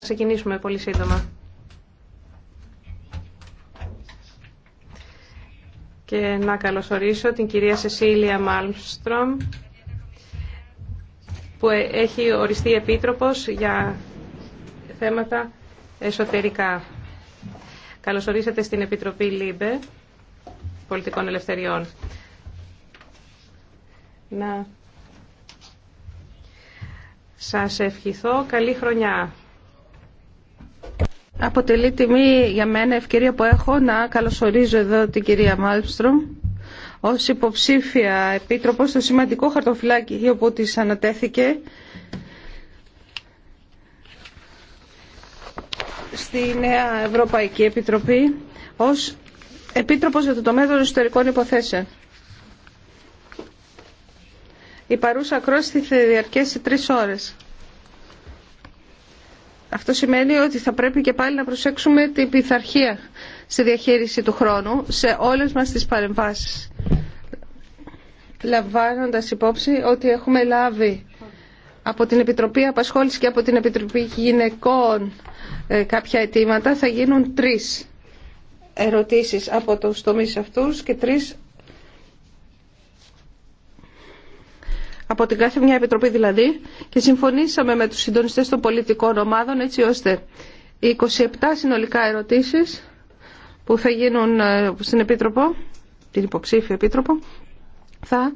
ξεκινήσουμε πολύ σύντομα. Και να καλωσορίσω την κυρία Σεσίλια Μάλμστρομ, που έχει οριστεί επίτροπος για θέματα εσωτερικά. Καλωσορίσατε στην Επιτροπή ΛΥΜΠΕ Πολιτικών Ελευθεριών. Να σας ευχηθώ καλή χρονιά. Αποτελεί τιμή για μένα ευκαιρία που έχω να καλωσορίζω εδώ την κυρία Μάλπστρομ ως υποψήφια επίτροπο στο σημαντικό χαρτοφυλάκι όπου της ανατέθηκε στη Νέα Ευρωπαϊκή Επιτροπή ως Επίτροπος για το τομέα των ιστορικών υποθέσεων. Η παρούσα ακρόαση θα διαρκέσει τρεις ώρες. Αυτό σημαίνει ότι θα πρέπει και πάλι να προσέξουμε την πειθαρχία στη διαχείριση του χρόνου σε όλες μας τις παρεμβάσεις. Λαμβάνοντας υπόψη ότι έχουμε λάβει από την Επιτροπή Απασχόληση και από την Επιτροπή Γυναικών ε, κάποια αιτήματα, θα γίνουν τρεις ερωτήσεις από τους τομείς αυτούς και τρεις από την κάθε μια επιτροπή δηλαδή, και συμφωνήσαμε με τους συντονιστές των πολιτικών ομάδων έτσι ώστε οι 27 συνολικά ερωτήσεις που θα γίνουν ε, στην Επίτροπο, την υποψήφια Επίτροπο, θα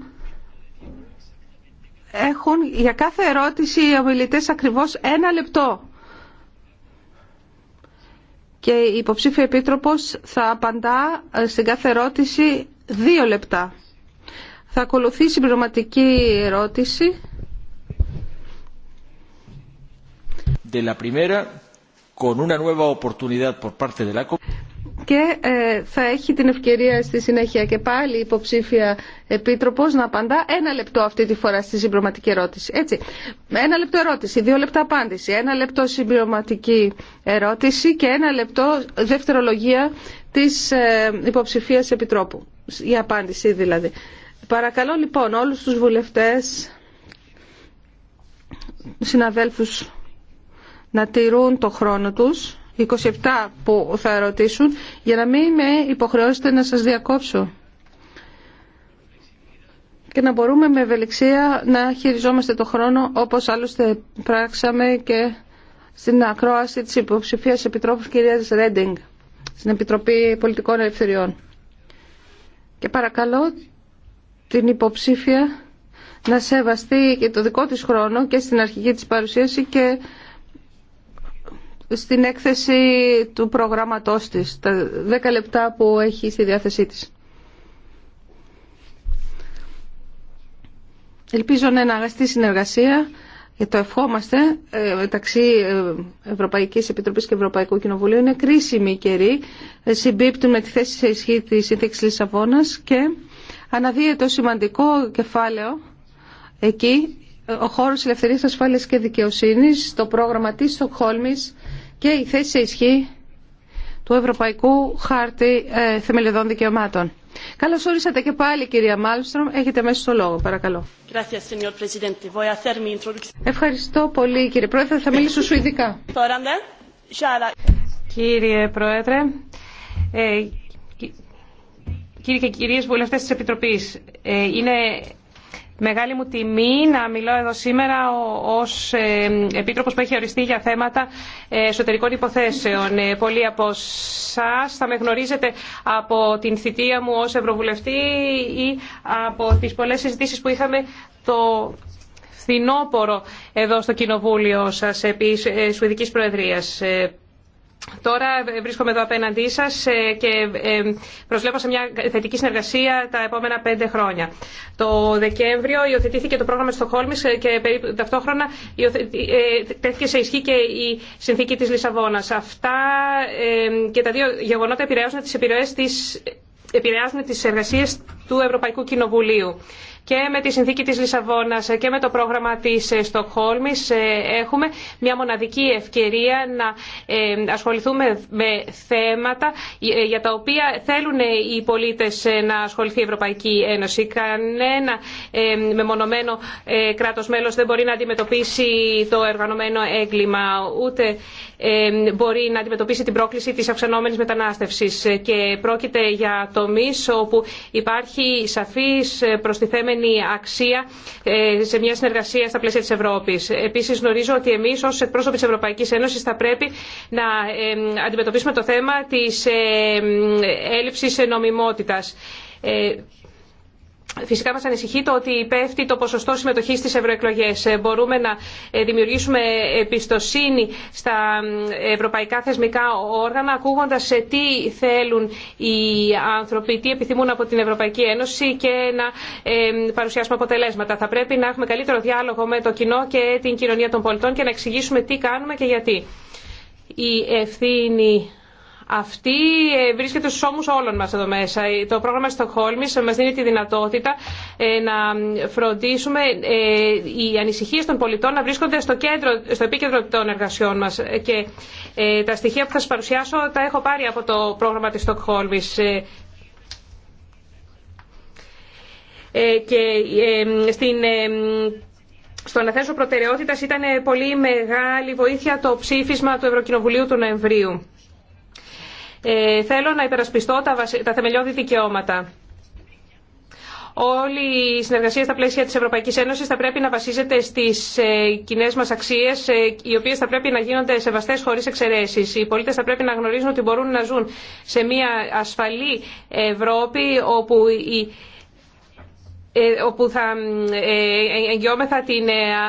έχουν για κάθε ερώτηση οι ομιλητές ακριβώς ένα λεπτό. Και η υποψήφια Επίτροπος θα απαντά ε, στην κάθε ερώτηση δύο λεπτά. Θα ακολουθεί συμπληρωματική ερώτηση. De la primera, con una nueva oportunidad por parte de la... Και ε, θα έχει την ευκαιρία στη συνέχεια και πάλι η υποψήφια επίτροπο, να απαντά ένα λεπτό αυτή τη φορά στη συμπληρωματική ερώτηση. Έτσι, ένα λεπτό ερώτηση, δύο λεπτά απάντηση, ένα λεπτό συμπληρωματική ερώτηση και ένα λεπτό δευτερολογία τη ε, υποψηφίας επιτρόπου, η απάντηση δηλαδή. Παρακαλώ λοιπόν όλους τους βουλευτές, συναδέλφους, να τηρούν το χρόνο τους, 27 που θα ερωτήσουν, για να μην με υποχρεώσετε να σας διακόψω και να μπορούμε με ευελιξία να χειριζόμαστε το χρόνο όπως άλλωστε πράξαμε και στην ακρόαση της υποψηφία Επιτρόπου κυρίας Ρέντινγκ στην Επιτροπή Πολιτικών Ελευθεριών. Και παρακαλώ την υποψήφια να σεβαστεί και το δικό της χρόνο και στην αρχική της παρουσίαση και στην έκθεση του προγράμματός της, τα δέκα λεπτά που έχει στη διάθεσή της. Ελπίζω να είναι αγαστή συνεργασία, το ευχόμαστε, ε, μεταξύ ε, Ευρωπαϊκής Επιτροπής και Ευρωπαϊκού Κοινοβουλίου. Είναι κρίσιμη η καιρή, ε, συμπίπτουν με τη θέση σε ισχύ της Σύνθεξης Λισαβόνας και αναδύεται το σημαντικό κεφάλαιο εκεί, ο χώρος ελευθερίας ασφάλεια και δικαιοσύνη, το πρόγραμμα τη Στοκχόλμη και η θέση σε ισχύ του Ευρωπαϊκού Χάρτη ε, Θεμελιωδών Δικαιωμάτων. Καλώ όρισατε και πάλι, κυρία Μάλστρομ, Έχετε μέσα στο λόγο, παρακαλώ. Ευχαριστώ πολύ, κύριε Πρόεδρε. Θα μιλήσω σου ειδικά. Ναι. Κύριε Πρόεδρε, ε, Κύριε και κυρίες βουλευτές της Επιτροπής, ε, είναι μεγάλη μου τιμή να μιλώ εδώ σήμερα ως ε, Επίτροπος που έχει οριστεί για θέματα ε, εσωτερικών υποθέσεων. Πολλοί από εσά θα με γνωρίζετε από την θητεία μου ως Ευρωβουλευτή ή από τις πολλές συζητήσεις που είχαμε το φθινόπορο εδώ στο Κοινοβούλιο σας επί Σουηδικής Προεδρίας. Τώρα βρίσκομαι εδώ απέναντί σα ε, και ε, προσλέπω σε μια θετική συνεργασία τα επόμενα πέντε χρόνια. Το Δεκέμβριο υιοθετήθηκε το πρόγραμμα Στοχόλμη ε, και ταυτόχρονα τέθηκε σε ισχύ και η συνθήκη τη Λισαβόνα. Αυτά και τα δύο γεγονότα επηρεάζουν τι επηρεάζουν τις εργασίες του Ευρωπαϊκού Κοινοβουλίου και με τη συνθήκη της Λισαβόνας και με το πρόγραμμα της ε, Στοκχόλμης ε, έχουμε μια μοναδική ευκαιρία να ε, ασχοληθούμε με θέματα για τα οποία θέλουν οι πολίτες να ασχοληθεί η Ευρωπαϊκή Ένωση. Κανένα μεμονωμένο κράτος μέλος δεν μπορεί να αντιμετωπίσει το εργανομένο έγκλημα ούτε μπορεί να αντιμετωπίσει την πρόκληση της αυξανόμενης μετανάστευσης και πρόκειται για τομείς όπου υπάρχει σαφής ε, προστιθέμενη αξία ε, σε μια συνεργασία στα πλαίσια της Ευρώπης. Επίσης γνωρίζω ότι εμείς ως εκπρόσωποι τη Ευρωπαϊκής Ένωσης θα πρέπει να αντιμετωπίσουμε το θέμα της ε, έλλειψης νομιμότητας. Φυσικά μας ανησυχεί το ότι πέφτει το ποσοστό συμμετοχής στις ευρωεκλογές. Ε, μπορούμε να ε, δημιουργήσουμε εμπιστοσύνη στα ευρωπαϊκά θεσμικά όργανα ακούγοντας ε, τι θέλουν οι άνθρωποι, τι επιθυμούν από την Ευρωπαϊκή Ένωση και να παρουσιάσουμε αποτελέσματα. Θα πρέπει να έχουμε καλύτερο διάλογο με το κοινό και την κοινωνία των πολιτών και να εξηγήσουμε τι κάνουμε και γιατί. Η ευθύνη αυτή ε, βρίσκεται στους ώμους όλων μας εδώ μέσα. Ε, το πρόγραμμα Στοκχόλμης μας δίνει τη δυνατότητα ε, να φροντίσουμε οι ανησυχίες των πολιτών να βρίσκονται στο, κέντρο, στο επίκεντρο των εργασιών μας. Και τα στοιχεία που θα σας παρουσιάσω τα έχω πάρει από το πρόγραμμα της Στοκχόλμης. και στην στο προτεραιότητας ήταν πολύ μεγάλη βοήθεια το ψήφισμα του Ευρωκοινοβουλίου του Νοεμβρίου. Ε, θέλω να υπερασπιστώ τα θεμελιώδη δικαιώματα. Όλη η συνεργασία στα πλαίσια της Ευρωπαϊκής Ένωσης θα πρέπει να βασίζεται στις ε, κοινέ μας αξίες, ε, οι οποίες θα πρέπει να γίνονται σεβαστές χωρίς εξαιρέσεις. Οι πολίτες θα πρέπει να γνωρίζουν ότι μπορούν να ζουν σε μια ασφαλή Ευρώπη όπου η όπου θα εγγυόμεθα την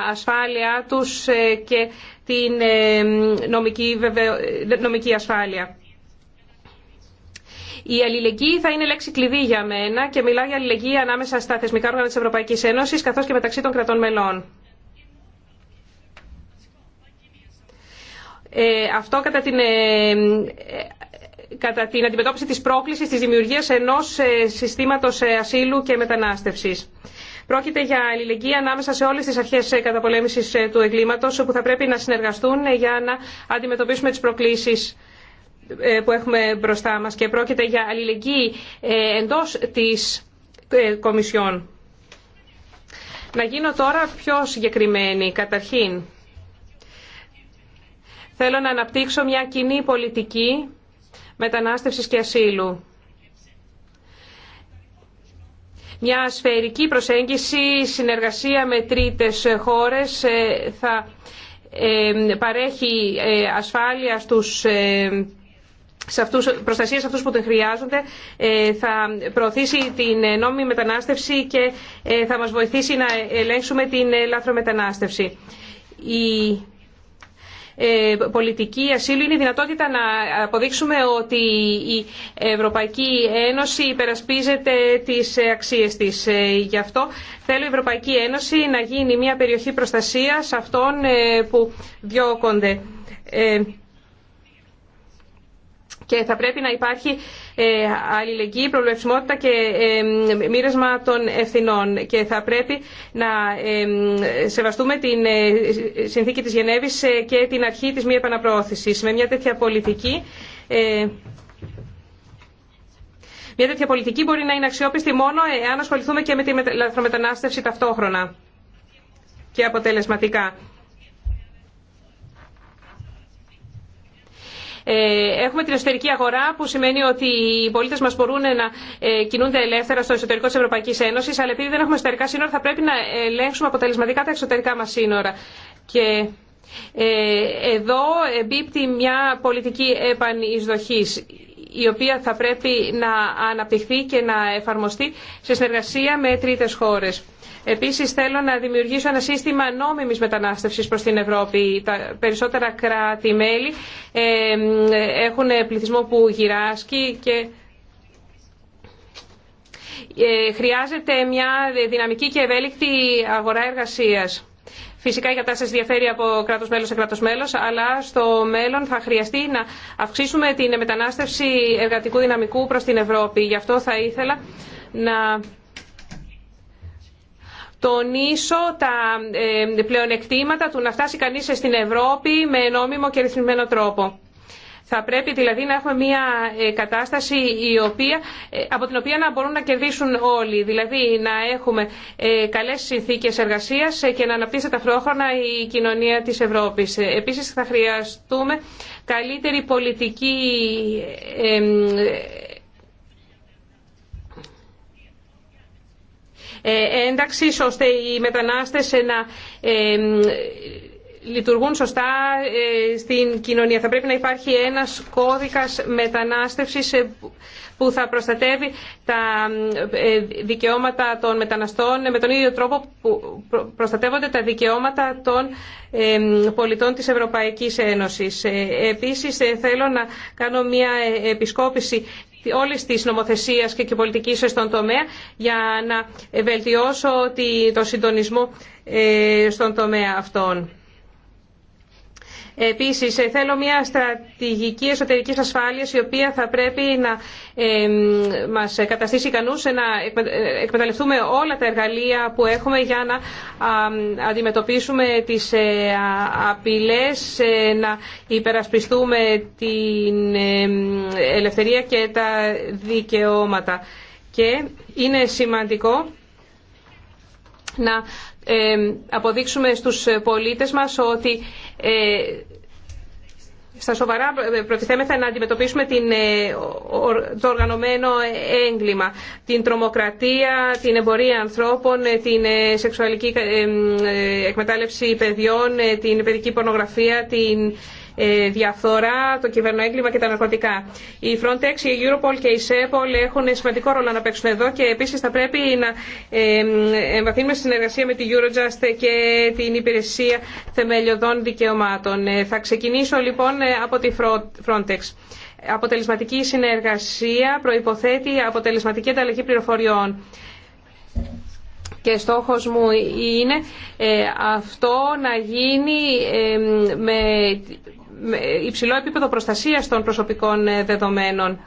ασφάλεια τους και την νομική ασφάλεια. Η αλληλεγγύη θα είναι λέξη κλειδί για μένα και μιλάω για αλληλεγγύη ανάμεσα στα θεσμικά όργανα τη Ευρωπαϊκή Ένωση, καθώ και μεταξύ των κρατών μελών. Ε, αυτό κατά την, ε, ε, κατά την αντιμετώπιση της πρόκλησης της δημιουργίας ενός ε, συστήματος ε, ασύλου και μετανάστευσης. Πρόκειται για αλληλεγγύη ανάμεσα σε όλες τις αρχές καταπολέμησης του εγκλήματος που θα πρέπει να συνεργαστούν για να αντιμετωπίσουμε τις προκλήσεις ε, που έχουμε μπροστά μας και πρόκειται για αλληλεγγύη ε, εντός της ε, Κομισιόν. Να γίνω τώρα πιο συγκεκριμένη. Καταρχήν, θέλω να αναπτύξω μια κοινή πολιτική μετανάστευσης και ασύλου. Μια σφαιρική προσέγγιση, συνεργασία με τρίτες χώρες θα παρέχει ασφάλεια στους σε αυτούς, προστασία σε αυτούς που την χρειάζονται, ε, θα προωθήσει την ε, νόμιμη μετανάστευση και ε, θα μας βοηθήσει να ελέγξουμε την λάθρομετανάστευση. Η πολιτική ασύλου είναι η δυνατότητα να αποδείξουμε ότι η Ευρωπαϊκή Ένωση υπερασπίζεται τις αξίες της. Γι' αυτό θέλω η Ευρωπαϊκή Ένωση να γίνει μια περιοχή προστασίας αυτών που διώκονται και θα πρέπει να υπάρχει ε, αλληλεγγύη, προβλεψιμότητα και ε, μοίρασμα των ευθυνών και θα πρέπει να ε, σεβαστούμε την συνθήκη της Γενέβης και την αρχή της μη επαναπροώθησης. Με μια τέτοια πολιτική μια τέτοια πολιτική μπορεί να είναι αξιόπιστη μόνο εάν ασχοληθούμε και με τη λαθρομετανάστευση ταυτόχρονα και αποτελεσματικά. Ε, έχουμε την εσωτερική αγορά που σημαίνει ότι οι πολίτε μα μπορούν να ε, κινούνται ελεύθερα στο εσωτερικό τη Ευρωπαϊκή Ένωση, αλλά επειδή δεν έχουμε εσωτερικά σύνορα θα πρέπει να ελέγξουμε αποτελεσματικά τα εξωτερικά μα σύνορα. Και ε, εδώ εμπίπτει μια πολιτική επανεισδοχής η οποία θα πρέπει να αναπτυχθεί και να εφαρμοστεί σε συνεργασία με τρίτες χώρες. Επίσης θέλω να δημιουργήσω ένα σύστημα νόμιμης μετανάστευσης προς την Ευρώπη. Τα περισσότερα κράτη-μέλη ε, έχουν πληθυσμό που γυράσκει και ε, χρειάζεται μια δυναμική και ευέλικτη αγορά εργασίας. Φυσικά η κατάσταση διαφέρει από κράτος μέλος σε κράτος μέλος, αλλά στο μέλλον θα χρειαστεί να αυξήσουμε την μετανάστευση εργατικού δυναμικού προς την Ευρώπη. Γι' αυτό θα ήθελα να τονίσω τα ε, πλεονεκτήματα του να φτάσει κανείς στην Ευρώπη με νόμιμο και ρυθμισμένο τρόπο. Θα πρέπει δηλαδή να έχουμε μια ε, κατάσταση η οποία, ε, από την οποία να μπορούν να κερδίσουν όλοι. Δηλαδή να έχουμε ε, καλές συνθήκες εργασίας και να αναπτύσσεται ταυτόχρονα η κοινωνία της Ευρώπης. Επίσης θα χρειαστούμε καλύτερη πολιτική ένταξη ώστε οι μετανάστες να λειτουργούν σωστά ε, στην κοινωνία. Θα πρέπει να υπάρχει ένας κώδικας μετανάστευσης ε, που θα προστατεύει τα ε, δικαιώματα των μεταναστών με τον ίδιο τρόπο που προστατεύονται τα δικαιώματα των πολιτών της Ευρωπαϊκής Ένωσης. Επίσης θέλω να κάνω μια επισκόπηση όλη τη νομοθεσία και πολιτική στον τομέα για να βελτιώσω το συντονισμό στον τομέα αυτών. Επίση, θέλω μια στρατηγική εσωτερικής ασφάλειας η οποία θα πρέπει να μας καταστήσει ικανού να εκμεταλλευτούμε όλα τα εργαλεία που έχουμε για να αντιμετωπίσουμε τις ε, απειλές, ε, να υπερασπιστούμε την ελευθερία και τα δικαιώματα. Και είναι σημαντικό να αποδείξουμε στους πολίτες μας ότι ε, στα σοβαρά προτιθέμεθα να αντιμετωπίσουμε την, ε, το οργανωμένο έγκλημα, την τρομοκρατία, την εμπορία ανθρώπων, ε, την σεξουαλική εκμετάλλευση παιδιών, την παιδική πορνογραφία, την ε, διαφθορά, το κυβερνοέγκλημα και τα ναρκωτικά. Η Frontex, η Europol και η SEPOL έχουν σημαντικό ρόλο να παίξουν εδώ και επίσης θα πρέπει να ε, εμβαθύνουμε συνεργασία με τη Eurojust και την Υπηρεσία Θεμελιωδών Δικαιωμάτων. Ε, θα ξεκινήσω λοιπόν από τη Frontex. Αποτελεσματική συνεργασία προϋποθέτει αποτελεσματική ανταλλαγή πληροφοριών και στόχος μου είναι αυτό να γίνει με υψηλό επίπεδο προστασίας των προσωπικών ε, δεδομένων.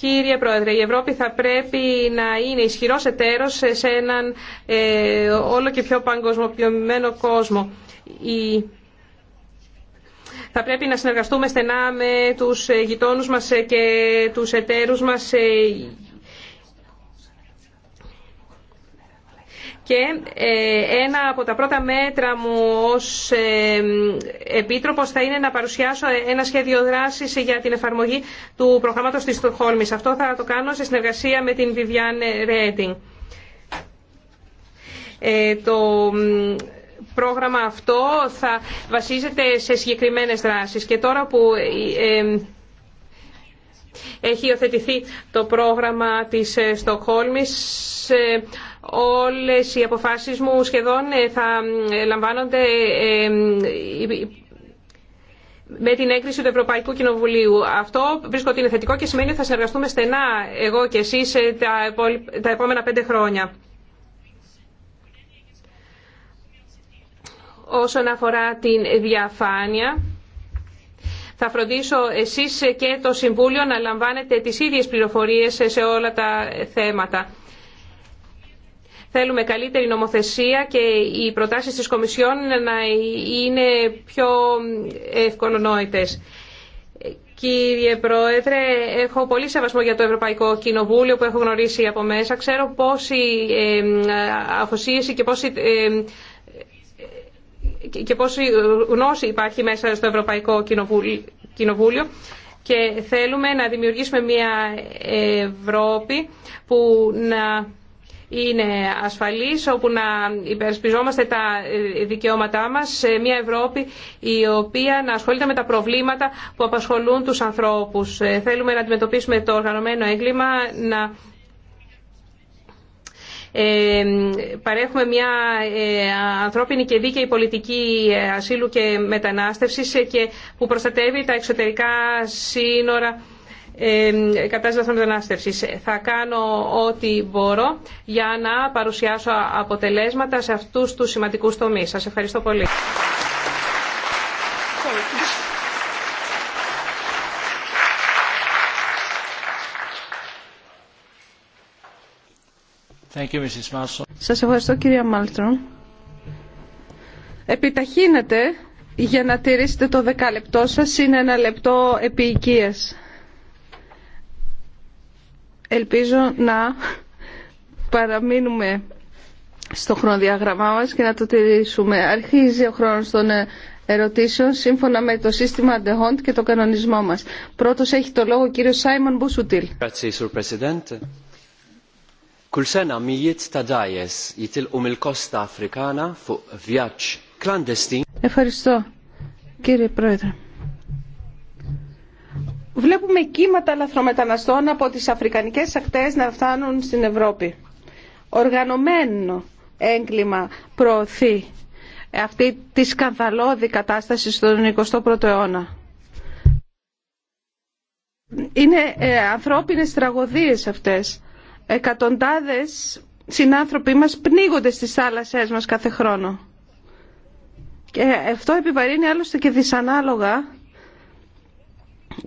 Κύριε Πρόεδρε, η Ευρώπη θα πρέπει να είναι ισχυρός εταίρος σε έναν ε, όλο και πιο παγκοσμοποιημένο κόσμο. Η... Θα πρέπει να συνεργαστούμε στενά με τους γειτόνους μας ε, και τους εταίρους μας ε, Και ε, ένα από τα πρώτα μέτρα μου ως ε, επίτροπος θα είναι να παρουσιάσω ένα σχέδιο δράσης για την εφαρμογή του προγράμματος της Στοχόλμης. Αυτό θα το κάνω σε συνεργασία με την Βιβιάν Ε, Το πρόγραμμα αυτό θα βασίζεται σε συγκεκριμένες δράσεις. Και τώρα που ε, έχει υιοθετηθεί το πρόγραμμα της Στοχόλμης όλες οι αποφάσεις μου σχεδόν ε, θα ε, λαμβάνονται ε, με την έγκριση του Ευρωπαϊκού Κοινοβουλίου. Αυτό βρίσκω ότι είναι θετικό και σημαίνει ότι θα συνεργαστούμε στενά εγώ και εσείς τα επόμενα πέντε χρόνια. Όσον αφορά την διαφάνεια, θα φροντίσω εσείς και το Συμβούλιο να λαμβάνετε τις ίδιες πληροφορίες σε όλα τα θέματα. Θέλουμε καλύτερη νομοθεσία και οι προτάσεις της Κομισιόν να είναι πιο ευκολονόητες. Κύριε Πρόεδρε, έχω πολύ σεβασμό για το Ευρωπαϊκό Κοινοβούλιο που έχω γνωρίσει από μέσα. Ξέρω πόση αφοσίεση και πόση και πόση γνώση υπάρχει μέσα στο Ευρωπαϊκό Κοινοβούλιο και θέλουμε να δημιουργήσουμε μια Ευρώπη που να είναι ασφαλής, όπου να υπερσπιζόμαστε τα ε, δικαιώματά μας σε μια Ευρώπη η οποία να ασχολείται με τα προβλήματα που απασχολούν τους ανθρώπους. Ε, θέλουμε να αντιμετωπίσουμε το οργανωμένο έγκλημα, να ε, παρέχουμε μια ανθρώπινη και δίκαιη πολιτική ασύλου και μετανάστευσης και που προστατεύει τα εξωτερικά σύνορα κατάσταση μεταναστευση. Θα κάνω ό,τι μπορώ για να παρουσιάσω αποτελέσματα σε αυτούς του σημαντικούς τομείς. Σας ευχαριστώ πολύ. Thank Σας ευχαριστώ κυρία Μάλτρον. Επιταχύνετε για να τηρήσετε το δεκάλεπτό σας, είναι ένα λεπτό επί Ελπίζω να παραμείνουμε στο χρονοδιάγραμμά μας και να το τηρήσουμε. Αρχίζει ο χρόνος των ε, ερωτήσεων σύμφωνα με το σύστημα αντεχόντ και το κανονισμό μας. Πρώτος έχει το λόγο ο κύριος Σάιμον Μπουσουτήλ. Um Ευχαριστώ, κύριε Πρόεδρε. Βλέπουμε κύματα λαθρομεταναστών από τις αφρικανικές ακτές να φτάνουν στην Ευρώπη. Οργανωμένο έγκλημα προωθεί αυτή τη σκανδαλώδη κατάσταση στον 21ο αιώνα. Είναι ε, ανθρώπινες τραγωδίες αυτές. Εκατοντάδες συνάνθρωποι μας πνίγονται στις θάλασσές μας κάθε χρόνο. Και αυτό επιβαρύνει άλλωστε και δυσανάλογα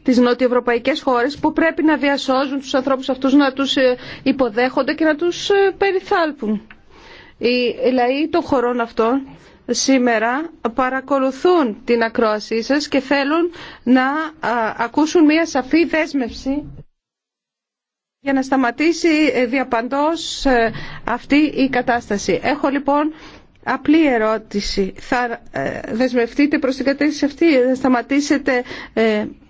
τις νοτιοευρωπαϊκές χώρες που πρέπει να διασώζουν τους ανθρώπους αυτούς, να τους ε, υποδέχονται και να τους ε, περιθάλπουν. Οι λαοί των χωρών αυτών σήμερα παρακολουθούν την ακρόασή σας και θέλουν να ακούσουν μια σαφή δέσμευση για να σταματήσει ε, διαπαντός αυτή η κατάσταση. Έχω λοιπόν απλή ερώτηση. Θα δεσμευτείτε προς την κατεύθυνση αυτή, θα σταματήσετε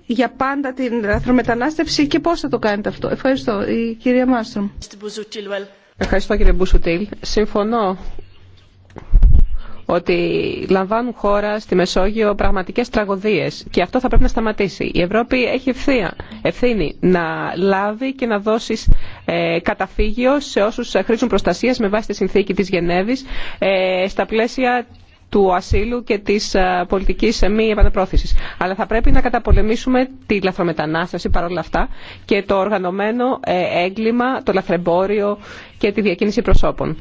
για πάντα την λαθρομετανάστευση και πώς θα το κάνετε αυτό. Ευχαριστώ. Η κυρία Μάστρομ. Ευχαριστώ κύριε Μπουσουτήλ. Συμφωνώ ότι λαμβάνουν χώρα στη Μεσόγειο πραγματικές τραγωδίες και αυτό θα πρέπει να σταματήσει. Η Ευρώπη έχει ευθεία, ευθύνη να λάβει και να δώσει ε, καταφύγιο σε όσους χρήσουν προστασίας με βάση τη συνθήκη της Γενέβης ε, στα πλαίσια του ασύλου και της ε, πολιτικής ε, μη επαναπρόθεση. Αλλά θα πρέπει να καταπολεμήσουμε τη λαθρομετανάσταση παρόλα αυτά και το οργανωμένο ε, έγκλημα, το λαθρεμπόριο και τη διακίνηση προσώπων.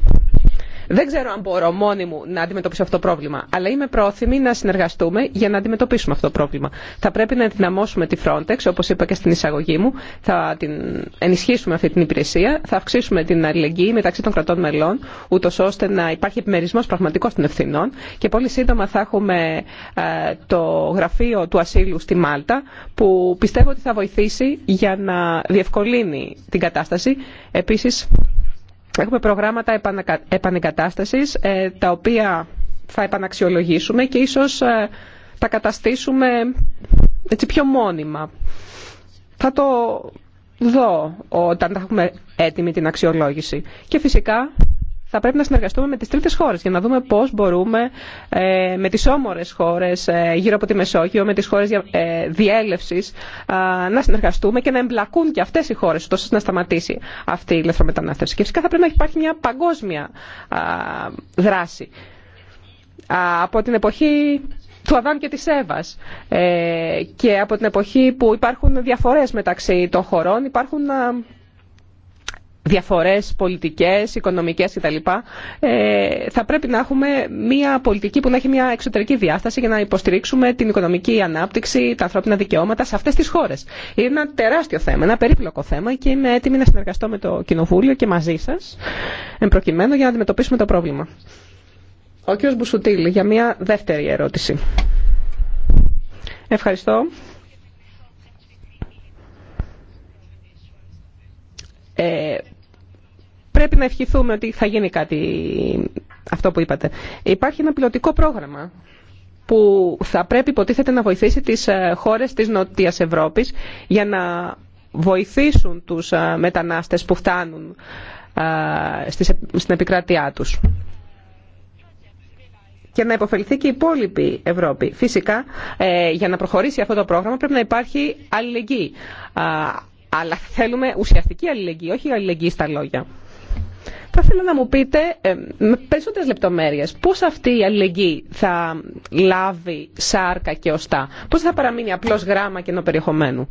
Δεν ξέρω αν μπορώ μόνη μου να αντιμετωπίσω αυτό το πρόβλημα, αλλά είμαι πρόθυμη να συνεργαστούμε για να αντιμετωπίσουμε αυτό το πρόβλημα. Θα πρέπει να ενδυναμώσουμε τη Frontex, όπω είπα και στην εισαγωγή μου, θα την ενισχύσουμε αυτή την υπηρεσία, θα αυξήσουμε την αλληλεγγύη μεταξύ των κρατών μελών, ούτω ώστε να υπάρχει επιμερισμό πραγματικό των ευθυνών και πολύ σύντομα θα έχουμε ε, το γραφείο του ασύλου στη Μάλτα, που πιστεύω ότι θα βοηθήσει για να διευκολύνει την κατάσταση. Επίσης, Έχουμε προγράμματα επανεγκατάστασης ε, τα οποία θα επαναξιολογήσουμε και ίσως ε, τα καταστήσουμε έτσι πιο μόνιμα. Θα το δω όταν θα έχουμε έτοιμη την αξιολόγηση. Και φυσικά θα πρέπει να συνεργαστούμε με τις τρίτες χώρες για να δούμε πώς μπορούμε ε, με τις όμορες χώρες ε, γύρω από τη Μεσόγειο, με τις χώρες ε, διέλευσης να συνεργαστούμε και να εμπλακούν και αυτές οι χώρες ώστε να σταματήσει αυτή η ηλεκτρομετανάστευση. Και φυσικά θα πρέπει να υπάρχει μια παγκόσμια δράση. Από την εποχή του Αδάν και της Εύας και από την εποχή που υπάρχουν διαφορές μεταξύ των χωρών υπάρχουν διαφορές πολιτικές, οικονομικές κτλ. Ε, θα πρέπει να έχουμε μια πολιτική που να έχει μια εξωτερική διάσταση για να υποστηρίξουμε την οικονομική ανάπτυξη, τα ανθρώπινα δικαιώματα σε αυτές τις χώρες. Είναι ένα τεράστιο θέμα, ένα περίπλοκο θέμα και είμαι έτοιμη να συνεργαστώ με το Κοινοβούλιο και μαζί σας προκειμένου για να αντιμετωπίσουμε το πρόβλημα. Ο κ. Μπουσουτήλη για μια δεύτερη ερώτηση. Ευχαριστώ. Ε, πρέπει να ευχηθούμε ότι θα γίνει κάτι αυτό που είπατε. Υπάρχει ένα πιλωτικό πρόγραμμα που θα πρέπει υποτίθεται να βοηθήσει τις ε, χώρες της Νοτιάς Ευρώπης για να βοηθήσουν τους ε, μετανάστες που φτάνουν ε, στην επικράτειά τους και να υποφελθεί και η υπόλοιπη Ευρώπη. Φυσικά, για να προχωρήσει αυτό το πρόγραμμα πρέπει να υπάρχει αλληλεγγύη. αλλά θέλουμε ουσιαστική αλληλεγγύη, όχι αλληλεγγύη στα λόγια. Θα ήθελα να μου πείτε ε, με περισσότερε λεπτομέρειε πώς αυτή η αλληλεγγύη θα λάβει σάρκα και οστά. Πώς θα παραμείνει απλώς γράμμα και περιεχομένου.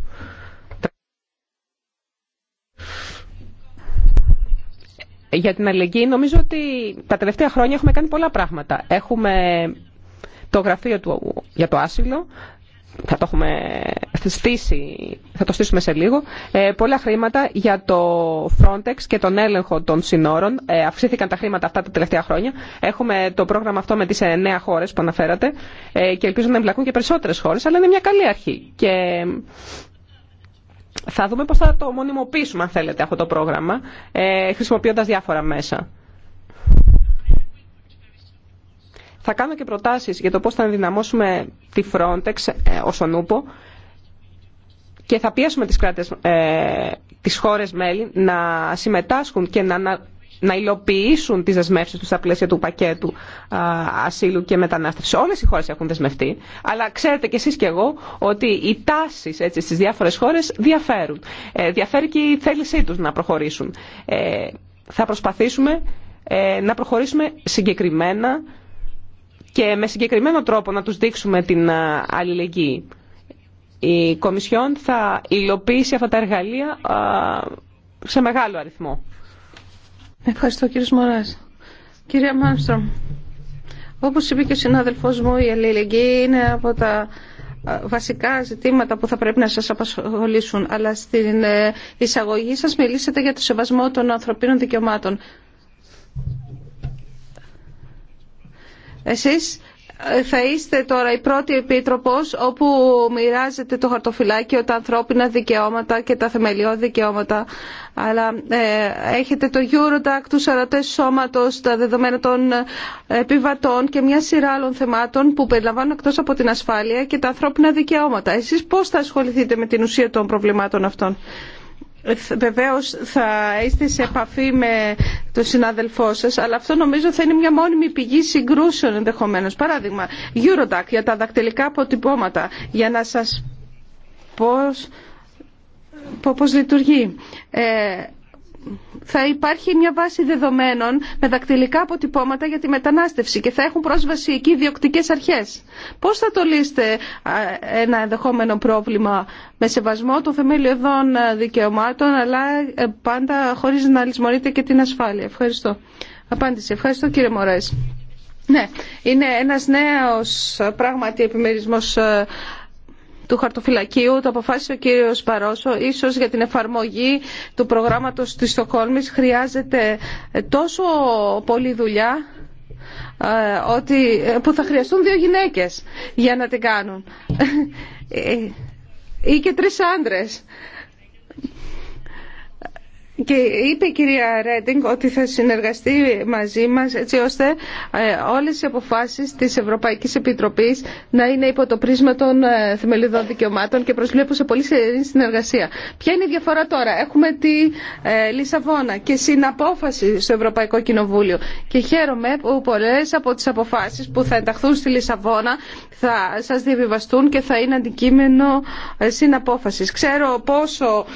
Για την αλληλεγγύη νομίζω ότι τα τελευταία χρόνια έχουμε κάνει πολλά πράγματα. Έχουμε το γραφείο του για το άσυλο, θα το, έχουμε στήσει, θα το στήσουμε σε λίγο. Ε, πολλά χρήματα για το Frontex και τον έλεγχο των συνόρων. Ε, αυξήθηκαν τα χρήματα αυτά τα τελευταία χρόνια. Έχουμε το πρόγραμμα αυτό με τις εννέα χώρες που αναφέρατε ε, και ελπίζω να εμπλακούν και περισσότερες χώρες, αλλά είναι μια καλή αρχή. Και θα δούμε πώς θα το μονιμοποιήσουμε, αν θέλετε, αυτό το πρόγραμμα, ε, χρησιμοποιώντας διάφορα μέσα. Θα κάνω και προτάσεις για το πώς θα ενδυναμώσουμε τη Frontex ε, ως ονούπο και θα πιέσουμε τις, κράτες, ε, χώρες μέλη να συμμετάσχουν και να, να, υλοποιήσουν τις δεσμεύσεις τους στα πλαίσια του πακέτου ασύλου και μετανάστευση Όλες οι χώρες έχουν δεσμευτεί, αλλά ξέρετε κι εσείς κι εγώ ότι οι τάσεις έτσι, στις διάφορες χώρες διαφέρουν. Ε, διαφέρει και η θέλησή τους να προχωρήσουν. θα προσπαθήσουμε να προχωρήσουμε συγκεκριμένα και με συγκεκριμένο τρόπο να τους δείξουμε την αλληλεγγύη. Η Κομισιόν θα υλοποιήσει αυτά τα εργαλεία σε μεγάλο αριθμό. Ευχαριστώ κύριε Μωράς. Κύριε Μάνστρομ, όπως είπε και ο συνάδελφός μου, η αλληλεγγύη είναι από τα βασικά ζητήματα που θα πρέπει να σας απασχολήσουν. Αλλά στην ε, εισαγωγή σας μιλήσατε για το σεβασμό των ανθρωπίνων δικαιωμάτων. Εσείς ε, θα είστε τώρα η πρώτη επίτροπος όπου μοιράζεται το χαρτοφυλάκιο, τα ανθρώπινα δικαιώματα και τα θεμελιώδη δικαιώματα. Αλλά ε, έχετε το Eurodac, τους αρατές σώματος, τα δεδομένα των ε, επιβατών και μια σειρά άλλων θεμάτων που περιλαμβάνουν εκτός από την ασφάλεια και τα ανθρώπινα δικαιώματα. Εσείς πώ θα ασχοληθείτε με την ουσία των προβλημάτων αυτών βεβαίως θα είστε σε επαφή με τον συνάδελφό σα, αλλά αυτό νομίζω θα είναι μια μόνιμη πηγή συγκρούσεων ενδεχομένως. Παράδειγμα, Eurodac για τα δακτυλικά αποτυπώματα, για να σας πω πώς, λειτουργεί. Ε, θα υπάρχει μια βάση δεδομένων με δακτυλικά αποτυπώματα για τη μετανάστευση και θα έχουν πρόσβαση εκεί διοκτικέ αρχές. Πώς θα το λύσετε ένα ενδεχόμενο πρόβλημα με σεβασμό των θεμελιωδών δικαιωμάτων αλλά ε, πάντα χωρίς να λησμονείτε και την ασφάλεια. Ευχαριστώ. Απάντηση. Ευχαριστώ κύριε Μωρέ. Ναι, είναι ένας νέος πράγματι επιμερισμός του χαρτοφυλακίου το αποφάσισε ο κύριος Παρόσο ίσως για την εφαρμογή του προγράμματος της Στοκόλμη. χρειάζεται τόσο πολλή δουλειά ε, ότι, ε, που θα χρειαστούν δύο γυναίκες για να την κάνουν ε, ή και τρεις άντρες και είπε η κυρία Ρέντινγκ ότι θα συνεργαστεί μαζί μας έτσι ώστε ε, όλες οι αποφάσεις της Ευρωπαϊκής Επιτροπής να είναι υπό το πρίσμα των ε, θεμελιδών δικαιωμάτων και προσβλέπω σε πολύ σερή συνεργασία. Ποια είναι η διαφορά τώρα. Έχουμε τη ε, Λισαβόνα και συναπόφαση στο Ευρωπαϊκό Κοινοβούλιο και χαίρομαι που πολλές από τις αποφάσεις που θα ενταχθούν στη Λισαβόνα θα σα διαβιβαστούν και θα είναι αντικείμενο συναπόφασης. Ξέρω πόσο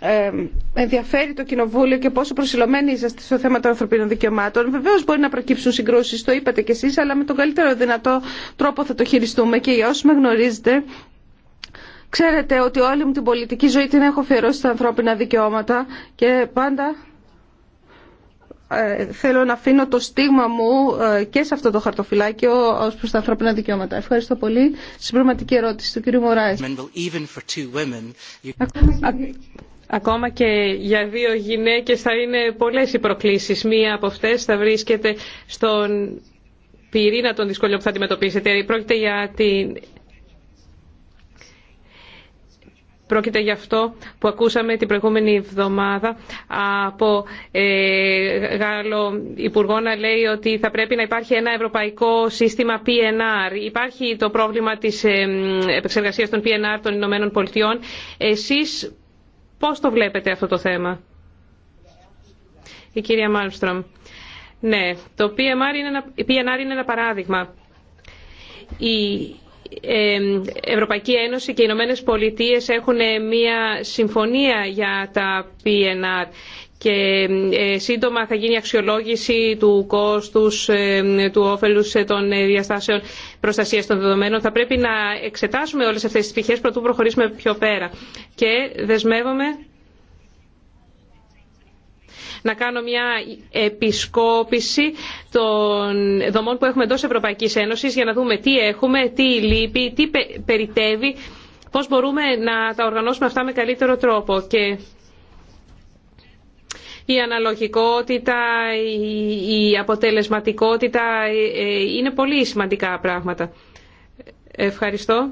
ε, ενδιαφέρει το Κοινοβούλιο και πόσο προσιλωμένοι είσαστε στο θέμα των ανθρωπίνων δικαιωμάτων. Βεβαίω μπορεί να προκύψουν συγκρούσει, το είπατε κι εσεί, αλλά με τον καλύτερο δυνατό τρόπο θα το χειριστούμε και για όσου με γνωρίζετε. Ξέρετε ότι όλη μου την πολιτική ζωή την έχω αφιερώσει στα ανθρώπινα δικαιώματα και πάντα ε, θέλω να αφήνω το στίγμα μου ε, και σε αυτό το χαρτοφυλάκιο ως προς τα ανθρώπινα δικαιώματα. Ευχαριστώ πολύ. Συμπληρωματική ερώτηση του κ. Μωράης. Ακόμα και για δύο γυναίκες θα είναι πολλές οι προκλήσεις. Μία από αυτές θα βρίσκεται στον πυρήνα των δυσκολιών που θα αντιμετωπίσετε. Πρόκειται για την... Πρόκειται αυτό που ακούσαμε την προηγούμενη εβδομάδα από ε, Γάλλο Υπουργό να λέει ότι θα πρέπει να υπάρχει ένα ευρωπαϊκό σύστημα PNR. Υπάρχει το πρόβλημα της ε, επεξεργασίας των PNR των Ηνωμένων Πολιτειών. Εσείς Πώς το βλέπετε αυτό το θέμα. Η κυρία Μάλμστρομ. Ναι, το PNR είναι ένα, είναι ένα παράδειγμα. Η η Ευρωπαϊκή Ένωση και οι Ηνωμένε Πολιτείε έχουν ε, μια συμφωνία για τα PNR και ε, σύντομα θα γίνει αξιολόγηση του κόστους, του όφελους ε, των διαστάσεων προστασίας των δεδομένων. Θα πρέπει να εξετάσουμε όλες αυτές τις πτυχές πρωτού προχωρήσουμε πιο πέρα. Και δεσμεύομαι να κάνω μια επισκόπηση των δομών που έχουμε εντό ευρωπαϊκή Ένωση για να δούμε τι έχουμε, τι λείπει, τι περιτεύει, πώς μπορούμε να τα οργανώσουμε αυτά με καλύτερο τρόπο. Και η αναλογικότητα, η αποτελεσματικότητα ε, ε, είναι πολύ σημαντικά πράγματα. Ευχαριστώ.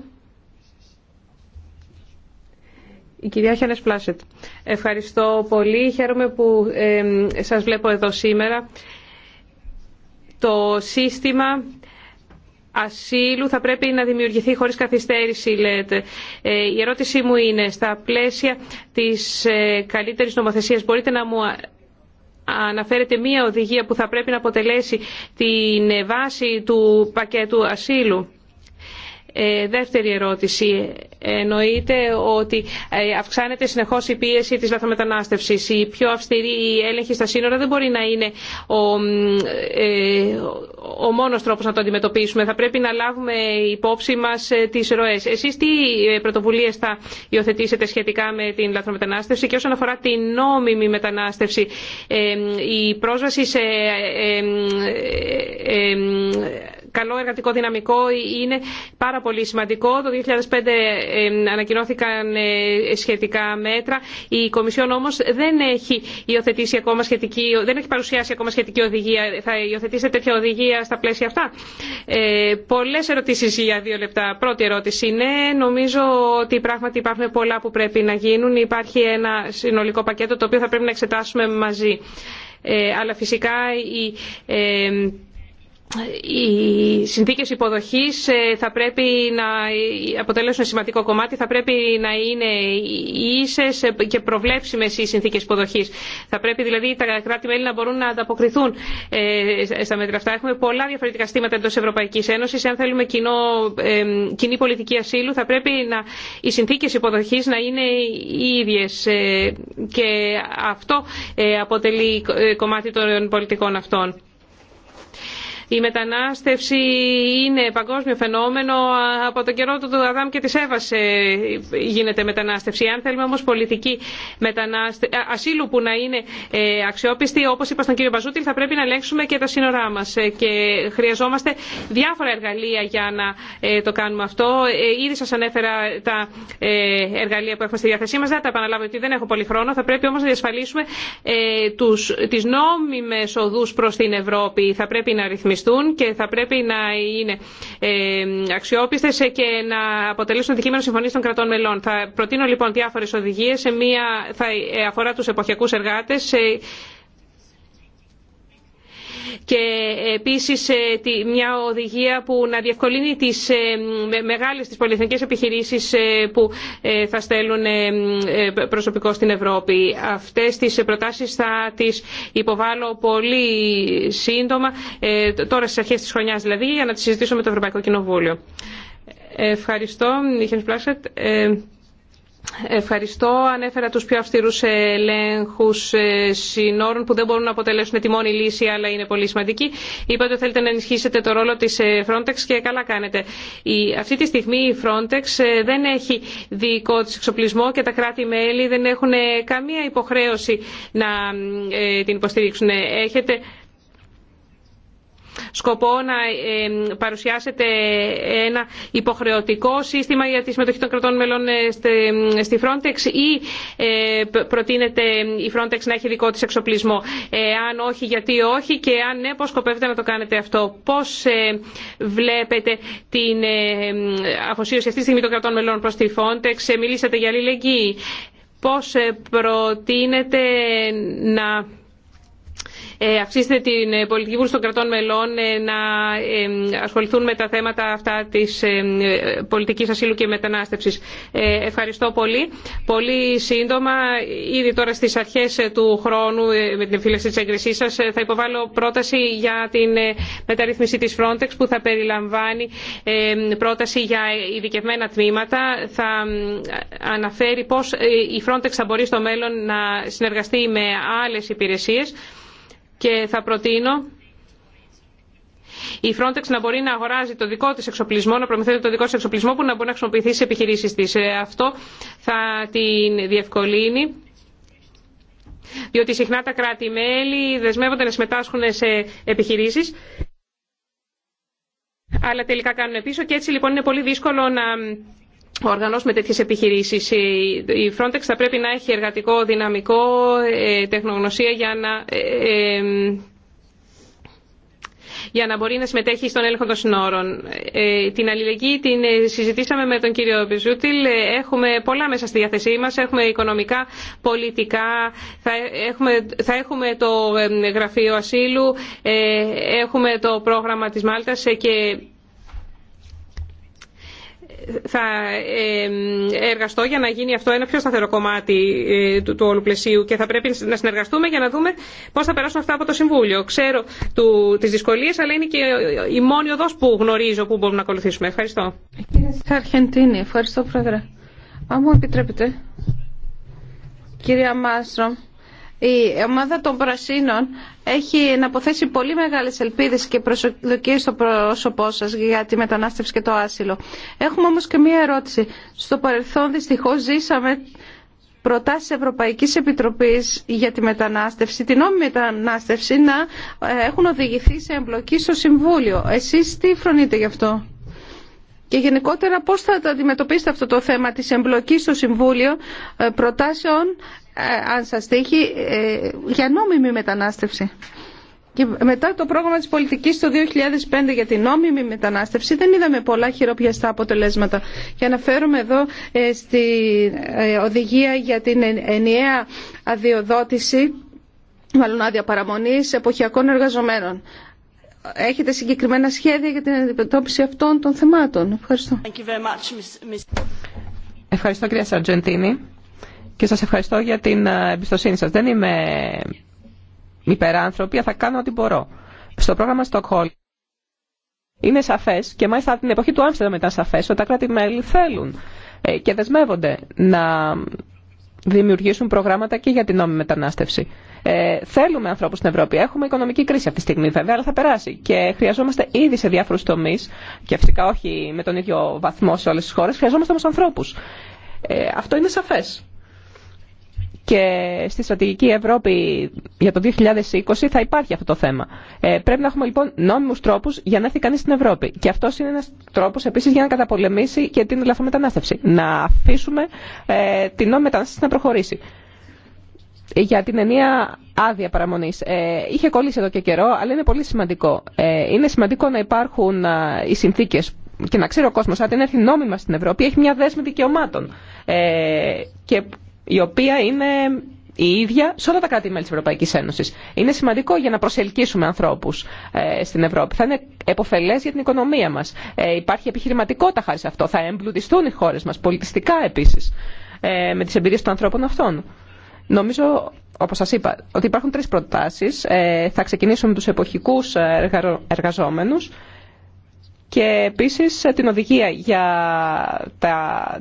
Η κυρία Πλάσετ. Ευχαριστώ πολύ. Χαίρομαι που σας βλέπω εδώ σήμερα. Το σύστημα ασύλου θα πρέπει να δημιουργηθεί χωρίς καθυστέρηση, λέτε. Ε, η ερώτησή μου είναι, στα πλαίσια της ε, καλύτερης νομοθεσίας μπορείτε να μου αναφέρετε μία οδηγία που θα πρέπει να αποτελέσει την ε, βάση του πακέτου ασύλου. Ε, δεύτερη ερώτηση. Εννοείται ότι ε, αυξάνεται συνεχώς η πίεση της λαθρομετανάστευσης. Η πιο αυστηρή έλεγχη στα σύνορα δεν μπορεί να είναι ο, ε, ο μόνος τρόπος να το αντιμετωπίσουμε. Θα πρέπει να λάβουμε υπόψη μας ε, τις ροές. Εσείς τι πρωτοβουλίες θα υιοθετήσετε σχετικά με την λαθρομετανάστευση και όσον αφορά την νόμιμη μετανάστευση, η πρόσβαση σε καλό εργατικό δυναμικό είναι πάρα πολύ σημαντικό. Το 2005 ε, ανακοινώθηκαν ε, σχετικά μέτρα. Η Κομισιόν όμω δεν έχει, υιοθετήσει ακόμα σχετική, δεν έχει παρουσιάσει ακόμα σχετική οδηγία. Θα υιοθετήσετε τέτοια οδηγία στα πλαίσια αυτά. Ε, πολλές ερωτήσεις για δύο λεπτά. Πρώτη ερώτηση είναι, νομίζω ότι πράγματι υπάρχουν πολλά που πρέπει να γίνουν. Υπάρχει ένα συνολικό πακέτο το οποίο θα πρέπει να εξετάσουμε μαζί. Ε, αλλά φυσικά η ε, οι συνθήκες υποδοχής ε, θα πρέπει να αποτελέσουν σημαντικό κομμάτι, θα πρέπει να είναι ίσες ε, και προβλέψιμες οι συνθήκες υποδοχής. Θα πρέπει δηλαδή τα κράτη-μέλη να μπορούν να ανταποκριθούν ε, στα μέτρα αυτά. Έχουμε πολλά διαφορετικά στήματα εντός Ευρωπαϊκής Ένωσης. Αν θέλουμε κοινό, κοινή πολιτική ασύλου θα πρέπει να, οι συνθήκες υποδοχής να είναι οι ίδιες και αυτό αποτελεί κομμάτι των πολιτικών αυτών. Η μετανάστευση είναι παγκόσμιο φαινόμενο. Από τον καιρό του Αδάμ και της Εύας ε, γίνεται μετανάστευση. Αν θέλουμε όμω πολιτική μετανάστε... ασύλου που να είναι ε, αξιόπιστη, όπω είπα στον κύριο Μπαζούτη, θα πρέπει να ελέγξουμε και τα σύνορά μα. Ε, και χρειαζόμαστε διάφορα εργαλεία για να το κάνουμε αυτό. Ήδη σα ανέφερα τα εργαλεία που έχουμε στη διάθεσή μα. Δεν τα επαναλάβω γιατί δεν έχω πολύ χρόνο. Θα πρέπει όμω να διασφαλίσουμε τι νόμιμε οδού προ την Ευρώπη. Θα πρέπει να ρυθμίσουμε ρυθμιστούν και θα πρέπει να είναι ε, αξιόπιστε και να αποτελέσουν αντικείμενο συμφωνία των κρατών μελών. Θα προτείνω λοιπόν διάφορε οδηγίε. Μία θα ε, αφορά του εποχιακού εργάτε ε, και επίσης ε, μια οδηγία που να διευκολύνει τις ε, μεγάλες τις πολυεθνικές επιχειρήσεις ε, που θα στέλνουν προσωπικό στην Ευρώπη. Αυτές τις προτάσεις θα τις υποβάλω πολύ σύντομα, τώρα στις αρχές της χρονιάς δηλαδή, για να τις συζητήσω με το Ευρωπαϊκό Κοινοβούλιο. Ευχαριστώ. Ευχαριστώ. Ανέφερα τους πιο αυστηρούς ελέγχους ε, συνόρων που δεν μπορούν να αποτελέσουν τη μόνη λύση αλλά είναι πολύ σημαντική. Είπατε ότι θέλετε να ενισχύσετε το ρόλο της ε, Frontex και καλά κάνετε. Η, αυτή τη στιγμή η Frontex ε, δεν έχει δικό της εξοπλισμό και τα κράτη-μέλη δεν έχουν καμία υποχρέωση να την υποστηρίξουν. Έχετε σκοπό να παρουσιάσετε ένα υποχρεωτικό σύστημα για τη συμμετοχή των κρατών μελών ε, στη Frontex ή ε, προτείνετε η Frontex να έχει δικό της εξοπλισμό. Ε, αν όχι, γιατί όχι και αν ναι, πώς σκοπεύετε να το κάνετε αυτό. Πώς βλέπετε την αφοσίωση αυτή τη στιγμή των κρατών μελών προς τη Frontex. Μιλήσατε για αλληλεγγύη. Πώς προτείνετε να ε, αυξήσετε την ε, πολιτική βούληση των κρατών μελών ε, να ασχοληθούν με τα θέματα αυτά της πολιτικής ασύλου και μετανάστευσης. Ευχαριστώ πολύ. Πολύ σύντομα, ήδη τώρα στις αρχές του χρόνου με την εμφύλαξη της έγκρισής σας θα υποβάλω πρόταση για την μεταρρύθμιση της Frontex που θα περιλαμβάνει πρόταση για ειδικευμένα τμήματα. Θα αναφέρει πώς η Frontex θα μπορεί στο μέλλον να συνεργαστεί με άλλες υπηρεσίες και θα προτείνω η Frontex να μπορεί να αγοράζει το δικό της εξοπλισμό, να προμηθεύει το δικό της εξοπλισμό που να μπορεί να χρησιμοποιηθεί σε επιχειρήσεις της. Ε, αυτό θα την διευκολύνει διότι συχνά τα κράτη-μέλη δεσμεύονται να συμμετάσχουν σε επιχειρήσεις αλλά τελικά κάνουν πίσω και έτσι λοιπόν είναι πολύ δύσκολο να οργανώσουμε τέτοιες επιχειρήσεις. Η Frontex θα πρέπει να έχει εργατικό δυναμικό, ε, τεχνογνωσία για να ε, ε, για να μπορεί να συμμετέχει στον έλεγχο των συνόρων. την αλληλεγγύη την συζητήσαμε με τον κύριο Μπιζούτιλ. Έχουμε πολλά μέσα στη διάθεσή μας. Έχουμε οικονομικά, πολιτικά, θα έχουμε, το γραφείο ασύλου, έχουμε το πρόγραμμα τη Μάλτα και θα εργαστώ για να γίνει αυτό ένα πιο σταθερό κομμάτι ε, του όλου πλαισίου και θα πρέπει να συνεργαστούμε για να δούμε πώς θα περάσουν αυτά από το Συμβούλιο. Ξέρω τι δυσκολίε, αλλά είναι και η μόνη οδός που γνωρίζω που μπορούμε να ακολουθήσουμε. Ευχαριστώ. Κύριε Σαρχεντίνη, ευχαριστώ πρόεδρε. Αν μου επιτρέπετε, κυρία Μάστρομ, η ομάδα των Πρασίνων έχει να αποθέσει πολύ μεγάλες ελπίδες και προσδοκίες στο πρόσωπό σας για τη μετανάστευση και το άσυλο. Έχουμε όμως και μία ερώτηση. Στο παρελθόν δυστυχώς ζήσαμε προτάσεις Ευρωπαϊκής Επιτροπής για τη μετανάστευση, την νόμιμη μετανάστευση, να ε, έχουν οδηγηθεί σε εμπλοκή στο Συμβούλιο. Εσείς τι φρονείτε γι' αυτό και γενικότερα πώς θα το αντιμετωπίσετε αυτό το θέμα της εμπλοκής στο Συμβούλιο ε, προτάσεων, ε, αν σας τύχει, ε, για νόμιμη μετανάστευση. Και μετά το πρόγραμμα της πολιτικής το 2005 για την νόμιμη μετανάστευση δεν είδαμε πολλά χειροπιαστά αποτελέσματα. Και αναφέρομαι εδώ στη οδηγία για την ενιαία αδειοδότηση μάλλον άδεια παραμονής εποχιακών εργαζομένων έχετε συγκεκριμένα σχέδια για την αντιμετώπιση αυτών των θεμάτων. Ευχαριστώ. ευχαριστώ κυρία Σαρτζεντίνη και σας ευχαριστώ για την ε, εμπιστοσύνη σας. Δεν είμαι υπεράνθρωπη, θα κάνω ό,τι μπορώ. Στο πρόγραμμα Στοκχόλ είναι σαφές και μάλιστα την εποχή του Άμστερνταμ ήταν σαφές ότι τα κράτη-μέλη θέλουν ε, και δεσμεύονται να δημιουργήσουν προγράμματα και για την νόμιμη μετανάστευση. Ε, θέλουμε ανθρώπου στην Ευρώπη. Έχουμε οικονομική κρίση αυτή τη στιγμή βέβαια, αλλά θα περάσει. Και χρειαζόμαστε ήδη σε διάφορου τομεί, και φυσικά όχι με τον ίδιο βαθμό σε όλε τι χώρε, χρειαζόμαστε όμω ανθρώπου. Ε, αυτό είναι σαφέ. Και στη στρατηγική Ευρώπη για το 2020 θα υπάρχει αυτό το θέμα. Ε, πρέπει να έχουμε λοιπόν νόμιμους τρόπους για να έρθει κανείς στην Ευρώπη. Και αυτό είναι ένας τρόπος επίσης για να καταπολεμήσει και την λαθρομετανάστευση. Να αφήσουμε ε, την νόμιμη μετανάστευση να προχωρήσει για την ενία άδεια παραμονή. Ε, είχε κολλήσει εδώ και καιρό, αλλά είναι πολύ σημαντικό. Ε, είναι σημαντικό να υπάρχουν οι συνθήκε και να ξέρει ο κόσμο, αν έρθει νόμιμα στην Ευρώπη, έχει μια δέσμη δικαιωμάτων. Ε, και η οποία είναι η ίδια σε όλα τα κράτη-μέλη τη Ευρωπαϊκή Ένωση. Είναι σημαντικό για να προσελκύσουμε ανθρώπου στην Ευρώπη. Θα είναι επωφελέ για την οικονομία μα. υπάρχει επιχειρηματικότητα χάρη σε αυτό. Θα εμπλουτιστούν οι χώρε μα πολιτιστικά επίση με τι εμπειρίε των ανθρώπων αυτών. Νομίζω, όπω σα είπα, ότι υπάρχουν τρει προτάσει, ε, θα ξεκινήσουμε με τους εποχικούς ε, εργαζόμενους και επίση ε, την οδηγία για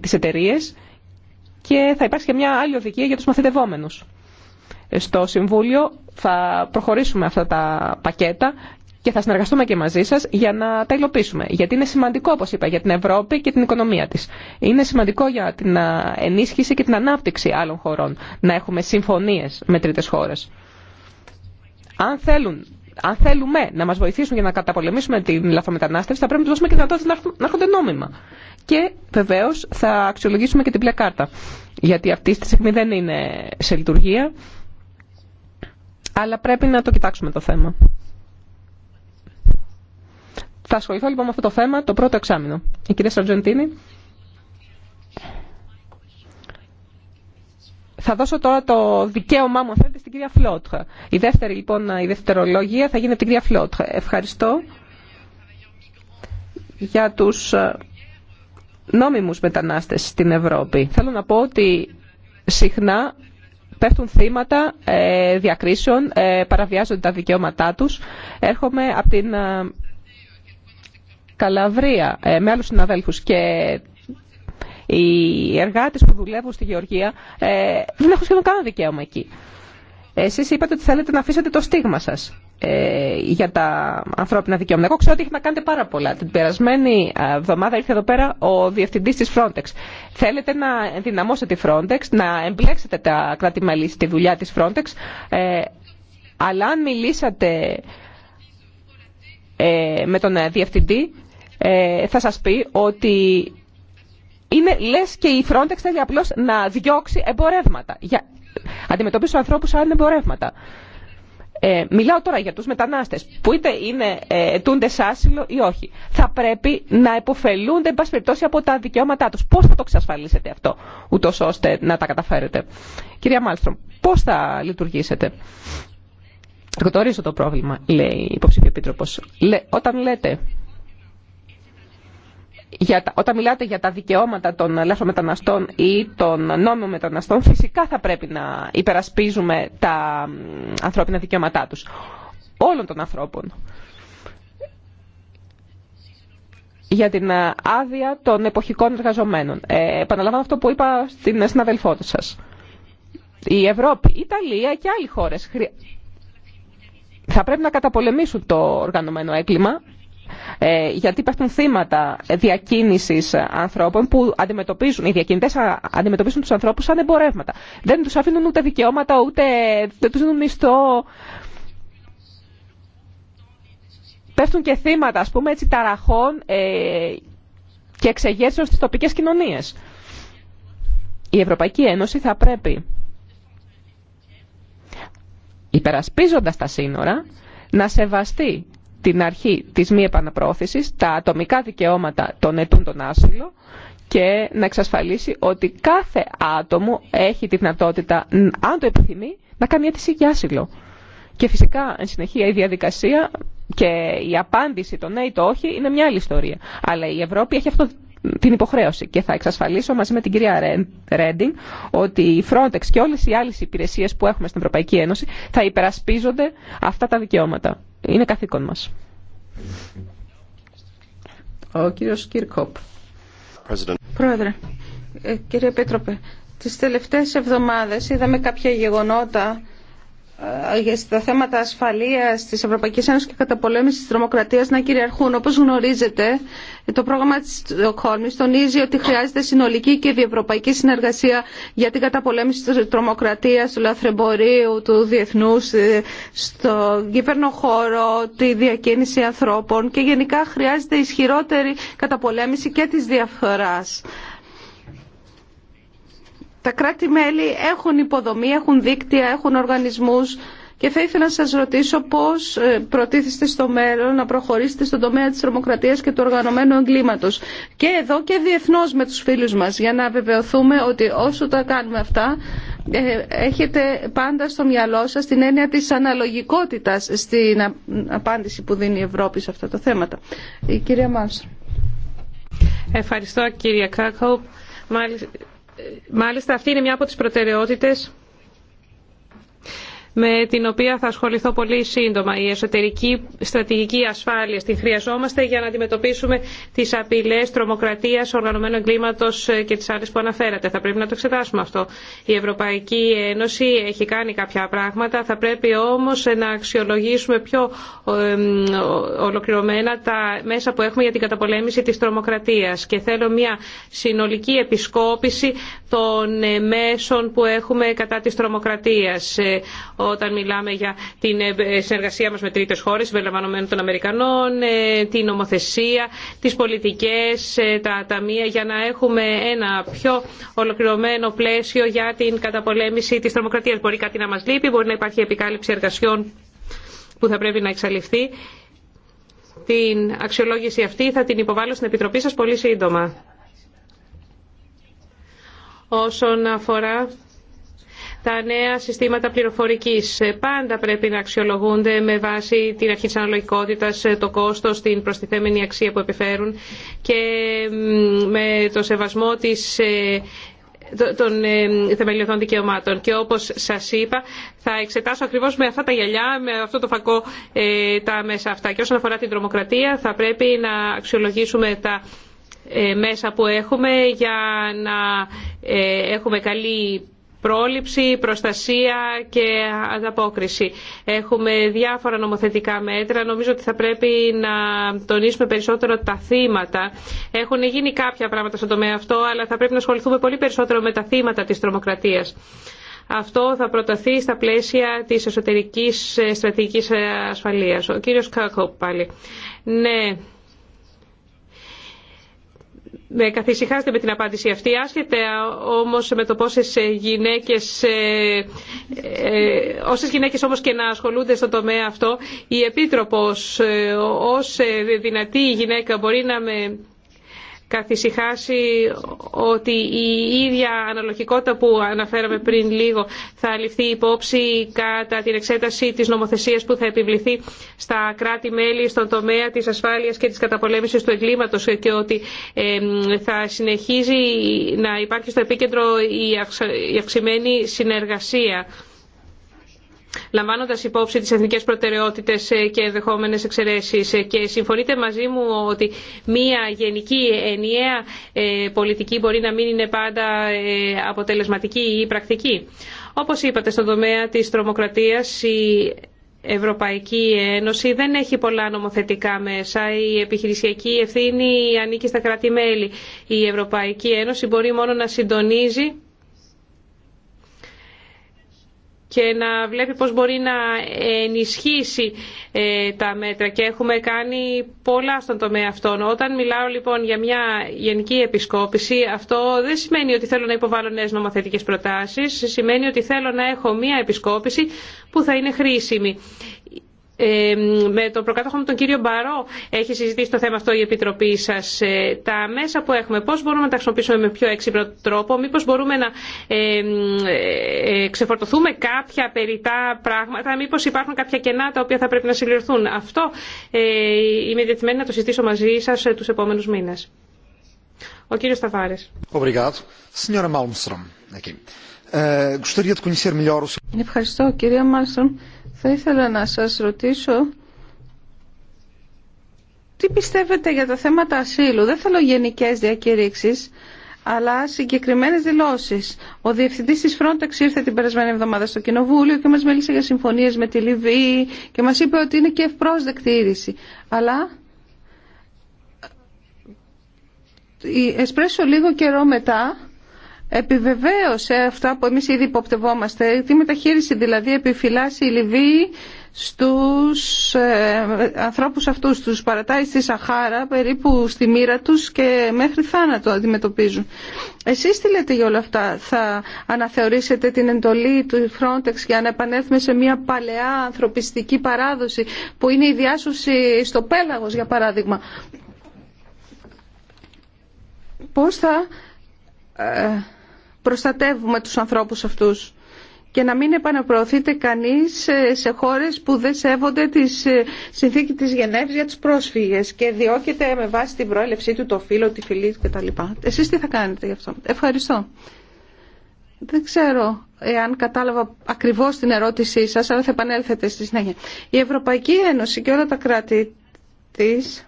τι εταιρείε και θα υπάρξει και μια άλλη οδηγία για τους μαθητευόμενους. Στο Συμβούλιο θα προχωρήσουμε αυτά τα πακέτα και θα συνεργαστούμε και μαζί σα για να τα υλοποιήσουμε. Γιατί είναι σημαντικό, όπω είπα, για την Ευρώπη και την οικονομία τη. Είναι σημαντικό για την ενίσχυση και την ανάπτυξη άλλων χωρών να έχουμε συμφωνίε με τρίτε χώρε. Αν θέλουν αν θέλουμε να μα βοηθήσουν για να καταπολεμήσουμε την λαθρομετανάστευση, θα πρέπει να του δώσουμε και δυνατότητα να έρχονται νόμιμα. Και βεβαίω θα αξιολογήσουμε και την πλέον κάρτα. Γιατί αυτή τη στιγμή δεν είναι σε λειτουργία. Αλλά πρέπει να το κοιτάξουμε το θέμα. Θα ασχοληθώ λοιπόν με αυτό το θέμα το πρώτο εξάμεινο. Η κυρία Σαρτζεντίνη. Θα δώσω τώρα το δικαίωμά μου, αν θέλετε, στην κυρία Φλότχα. Η δεύτερη, λοιπόν, η δευτερολογία θα γίνει από την κυρία Φλότχα. Ευχαριστώ για τους ε, νόμιμους μετανάστες στην Ευρώπη. Θέλω να πω ότι συχνά πέφτουν θύματα ε, διακρίσεων, ε, παραβιάζονται τα δικαιώματά τους. Έρχομαι από την Καλαβρία ε, με άλλους συναδέλφους και οι εργάτες που δουλεύουν στη Γεωργία ε, δεν έχουν σχεδόν κανένα δικαίωμα εκεί. Εσείς είπατε ότι θέλετε να αφήσετε το στίγμα σας ε, για τα ανθρώπινα δικαιώματα. Εγώ ξέρω ότι έχετε να κάνετε πάρα πολλά. Την περασμένη ε, εβδομάδα ήρθε εδώ πέρα ο διευθυντής της Frontex. Θέλετε να ενδυναμώσετε τη Frontex, να εμπλέξετε τα κράτη-μέλη στη δουλειά της Frontex, ε, αλλά αν μιλήσατε ε, με τον διευθυντή, ε, θα σας πει ότι είναι λες και η Frontex θέλει απλώς να διώξει εμπορεύματα. Για... Αντιμετωπίσει τους ανθρώπους σαν εμπορεύματα. Ε, μιλάω τώρα για τους μετανάστες που είτε είναι ετούνται σε άσυλο ή όχι. Θα πρέπει να υποφελούνται εν πάση περιπτώσει από τα δικαιώματά τους. Πώς θα το εξασφαλίσετε αυτό ούτως ώστε να τα καταφέρετε. Κυρία Μάλστρομ, πώς θα λειτουργήσετε. Γνωρίζω το πρόβλημα, λέει η υποψήφια επίτροπο. όταν λέτε για όταν μιλάτε για τα δικαιώματα των ελεύθερων μεταναστών ή των νόμιων μεταναστών, φυσικά θα πρέπει να υπερασπίζουμε τα ανθρώπινα δικαιώματά τους. Όλων των ανθρώπων. Για την ε, άδεια των εποχικών εργαζομένων. Ε, επαναλαμβάνω αυτό που είπα στην συναδελφό σας. Η Ευρώπη, η Ιταλία και άλλοι χώρες θα πρέπει να καταπολεμήσουν το οργανωμένο έγκλημα ε, γιατί υπάρχουν θύματα διακίνησης ανθρώπων που αντιμετωπίζουν, οι διακινητέ αντιμετωπίζουν τους ανθρώπους σαν εμπορεύματα. Δεν τους αφήνουν ούτε δικαιώματα, ούτε δεν τους δίνουν μισθό. Πέφτουν και θύματα, α πούμε, έτσι ταραχών ε, και εξεγέρσεων στις τοπικέ κοινωνίε. Η Ευρωπαϊκή Ένωση θα πρέπει, υπερασπίζοντας τα σύνορα, να σεβαστεί την αρχή της μη επαναπρόθεσης, τα ατομικά δικαιώματα των ετούν τον άσυλο και να εξασφαλίσει ότι κάθε άτομο έχει τη δυνατότητα, αν το επιθυμεί, να κάνει αίτηση για άσυλο. Και φυσικά, εν συνεχεία, η διαδικασία και η απάντηση το ναι ή το όχι είναι μια άλλη ιστορία. Αλλά η Ευρώπη έχει αυτό την υποχρέωση και θα εξασφαλίσω μαζί με την κυρία Ρέντινγκ ότι η Frontex και όλες οι άλλες υπηρεσίες που έχουμε στην Ευρωπαϊκή Ένωση θα υπερασπίζονται αυτά τα δικαιώματα είναι καθήκον μας. Ο κύριος Κίρκοπ. Πρόεδρε, ε, κύριε Πέτροπε, τις τελευταίες εβδομάδες είδαμε κάποια γεγονότα ε, για τα θέματα ασφαλείας της Ευρωπαϊκής Ένωσης και καταπολέμησης της τρομοκρατίας να κυριαρχούν. Όπως γνωρίζετε, το πρόγραμμα της Στοκχόλμης τονίζει ότι χρειάζεται συνολική και διευρωπαϊκή συνεργασία για την καταπολέμηση της τρομοκρατίας, του λαθρεμπορίου, του διεθνούς, ε, στον κύπερνο χώρο, τη διακίνηση ανθρώπων και γενικά χρειάζεται ισχυρότερη καταπολέμηση και της διαφοράς. Τα κράτη-μέλη έχουν υποδομή, έχουν δίκτυα, έχουν οργανισμούς και θα ήθελα να σας ρωτήσω πώς ε, προτίθεστε στο μέλλον να προχωρήσετε στον τομέα της τρομοκρατίας και του οργανωμένου εγκλήματος και εδώ και διεθνώς με τους φίλους μας για να βεβαιωθούμε ότι όσο τα κάνουμε αυτά ε, έχετε πάντα στο μυαλό σας την έννοια της αναλογικότητας στην απάντηση που δίνει η Ευρώπη σε αυτά τα θέματα. Η κυρία Μάνστρο. Ευχαριστώ κυρία Μάλιστα, μάλιστα αυτή είναι μια από τις προτεραιότητες με την οποία θα ασχοληθώ πολύ σύντομα. Η εσωτερική στρατηγική ασφάλεια την χρειαζόμαστε για να αντιμετωπίσουμε τι απειλέ τρομοκρατία, οργανωμένου εγκλήματο και τι άλλε που αναφέρατε. Θα πρέπει να το εξετάσουμε αυτό. Η Ευρωπαϊκή Ένωση έχει κάνει κάποια πράγματα. Θα πρέπει όμω να αξιολογήσουμε πιο ολοκληρωμένα τα μέσα που έχουμε για την καταπολέμηση τη τρομοκρατία. Και θέλω μια συνολική επισκόπηση των μέσων που έχουμε κατά τη τρομοκρατία όταν μιλάμε για την ε, συνεργασία μας με τρίτες χώρες, συμπεριλαμβανομένων των Αμερικανών, ε, την νομοθεσία, τις πολιτικές, ε, τα ταμεία, για να έχουμε ένα πιο ολοκληρωμένο πλαίσιο για την καταπολέμηση της τρομοκρατίας. Μπορεί κάτι να μας λείπει, μπορεί να υπάρχει επικάλυψη εργασιών που θα πρέπει να εξαλειφθεί. Την αξιολόγηση αυτή θα την υποβάλω στην Επιτροπή σας πολύ σύντομα. Όσον αφορά τα νέα συστήματα πληροφορικής. Πάντα πρέπει να αξιολογούνται με βάση την αρχή τη αναλογικότητα, το κόστος, την προστιθέμενη αξία που επιφέρουν και με το σεβασμό της ε, των ε, θεμελιωδών δικαιωμάτων. Και όπως σας είπα, θα εξετάσω ακριβώς με αυτά τα γυαλιά, με αυτό το φακό ε, τα μέσα αυτά. Και όσον αφορά την τρομοκρατία, θα πρέπει να αξιολογήσουμε τα μέσα που έχουμε για να έχουμε καλή πρόληψη, προστασία και ανταπόκριση. Έχουμε διάφορα νομοθετικά μέτρα. Νομίζω ότι θα πρέπει να τονίσουμε περισσότερο τα θύματα. Έχουν γίνει κάποια πράγματα στον τομέα αυτό, αλλά θα πρέπει να ασχοληθούμε πολύ περισσότερο με τα θύματα της τρομοκρατίας. Αυτό θα προταθεί στα πλαίσια της εσωτερικής ε, στρατηγικής ε, ασφαλείας. Ο κύριος Κάκο πάλι. Ναι, με ναι, καθησυχάστε με την απάντηση αυτή, άσχετα όμως με το πόσες ε, γυναίκες, ε, ε, όσες γυναίκες όμως και να ασχολούνται στο τομέα αυτό, η Επίτροπος ως δυνατή γυναίκα μπορεί να με καθησυχάσει ότι η ίδια αναλογικότητα που αναφέραμε πριν λίγο θα ληφθεί υπόψη κατά την εξέταση της νομοθεσίας που θα επιβληθεί στα κράτη-μέλη στον τομέα της ασφάλειας και της καταπολέμησης του εγκλήματος και ότι θα συνεχίζει να υπάρχει στο επίκεντρο η αυξημένη συνεργασία λαμβάνοντα υπόψη τι εθνικέ προτεραιότητε ε, και ενδεχόμενε εξαιρέσει. Ε, και συμφωνείτε μαζί μου ότι μία γενική ενιαία ε, πολιτική μπορεί να μην είναι πάντα αποτελεσματική ή πρακτική. Όπως είπατε, στον τομέα της τρομοκρατίας η Ευρωπαϊκή Ένωση δεν έχει πολλά νομοθετικά μέσα. Η επιχειρησιακή ευθύνη ανήκει στα κράτη-μέλη. Η Ευρωπαϊκή Ένωση μπορεί μόνο να συντονίζει και να βλέπει πώς μπορεί να ενισχύσει ε, τα μέτρα και έχουμε κάνει πολλά στον τομέα αυτόν. Όταν μιλάω λοιπόν για μια γενική επισκόπηση, αυτό δεν σημαίνει ότι θέλω να υποβάλω νέε νομοθετικέ προτάσεις, σημαίνει ότι θέλω να έχω μια επισκόπηση που θα είναι χρήσιμη με τον προκάτοχο μου τον κύριο Μπαρό έχει συζητήσει το θέμα αυτό η Επιτροπή σας. Ε, τα μέσα που έχουμε, πώς μπορούμε να τα χρησιμοποιήσουμε με πιο έξυπνο τρόπο, μήπως μπορούμε να ε, ε, ξεφορτωθούμε κάποια περιτά πράγματα, μήπως υπάρχουν κάποια κενά τα οποία θα πρέπει να συλληρωθούν. Αυτό είμαι διατημένη να το συζητήσω μαζί σας τους επόμενους μήνες. Ο κύριος Σταφάρης eh, Ευχαριστώ κύριε Μάλστρομ. Θα ήθελα να σας ρωτήσω τι πιστεύετε για τα θέματα ασύλου. Δεν θέλω γενικές διακήρυξεις, αλλά συγκεκριμένες δηλώσεις. Ο διευθυντής της Frontex ήρθε την περασμένη εβδομάδα στο Κοινοβούλιο και μας μίλησε για συμφωνίες με τη Λιβύη και μας είπε ότι είναι και ευπρόσδεκτη είδηση. Αλλά εσπρέσω λίγο καιρό μετά επιβεβαίωσε αυτά που εμείς ήδη υποπτευόμαστε, τη μεταχείριση δηλαδή επιφυλάσσει η Λιβύη στους ε, ανθρώπους αυτούς, τους παρατάει στη Σαχάρα περίπου στη μοίρα τους και μέχρι θάνατο αντιμετωπίζουν. Εσείς τι λέτε για όλα αυτά, θα αναθεωρήσετε την εντολή του Frontex για να επανέλθουμε σε μια παλαιά ανθρωπιστική παράδοση που είναι η διάσωση στο πέλαγος για παράδειγμα. Πώς θα... Ε, προστατεύουμε τους ανθρώπους αυτούς και να μην επαναπροωθείται κανείς ε, σε χώρες που δεν σέβονται τη ε, συνθήκη της Γενέβης για τις πρόσφυγες και διώκεται με βάση την προέλευσή του, το φίλο, τη φιλή κτλ. Εσείς τι θα κάνετε γι' αυτό. Ευχαριστώ. Δεν ξέρω εάν κατάλαβα ακριβώς την ερώτησή σας, αλλά θα επανέλθετε στη συνέχεια. Η Ευρωπαϊκή Ένωση και όλα τα κράτη της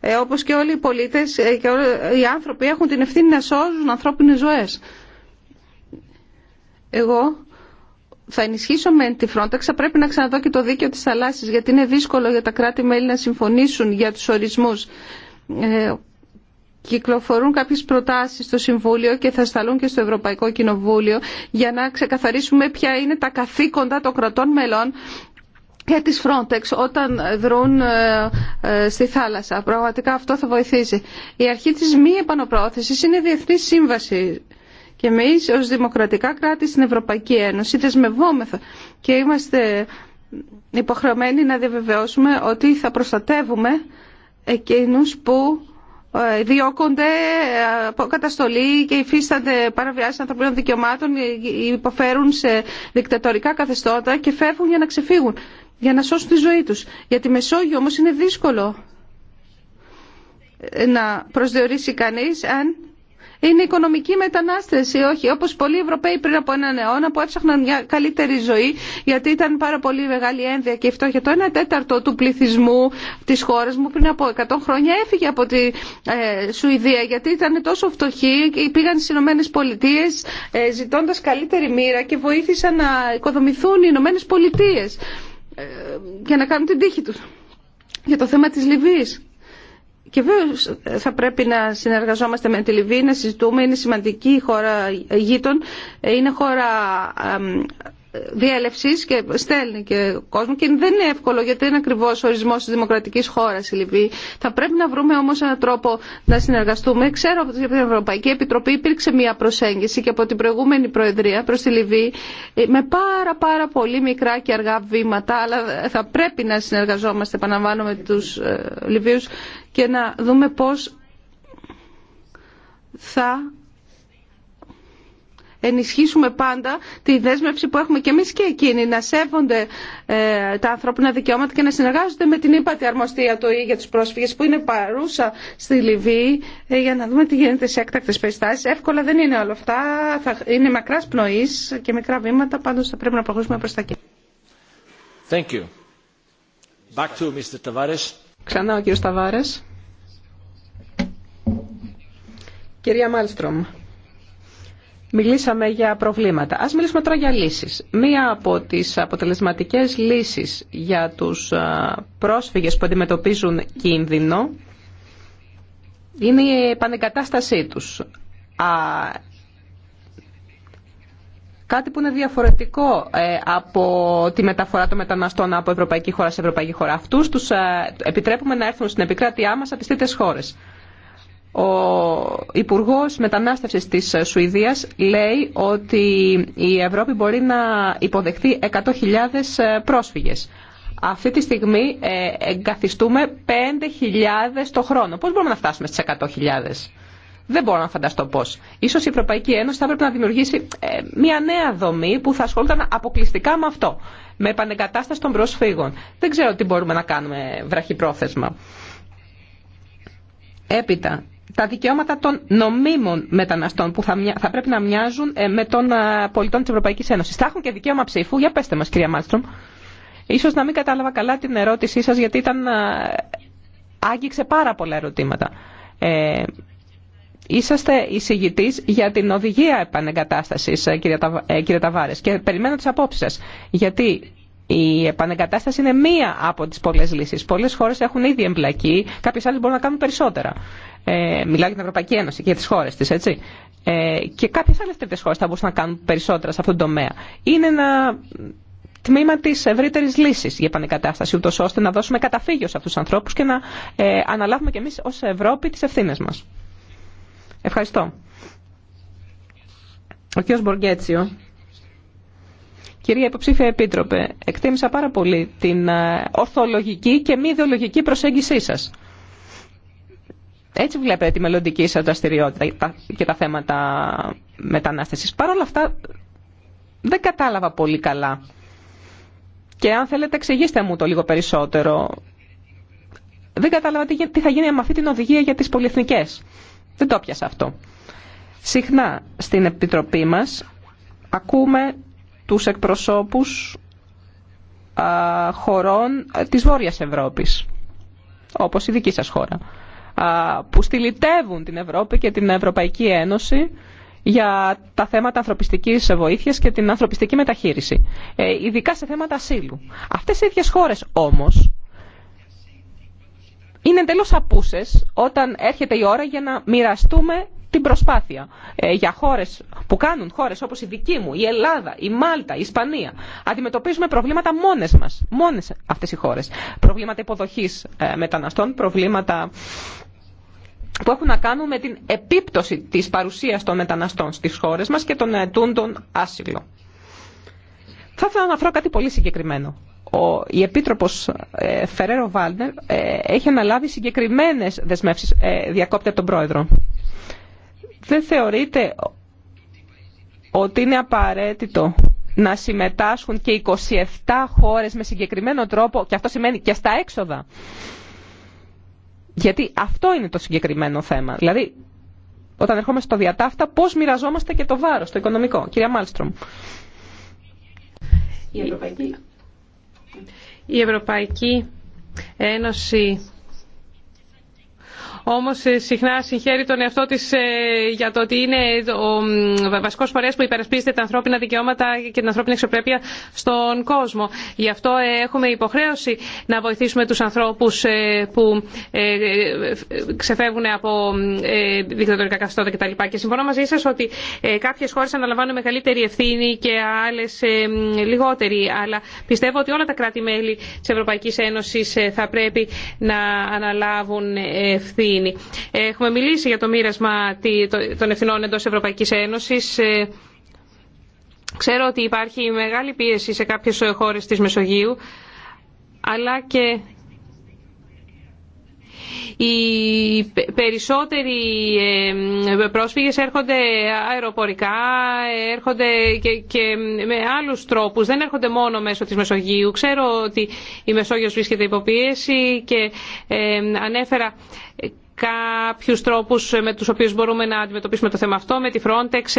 ε, όπως και όλοι οι πολίτες ε, και οι άνθρωποι έχουν την ευθύνη να σώζουν ανθρώπινες ζωές. Εγώ θα ενισχύσω με τη Frontex, θα πρέπει να ξαναδώ και το δίκαιο της θαλάσσης, γιατί είναι δύσκολο για τα κράτη-μέλη να συμφωνήσουν για τους ορισμούς. Ε, κυκλοφορούν κάποιες προτάσεις στο Συμβούλιο και θα σταλούν και στο Ευρωπαϊκό Κοινοβούλιο για να ξεκαθαρίσουμε ποια είναι τα καθήκοντα των κρατών μελών και της Frontex όταν δρούν ε, ε, στη θάλασσα. Πραγματικά αυτό θα βοηθήσει. Η αρχή της μη επανοπρόθεσης είναι διεθνή σύμβαση και εμεί ως δημοκρατικά κράτη στην Ευρωπαϊκή Ένωση δεσμευόμεθα και είμαστε υποχρεωμένοι να διαβεβαιώσουμε ότι θα προστατεύουμε εκείνους που ε, διώκονται από καταστολή και υφίστανται παραβιάσεις ανθρωπίνων δικαιωμάτων, υποφέρουν σε δικτατορικά καθεστώτα και φεύγουν για να ξεφύγουν για να σώσουν τη ζωή τους. Για τη Μεσόγειο όμως είναι δύσκολο να προσδιορίσει κανείς αν είναι οικονομική μετανάστευση ή όχι. Όπως πολλοί Ευρωπαίοι πριν από έναν αιώνα που έψαχναν μια καλύτερη ζωή γιατί ήταν πάρα πολύ μεγάλη ένδια και φτώχεια. Το 1 τέταρτο του πληθυσμού της χώρας μου πριν από 100 χρόνια έφυγε από τη ε, Σουηδία γιατί ήταν τόσο φτωχοί και πήγαν στις Ηνωμένε Πολιτείε ε, ζητώντας καλύτερη μοίρα και βοήθησαν να οικοδομηθούν οι Ηνωμένε Πολιτείε. Ε, για να κάνουν την τύχη τους. Για το θέμα της Λιβύης. Και βέβαια ε, θα πρέπει να συνεργαζόμαστε με τη Λιβύη, να συζητούμε. Είναι σημαντική η χώρα γείτον. Ε, είναι χώρα διέλευση και στέλνει και κόσμο και δεν είναι εύκολο γιατί είναι ακριβώ ο ορισμό της δημοκρατικής χώρας η Λιβύη. Θα πρέπει να βρούμε όμω έναν τρόπο να συνεργαστούμε. Ξέρω από την Ευρωπαϊκή Επιτροπή υπήρξε μια προσέγγιση και από την προηγούμενη Προεδρία προ τη Λιβύη ε, με πάρα πάρα πολύ μικρά και αργά βήματα αλλά θα πρέπει να συνεργαζόμαστε επαναλαμβάνω με τους ε, Λιβύους και να δούμε πώ θα ενισχύσουμε πάντα τη δέσμευση που έχουμε και εμείς και εκείνοι να σέβονται ε, τα ανθρώπινα δικαιώματα και να συνεργάζονται με την ύπατη αρμοστία του ΙΕ για τους πρόσφυγες που είναι παρούσα στη Λιβύη ε, για να δούμε τι γίνεται σε έκτακτες περιστάσεις. Εύκολα δεν είναι όλα αυτά, θα είναι μακράς πνοής και μικρά βήματα, πάντως θα πρέπει να προχωρήσουμε προς τα εκεί. Ξανά ο κύριος Ταβάρες. Κυρία Μάλστρομ. Μιλήσαμε για προβλήματα. Ας μιλήσουμε τώρα για λύσεις. Μία από τις αποτελεσματικές λύσεις για τους πρόσφυγες που αντιμετωπίζουν κίνδυνο είναι η επανεγκατάστασή τους. Κάτι που είναι διαφορετικό ε, από τη μεταφορά των μεταναστών από ευρωπαϊκή χώρα σε ευρωπαϊκή χώρα. Αυτούς τους επιτρέπουμε να έρθουν στην επικράτειά μας από τις χώρες. Ο Υπουργό Μετανάστευση τη Σουηδία λέει ότι η Ευρώπη μπορεί να υποδεχθεί 100.000 ε, πρόσφυγε. Αυτή τη στιγμή ε, εγκαθιστούμε 5.000 το χρόνο. Πώ μπορούμε να φτάσουμε στι 100.000. Δεν μπορώ να φανταστώ πώ. σω η Ευρωπαϊκή Ένωση θα έπρεπε να δημιουργήσει ε, μια νέα δομή που θα ασχολούνταν αποκλειστικά με αυτό. Με επανεγκατάσταση των προσφύγων. Δεν ξέρω τι μπορούμε να κάνουμε βραχυπρόθεσμα. Έπειτα, τα δικαιώματα των νομίμων μεταναστών που θα, θα πρέπει να μοιάζουν ε, με των ε, πολιτών της Ευρωπαϊκής Ένωσης. Θα έχουν και δικαίωμα ψήφου. Για πέστε μας κυρία Μάλστρομ. Ίσως να μην κατάλαβα καλά την ερώτησή σας γιατί ήταν, ε, άγγιξε πάρα πολλά ερωτήματα. Ε, είσαστε εισηγητή για την οδηγία επανεγκατάσταση, κύριε Ταβάρε, και περιμένω τι απόψει σα. Γιατί η επανεγκατάσταση είναι μία από τις πολλές λύσεις. Πολλές χώρες έχουν ήδη εμπλακεί, κάποιες άλλες μπορούν να κάνουν περισσότερα. Ε, μιλάω για την Ευρωπαϊκή Ένωση και για τις χώρες της, έτσι. Ε, και κάποιες άλλες τρίτες χώρες θα μπορούσαν να κάνουν περισσότερα σε αυτόν τον τομέα. Είναι ένα τμήμα τη ευρύτερη λύση για επανεκατάσταση, ούτω ώστε να δώσουμε καταφύγιο σε αυτού του ανθρώπου και να ε, αναλάβουμε κι εμεί ω Ευρώπη τι ευθύνε μα. Ευχαριστώ. Ο κ. Μποργκέτσιο Κυρία Υποψήφια Επίτροπε, εκτίμησα πάρα πολύ την ε, ορθολογική και μη ιδεολογική προσέγγισή σας. Έτσι βλέπετε τη μελλοντική σας δραστηριότητα και τα θέματα μετανάστευσης. Παρ' όλα αυτά δεν κατάλαβα πολύ καλά. Και αν θέλετε εξηγήστε μου το λίγο περισσότερο. Δεν κατάλαβα τι θα γίνει με αυτή την οδηγία για τις πολυεθνικές. Δεν το πιάσα αυτό. Συχνά στην Επιτροπή μας ακούμε τους εκπροσώπους χωρών ε, της Βόρειας Ευρώπης, όπως η δική σας χώρα, που στυλιτεύουν την Ευρώπη και την Ευρωπαϊκή Ένωση για τα θέματα ανθρωπιστικής βοήθειας και την ανθρωπιστική μεταχείριση, ε, ειδικά σε θέματα ασύλου. Αυτές οι ίδιες χώρες όμως είναι εντελώς απούσες όταν έρχεται η ώρα για να μοιραστούμε την προσπάθεια ε, για χώρες που κάνουν χώρες όπως η δική μου, η Ελλάδα, η Μάλτα, η Ισπανία. Αντιμετωπίζουμε προβλήματα μόνες μας, μόνες αυτές οι χώρες. Προβλήματα υποδοχής ε, μεταναστών, προβλήματα που έχουν να κάνουν με την επίπτωση της παρουσίας των μεταναστών στις χώρες μας και των ετούντων άσυλο. Θα ήθελα να αναφέρω κάτι πολύ συγκεκριμένο. Ο, η Επίτροπος ε, Φεραίρο Βάλνερ ε, έχει αναλάβει συγκεκριμένες δεσμεύσεις, ε, από τον Πρόεδρο δεν θεωρείτε ότι είναι απαραίτητο να συμμετάσχουν και 27 χώρες με συγκεκριμένο τρόπο και αυτό σημαίνει και στα έξοδα. Γιατί αυτό είναι το συγκεκριμένο θέμα. Δηλαδή, όταν ερχόμαστε στο διατάφτα, πώς μοιραζόμαστε και το βάρος, το οικονομικό. Κυρία Μάλστρομ. Η Ευρωπαϊκή, Η Ευρωπαϊκή Ένωση Όμω, ε, συχνά συγχαίρει τον εαυτό της ε, για το ότι είναι ο βασικό φορέα που υπερασπίζεται τα ανθρώπινα δικαιώματα και την ανθρώπινη αξιοπρέπεια στον κόσμο. Γι' αυτό ε, έχουμε υποχρέωση να βοηθήσουμε τους ανθρώπους που ξεφεύγουν από δικτατορικά καθεστώτα κτλ. Και συμφωνώ μαζί σα ότι κάποιε χώρε αναλαμβάνουν μεγαλύτερη ευθύνη και άλλες λιγότερη. Αλλά πιστεύω ότι όλα τα κράτη-μέλη της Ευρωπαϊκής Ένωσης θα πρέπει να αναλάβουν ευθύνη γίνει. Έχουμε μιλήσει για το μοίρασμα των ευθυνών εντός Ευρωπαϊκής Ένωσης. Ε, ξέρω ότι υπάρχει μεγάλη πίεση σε κάποιες χώρες της Μεσογείου, αλλά και οι περισσότεροι ε, πρόσφυγες έρχονται αεροπορικά, έρχονται και, με άλλους τρόπους, δεν έρχονται μόνο μέσω της Μεσογείου. Ξέρω ότι η Μεσόγειος βρίσκεται υποπίεση και ε, ανέφερα κάποιους τρόπους με τους οποίους μπορούμε να αντιμετωπίσουμε το θέμα αυτό, με τη Frontex,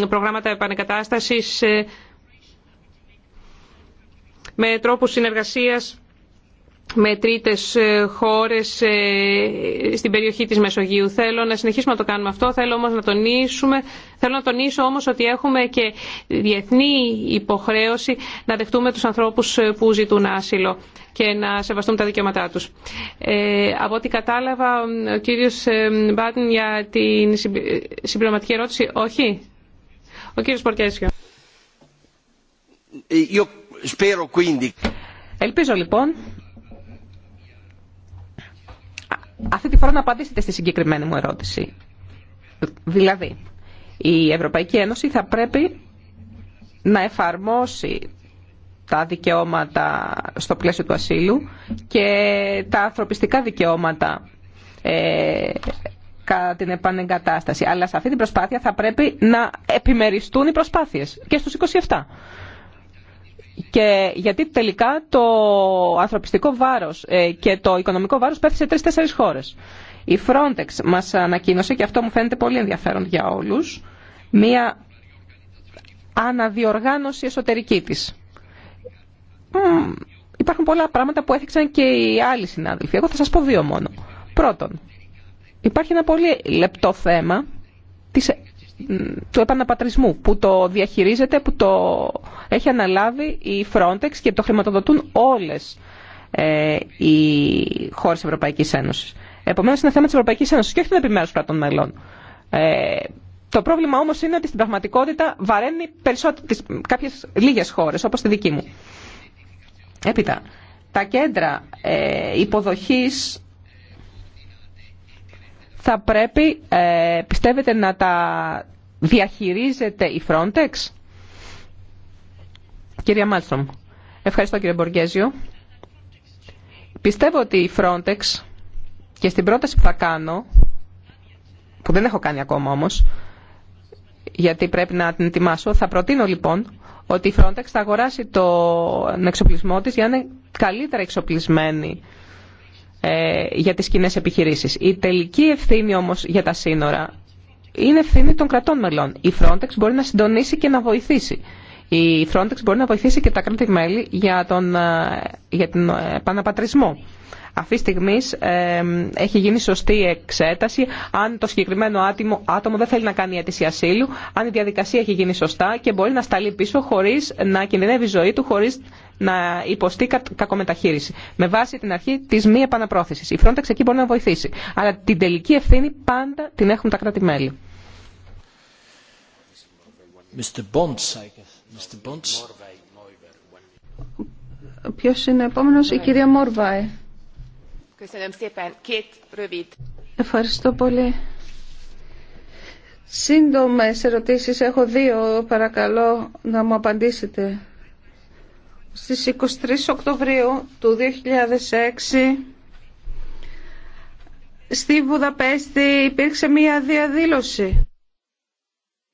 με προγράμματα επανεκατάσταση ε, με τρόπους συνεργασίας με τρίτες ε, χώρες ε, στην περιοχή της Μεσογείου. Θέλω να συνεχίσουμε να το κάνουμε αυτό, θέλω όμως να τονίσουμε, θέλω να τονίσω όμως ότι έχουμε και διεθνή υποχρέωση να δεχτούμε τους ανθρώπους ε, που ζητούν άσυλο και να σεβαστούμε τα δικαιώματά τους. Ε, από ό,τι κατάλαβα, ο κύριος Μπάτιν για την συμπληρωματική ερώτηση, όχι. Ο κύριος Πορκέσιο. Ελπίζω λοιπόν αυτή τη φορά να απαντήσετε στη συγκεκριμένη μου ερώτηση. Δηλαδή, η Ευρωπαϊκή Ένωση θα πρέπει να εφαρμόσει τα δικαιώματα στο πλαίσιο του ασύλου και τα ανθρωπιστικά δικαιώματα ε, κατά την επανεγκατάσταση. Αλλά σε αυτή την προσπάθεια θα πρέπει να επιμεριστούν οι προσπάθειες και στους 27. Και γιατί τελικά το ανθρωπιστικό βάρος ε, και το οικονομικό βάρος πέφτει σε τρεις-τέσσερις χώρες. Η Frontex μας ανακοίνωσε, και αυτό μου φαίνεται πολύ ενδιαφέρον για όλους, μία αναδιοργάνωση εσωτερική της. υπάρχουν πολλά πράγματα που έθιξαν και οι άλλοι συνάδελφοι. Εγώ θα σας πω δύο μόνο. Πρώτον, υπάρχει ένα πολύ λεπτό θέμα της του επαναπατρισμού που το διαχειρίζεται, που το έχει αναλάβει η Frontex και το χρηματοδοτούν όλες ε, οι χώρες Ευρωπαϊκής Ένωσης. Επομένως είναι θέμα της Ευρωπαϊκής Ένωσης και όχι των επιμέρους κρατών μελών. Ε, το πρόβλημα όμως είναι ότι στην πραγματικότητα βαραίνει περισσότερες, κάποιες λίγες χώρες όπως τη δική μου. Έπειτα, τα κέντρα ε, υποδοχής θα πρέπει, ε, πιστεύετε, να τα διαχειρίζεται η Frontex. Κυρία Μάλστρομ, ευχαριστώ κύριε Μποργέζιο. Πιστεύω ότι η Frontex και στην πρόταση που θα κάνω, που δεν έχω κάνει ακόμα όμως, γιατί πρέπει να την ετοιμάσω, θα προτείνω λοιπόν ότι η Frontex θα αγοράσει τον εξοπλισμό της για να είναι καλύτερα εξοπλισμένη ε, για τις κοινέ επιχειρήσεις. Η τελική ευθύνη όμως για τα σύνορα είναι ευθύνη των κρατών μελών. Η Frontex μπορεί να συντονίσει και να βοηθήσει. Η Frontex μπορεί να βοηθήσει και τα κράτη-μέλη για τον, ε, για τον ε, επαναπατρισμό. Αυτή τη στιγμή έχει γίνει σωστή εξέταση αν το συγκεκριμένο άτομο, άτομο δεν θέλει να κάνει αίτηση ασύλου, αν η διαδικασία έχει γίνει σωστά και μπορεί να σταλεί πίσω χωρίς να κινδυνεύει η ζωή του, χωρίς να υποστεί κακομεταχείριση. Με βάση την αρχή τη μη επαναπρόθεση. Η Frontex εκεί μπορεί να βοηθήσει. Αλλά την τελική ευθύνη πάντα την έχουν τα κράτη-μέλη. Ποιο είναι επόμενο, η κυρία Μόρβαε. Ευχαριστώ πολύ. Σύντομες ερωτήσεις έχω δύο, παρακαλώ να μου απαντήσετε. Στις 23 Οκτωβρίου του 2006 στη Βουδαπέστη υπήρξε μία διαδήλωση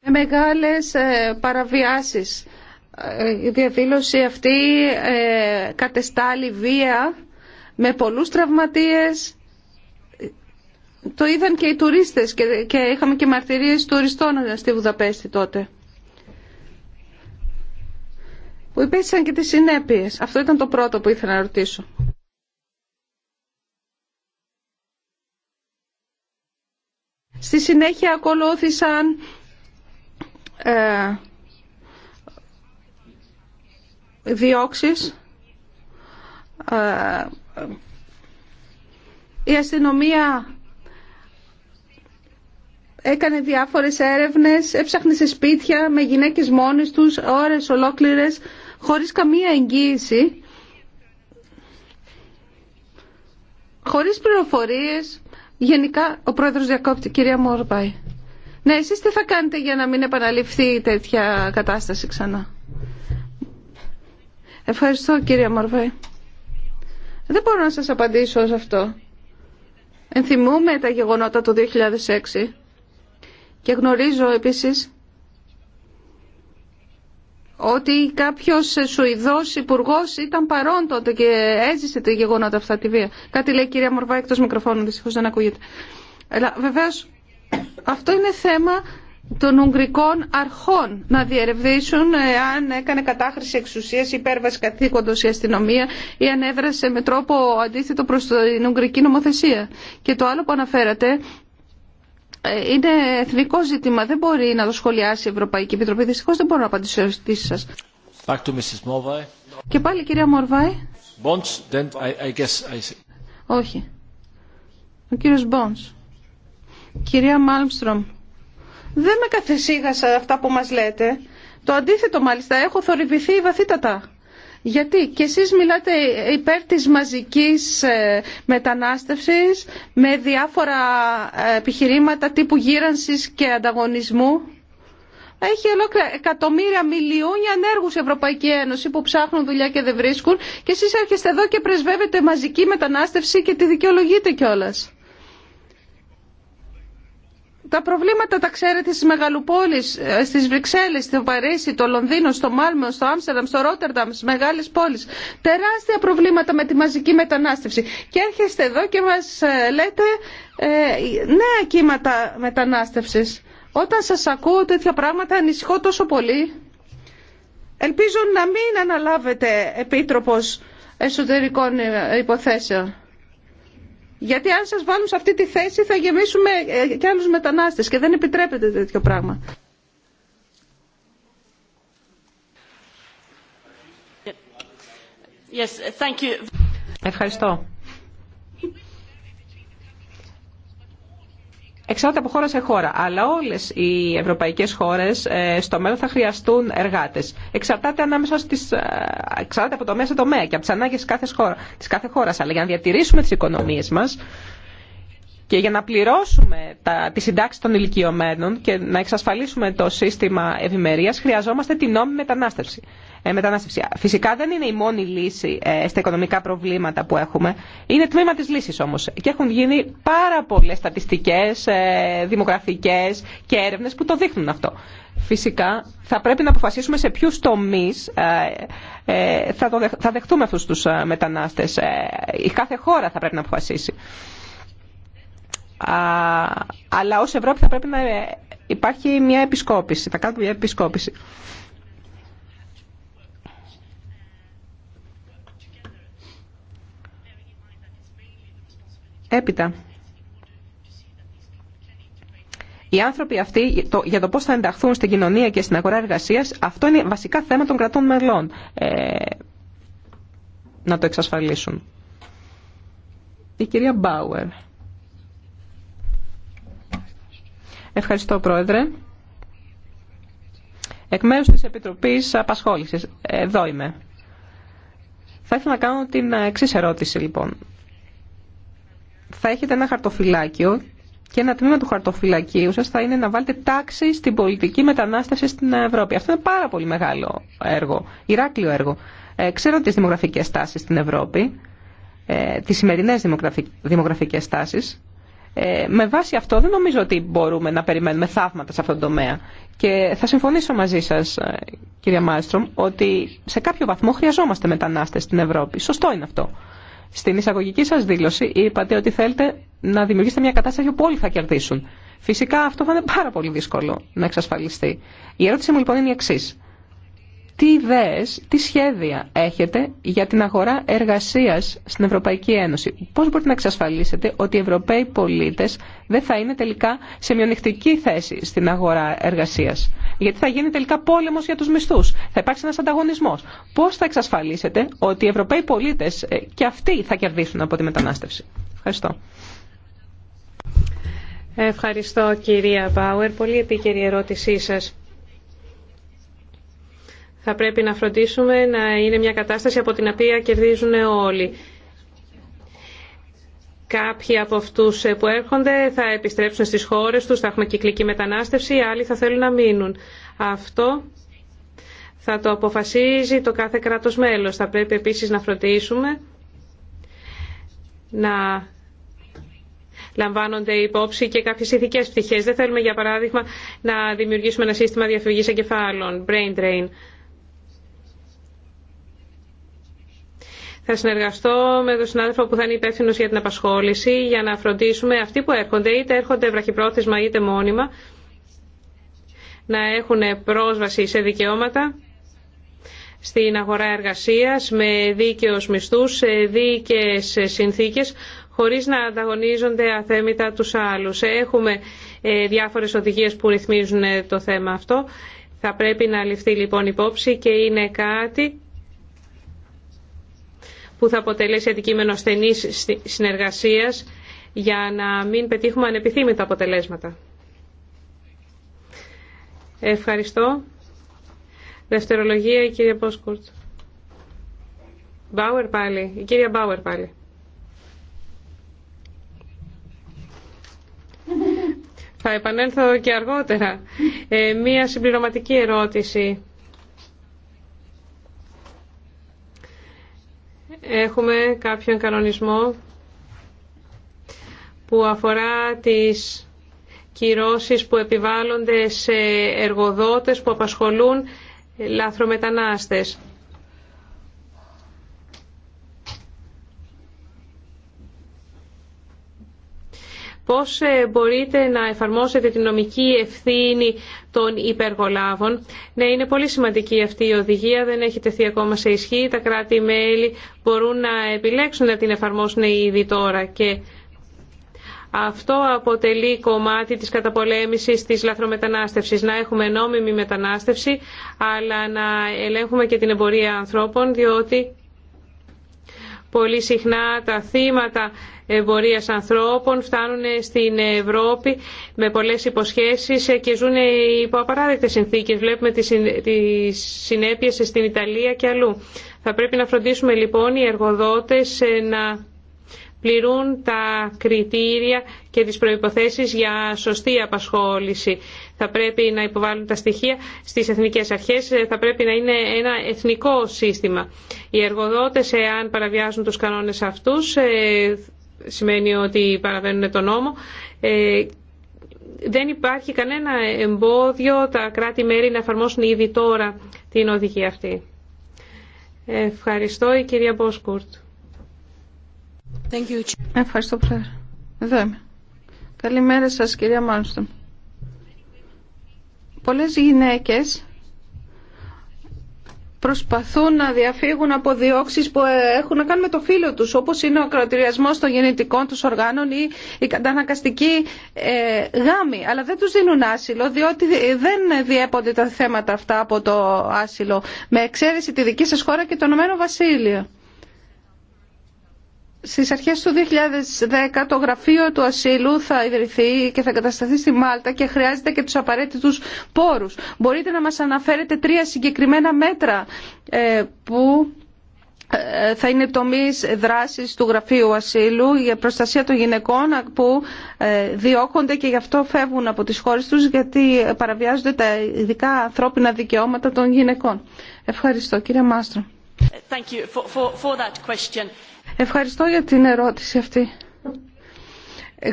με μεγάλες ε, παραβιάσεις. Ε, η διαδήλωση αυτή ε, κατεστάλλει βία με πολλούς τραυματίες. Το είδαν και οι τουρίστες και είχαμε και μαρτυρίες τουριστών στη Βουδαπέστη τότε που υπήρξαν και τις συνέπειες. Αυτό ήταν το πρώτο που ήθελα να ρωτήσω. Στη συνέχεια ακολούθησαν ε, διώξεις. Ε, η αστυνομία έκανε διάφορες έρευνες, έψαχνε σε σπίτια με γυναίκες μόνες τους, ώρες ολόκληρες χωρίς καμία εγγύηση, χωρίς πληροφορίες. Γενικά, ο πρόεδρος διακόπτη, κυρία Μόρπαϊ. Ναι, εσείς τι θα κάνετε για να μην επαναληφθεί τέτοια κατάσταση ξανά. Ευχαριστώ κυρία Μορβέ. Δεν μπορώ να σας απαντήσω σε αυτό. Ενθυμούμε τα γεγονότα του 2006 και γνωρίζω επίσης ότι κάποιος Σουηδός υπουργό ήταν παρόν τότε και έζησε τη γεγονότα αυτά τη βία. Κάτι λέει η κυρία Μορβά εκτός μικροφώνου, δυστυχώς δεν ακούγεται. Αλλά βεβαίως αυτό είναι θέμα των Ουγγρικών αρχών να διερευνήσουν αν έκανε κατάχρηση εξουσίας, υπέρβαση καθήκοντος η αστυνομία ή αν έδρασε με τρόπο αντίθετο προς την Ουγγρική νομοθεσία. Και το άλλο που αναφέρατε είναι εθνικό ζήτημα. Δεν μπορεί να το σχολιάσει η Ευρωπαϊκή Επιτροπή. Δυστυχώ δεν μπορώ να απαντήσω στι ερωτήσει σα. Και πάλι κυρία Μορβάη. Bonds, then I, I guess I... Όχι. Ο κύριος Μποντς. Κυρία Μάλμστρομ, δεν με καθεσίγασα αυτά που μας λέτε. Το αντίθετο μάλιστα, έχω θορυβηθεί βαθύτατα. Γιατί και εσείς μιλάτε υπέρ της μαζικής ε, μετανάστευσης με διάφορα ε, επιχειρήματα τύπου γύρανσης και ανταγωνισμού. Έχει ολόκληρα εκατομμύρια μιλιούνια ανέργους η Ευρωπαϊκή Ένωση που ψάχνουν δουλειά και δεν βρίσκουν και εσείς έρχεστε εδώ και πρεσβεύετε μαζική μετανάστευση και τη δικαιολογείτε κιόλας. Τα προβλήματα τα ξέρετε στις μεγαλοπόλεις, ε, στις Βρυξέλλες, στο Παρίσι, το Λονδίνο, στο Μάλμεο, στο Άμστερνταμ, στο Ρότερνταμ, στις μεγάλες πόλεις. Τεράστια προβλήματα με τη μαζική μετανάστευση. Και έρχεστε εδώ και μας ε, λέτε ε, νέα κύματα μετανάστευσης. Όταν σας ακούω τέτοια πράγματα ανησυχώ τόσο πολύ. Ελπίζω να μην αναλάβετε επίτροπος εσωτερικών ε, υποθέσεων. Γιατί αν σας βάλουν σε αυτή τη θέση θα γεμίσουμε ε, και άλλους μετανάστες και δεν επιτρέπεται τέτοιο πράγμα. Ευχαριστώ. Εξαρτάται από χώρα σε χώρα. Αλλά όλε οι ευρωπαϊκέ χώρε ε, στο μέλλον θα χρειαστούν εργάτε. Εξαρτάται, ανάμεσα στις, ε, εξαρτάται από το μέσα τομέα και από τι ανάγκε τη κάθε χώρα. Χώρας. Αλλά για να διατηρήσουμε τι οικονομίε μα και για να πληρώσουμε τα, τη συντάξη των ηλικιωμένων και να εξασφαλίσουμε το σύστημα ευημερία, χρειαζόμαστε την νόμιμη μετανάστευση. Ε, μετανάστευση. Φυσικά δεν είναι η μόνη λύση ε, στα οικονομικά προβλήματα που έχουμε. Είναι τμήμα της λύσης όμως. Και έχουν γίνει πάρα πολλές στατιστικές, ε, δημογραφικές και έρευνες που το δείχνουν αυτό. Φυσικά θα πρέπει να αποφασίσουμε σε ποιου τομεί θα δεχτούμε αυτούς τους μετανάστες. Η κάθε χώρα θα πρέπει να αποφασίσει. Αλλά ως Ευρώπη θα πρέπει να υπάρχει μια επισκόπηση, θα κάνουμε μια επισκόπηση. Έπειτα, οι άνθρωποι αυτοί το, για το πώς θα ενταχθούν στην κοινωνία και στην αγορά εργασίας, αυτό είναι βασικά θέμα των κρατών μελών ε, να το εξασφαλίσουν. Η κυρία Μπάουερ. Ευχαριστώ, Πρόεδρε. Εκ μέρους της Επιτροπής Απασχόλησης. Εδώ είμαι. Θα ήθελα να κάνω την εξή ερώτηση, λοιπόν θα έχετε ένα χαρτοφυλάκιο και ένα τμήμα του χαρτοφυλακίου σας θα είναι να βάλετε τάξη στην πολιτική μετανάστευση στην Ευρώπη. Αυτό είναι πάρα πολύ μεγάλο έργο, Ηράκλειο έργο. Ε, ξέρω τις δημογραφικές τάσεις στην Ευρώπη, ε, τις σημερινές δημογραφικές τάσεις. Ε, με βάση αυτό δεν νομίζω ότι μπορούμε να περιμένουμε θαύματα σε αυτόν τον τομέα. Και θα συμφωνήσω μαζί σας, ε, κυρία Μάλστρομ, ότι σε κάποιο βαθμό χρειαζόμαστε μετανάστες στην Ευρώπη. Σωστό είναι αυτό. Στην εισαγωγική σας δήλωση είπατε ότι θέλετε να δημιουργήσετε μια κατάσταση όπου όλοι θα κερδίσουν. Φυσικά αυτό θα είναι πάρα πολύ δύσκολο να εξασφαλιστεί. Η ερώτηση μου λοιπόν είναι η εξή. Τι ιδέες, τι σχέδια έχετε για την αγορά εργασίας στην Ευρωπαϊκή Ένωση. Πώς μπορείτε να εξασφαλίσετε ότι οι Ευρωπαίοι πολίτες δεν θα είναι τελικά σε μειονεκτική θέση στην αγορά εργασίας. Γιατί θα γίνει τελικά πόλεμος για τους μισθούς. Θα υπάρξει ένας ανταγωνισμός. Πώς θα εξασφαλίσετε ότι οι Ευρωπαίοι πολίτες ε, και αυτοί θα κερδίσουν από τη μετανάστευση. Ευχαριστώ. Ευχαριστώ κυρία Πάουερ. Πολύ επίκαιρη ερώτησή σας. Θα πρέπει να φροντίσουμε να είναι μια κατάσταση από την οποία κερδίζουν όλοι. Κάποιοι από αυτού που έρχονται θα επιστρέψουν στις χώρες τους, θα έχουμε κυκλική μετανάστευση, άλλοι θα θέλουν να μείνουν. Αυτό θα το αποφασίζει το κάθε κράτος μέλος. Θα πρέπει επίσης να φροντίσουμε να λαμβάνονται υπόψη και κάποιες ηθικές πτυχές. Δεν θέλουμε, για παράδειγμα, να δημιουργήσουμε ένα σύστημα διαφυγής εγκεφάλων, brain drain. Θα συνεργαστώ με τον συνάδελφο που θα είναι υπεύθυνο για την απασχόληση για να φροντίσουμε αυτοί που έρχονται, είτε έρχονται βραχυπρόθεσμα είτε μόνιμα, να έχουν πρόσβαση σε δικαιώματα στην αγορά εργασίας με δίκαιους μισθούς, σε δίκαιες συνθήκες, χωρίς να ανταγωνίζονται αθέμητα τους άλλους. Έχουμε ε, διάφορες οδηγίες που ρυθμίζουν το θέμα αυτό. Θα πρέπει να ληφθεί λοιπόν υπόψη και είναι κάτι που θα αποτελέσει αντικείμενο στενή συνεργασίας για να μην πετύχουμε ανεπιθύμητα αποτελέσματα. Ευχαριστώ. Δευτερολογία η κυρία Πόσκουρτ. Μπάουερ πάλι. Η κυρία Μπάουερ πάλι. Θα επανέλθω και αργότερα. Ε, μία συμπληρωματική ερώτηση έχουμε κάποιον κανονισμό που αφορά τις κυρώσεις που επιβάλλονται σε εργοδότες που απασχολούν λάθρομετανάστες. Πώς ε, μπορείτε να εφαρμόσετε την νομική ευθύνη των υπεργολάβων. Ναι, είναι πολύ σημαντική αυτή η οδηγία, δεν έχει τεθεί ακόμα σε ισχύ. Τα κράτη-μέλη μπορούν να επιλέξουν να την εφαρμόσουν ήδη τώρα και αυτό αποτελεί κομμάτι της καταπολέμησης της λαθρομετανάστευσης. Να έχουμε νόμιμη μετανάστευση, αλλά να ελέγχουμε και την εμπορία ανθρώπων, διότι Πολύ συχνά τα θύματα εμπορίας ανθρώπων φτάνουν στην Ευρώπη με πολλές υποσχέσεις και ζουν υπό απαράδεκτες συνθήκες. Βλέπουμε τις συνέπειες στην Ιταλία και αλλού. Θα πρέπει να φροντίσουμε λοιπόν οι εργοδότες να πληρούν τα κριτήρια και τις προϋποθέσεις για σωστή απασχόληση. Θα πρέπει να υποβάλουν τα στοιχεία στις εθνικές αρχές, θα πρέπει να είναι ένα εθνικό σύστημα. Οι εργοδότες, εάν παραβιάζουν τους κανόνες αυτούς, ε, σημαίνει ότι παραβαίνουν τον νόμο, ε, δεν υπάρχει κανένα εμπόδιο τα κράτη-μέρη να εφαρμόσουν ήδη τώρα την οδηγία αυτή. Ευχαριστώ η κυρία Μποσκούρτ. Ευχαριστώ, Πρόεδρε. Εδώ είμαι. Καλημέρα σας, κυρία Μάνστον. Πολλές γυναίκες προσπαθούν να διαφύγουν από διώξεις που έχουν να κάνουν με το φίλο τους, όπως είναι ο ακροτηριασμός των γεννητικών τους οργάνων ή η κατανακαστική ε, γάμη. Αλλά δεν τους δίνουν άσυλο, διότι δεν διέπονται τα θέματα αυτά από το άσυλο, με εξαίρεση τη δική σας χώρα και το Ηνωμένο Βασίλειο. Στις αρχές του 2010 το γραφείο του ασύλου θα ιδρυθεί και θα κατασταθεί στη Μάλτα και χρειάζεται και τους απαραίτητους πόρους. Μπορείτε να μας αναφέρετε τρία συγκεκριμένα μέτρα ε, που ε, θα είναι τομείς δράσης του Γραφείου Ασύλου για προστασία των γυναικών που ε, διώκονται και γι' αυτό φεύγουν από τις χώρες τους γιατί παραβιάζονται τα ειδικά ανθρώπινα δικαιώματα των γυναικών. Ευχαριστώ κύριε Μάστρο. Thank you for Ευχαριστώ για την ερώτηση αυτή.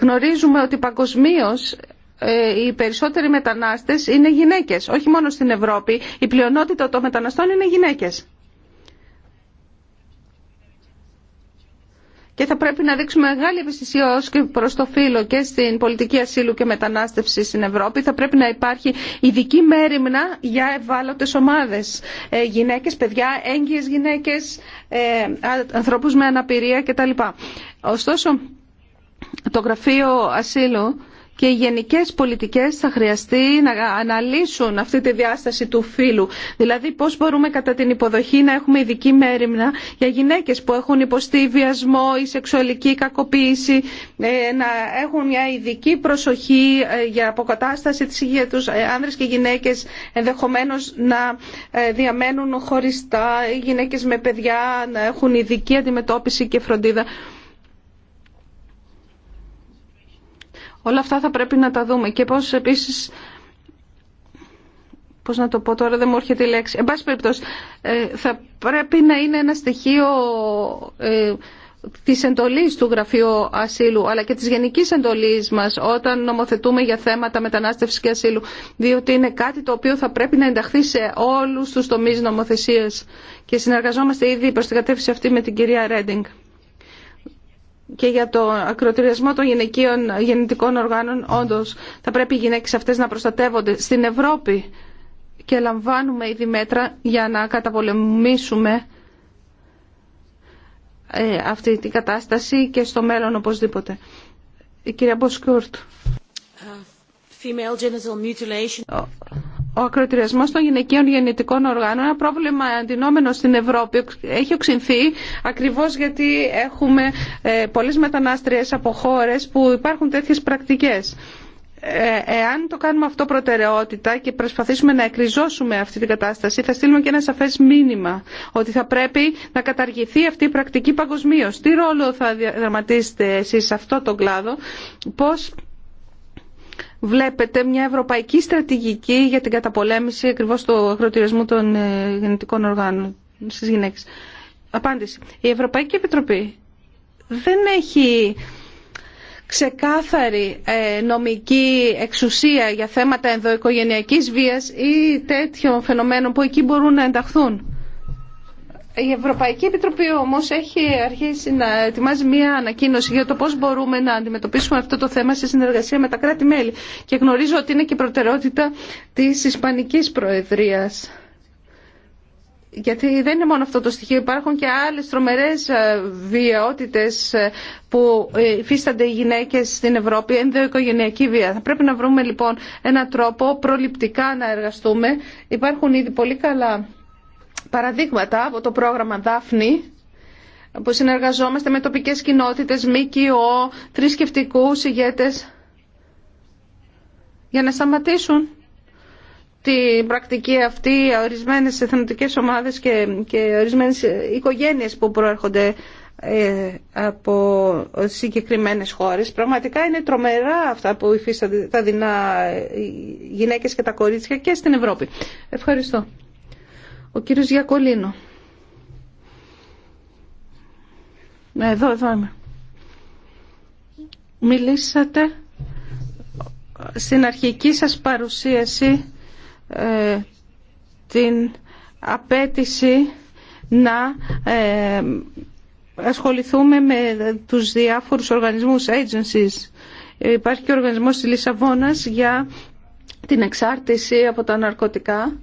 Γνωρίζουμε ότι παγκοσμίω ε, οι περισσότεροι μετανάστες είναι γυναίκες. Όχι μόνο στην Ευρώπη, η πλειονότητα των μεταναστών είναι γυναίκες. και θα πρέπει να δείξουμε μεγάλη ευαισθησία ως και προς το φύλλο και στην πολιτική ασύλου και μετανάστευση στην Ευρώπη. Θα πρέπει να υπάρχει ειδική μέρημνα για ευάλωτες ομάδες, ε, γυναίκες, παιδιά, έγκυες γυναίκες, ε, ανθρώπους με αναπηρία κτλ. Ωστόσο, το Γραφείο Ασύλου και οι γενικές πολιτικές θα χρειαστεί να αναλύσουν αυτή τη διάσταση του φύλου. Δηλαδή πώς μπορούμε κατά την υποδοχή να έχουμε ειδική μέρημνα για γυναίκες που έχουν υποστεί βιασμό ή σεξουαλική κακοποίηση, ε, να έχουν μια ειδική προσοχή ε, για αποκατάσταση της υγείας τους, ε, άνδρες και γυναίκες ενδεχομένως να διαμένουν χωριστά, οι γυναίκες με παιδιά να έχουν ειδική αντιμετώπιση και φροντίδα. Όλα αυτά θα πρέπει να τα δούμε και πώς επίσης πώς να το πω τώρα, δεν μου έρχεται η λέξη. Εν πάση ε, θα πρέπει να είναι ένα στοιχείο ε, της εντολής του Γραφείου Ασύλου, αλλά και της γενικής εντολής μας όταν νομοθετούμε για θέματα μετανάστευσης και ασύλου, διότι είναι κάτι το οποίο θα πρέπει να ενταχθεί σε όλους τους τομείς νομοθεσίας. Και συνεργαζόμαστε ήδη προς την κατεύθυνση αυτή με την κυρία Ρέντινγκ και για το ακροτηριασμό των γυναικείων γεννητικών οργάνων, όντως θα πρέπει οι γυναίκες αυτές να προστατεύονται στην Ευρώπη και λαμβάνουμε ήδη μέτρα για να καταπολεμήσουμε ε, αυτή την κατάσταση και στο μέλλον οπωσδήποτε. Η κυρία Μποσκούρτ. Uh, female genital ο ακροτηριασμό των γυναικείων γεννητικών οργάνων, ένα πρόβλημα αντινόμενο στην Ευρώπη, έχει οξυνθεί ακριβώς γιατί έχουμε ε, πολλέ μετανάστριες από χώρε που υπάρχουν τέτοιες πρακτικές. Ε, εάν το κάνουμε αυτό προτεραιότητα και προσπαθήσουμε να εκριζώσουμε αυτή την κατάσταση θα στείλουμε και ένα σαφέ μήνυμα ότι θα πρέπει να καταργηθεί αυτή η πρακτική παγκοσμίω. Τι ρόλο θα διαδραματίσετε εσεί σε αυτό τον κλάδο, πώ βλέπετε μια ευρωπαϊκή στρατηγική για την καταπολέμηση ακριβώς του αγροτηρισμού των ε, γεννητικών οργάνων στις γυναίκες. Απάντηση. Η Ευρωπαϊκή Επιτροπή δεν έχει ξεκάθαρη ε, νομική εξουσία για θέματα ενδοοικογενειακής βίας ή τέτοιων φαινομένων που εκεί μπορούν να ενταχθούν. Η Ευρωπαϊκή Επιτροπή όμως έχει αρχίσει να ετοιμάζει μία ανακοίνωση για το πώς μπορούμε να αντιμετωπίσουμε αυτό το θέμα σε συνεργασία με τα κράτη-μέλη. Και γνωρίζω ότι είναι και προτεραιότητα της Ισπανικής Προεδρίας. Γιατί δεν είναι μόνο αυτό το στοιχείο, υπάρχουν και άλλες τρομερές ε, βιαιότητε ε, που ε, υφίστανται οι γυναίκε στην Ευρώπη, ενδοοικογενειακή βία. Θα πρέπει να βρούμε λοιπόν έναν τρόπο προληπτικά να εργαστούμε. Υπάρχουν ήδη πολύ καλά παραδείγματα από το πρόγραμμα Δάφνη που συνεργαζόμαστε με τοπικές κοινότητες, ΜΚΟ, θρησκευτικού ηγέτες για να σταματήσουν την πρακτική αυτή ορισμένες εθνωτικές ομάδες και, και ορισμένες οικογένειες που προέρχονται ε, από συγκεκριμένες χώρες. Πραγματικά είναι τρομερά αυτά που υφίστανται τα δεινά ε, γυναίκες και τα κορίτσια και στην Ευρώπη. Ευχαριστώ. Ο κύριος Γιακολίνο. Ναι, εδώ, εδώ είμαι. Μιλήσατε στην αρχική σας παρουσίαση ε, την απέτηση να ε, ασχοληθούμε με τους διάφορους οργανισμούς agencies. Υπάρχει και ο οργανισμός της Λισαβόνας για την εξάρτηση από τα ναρκωτικά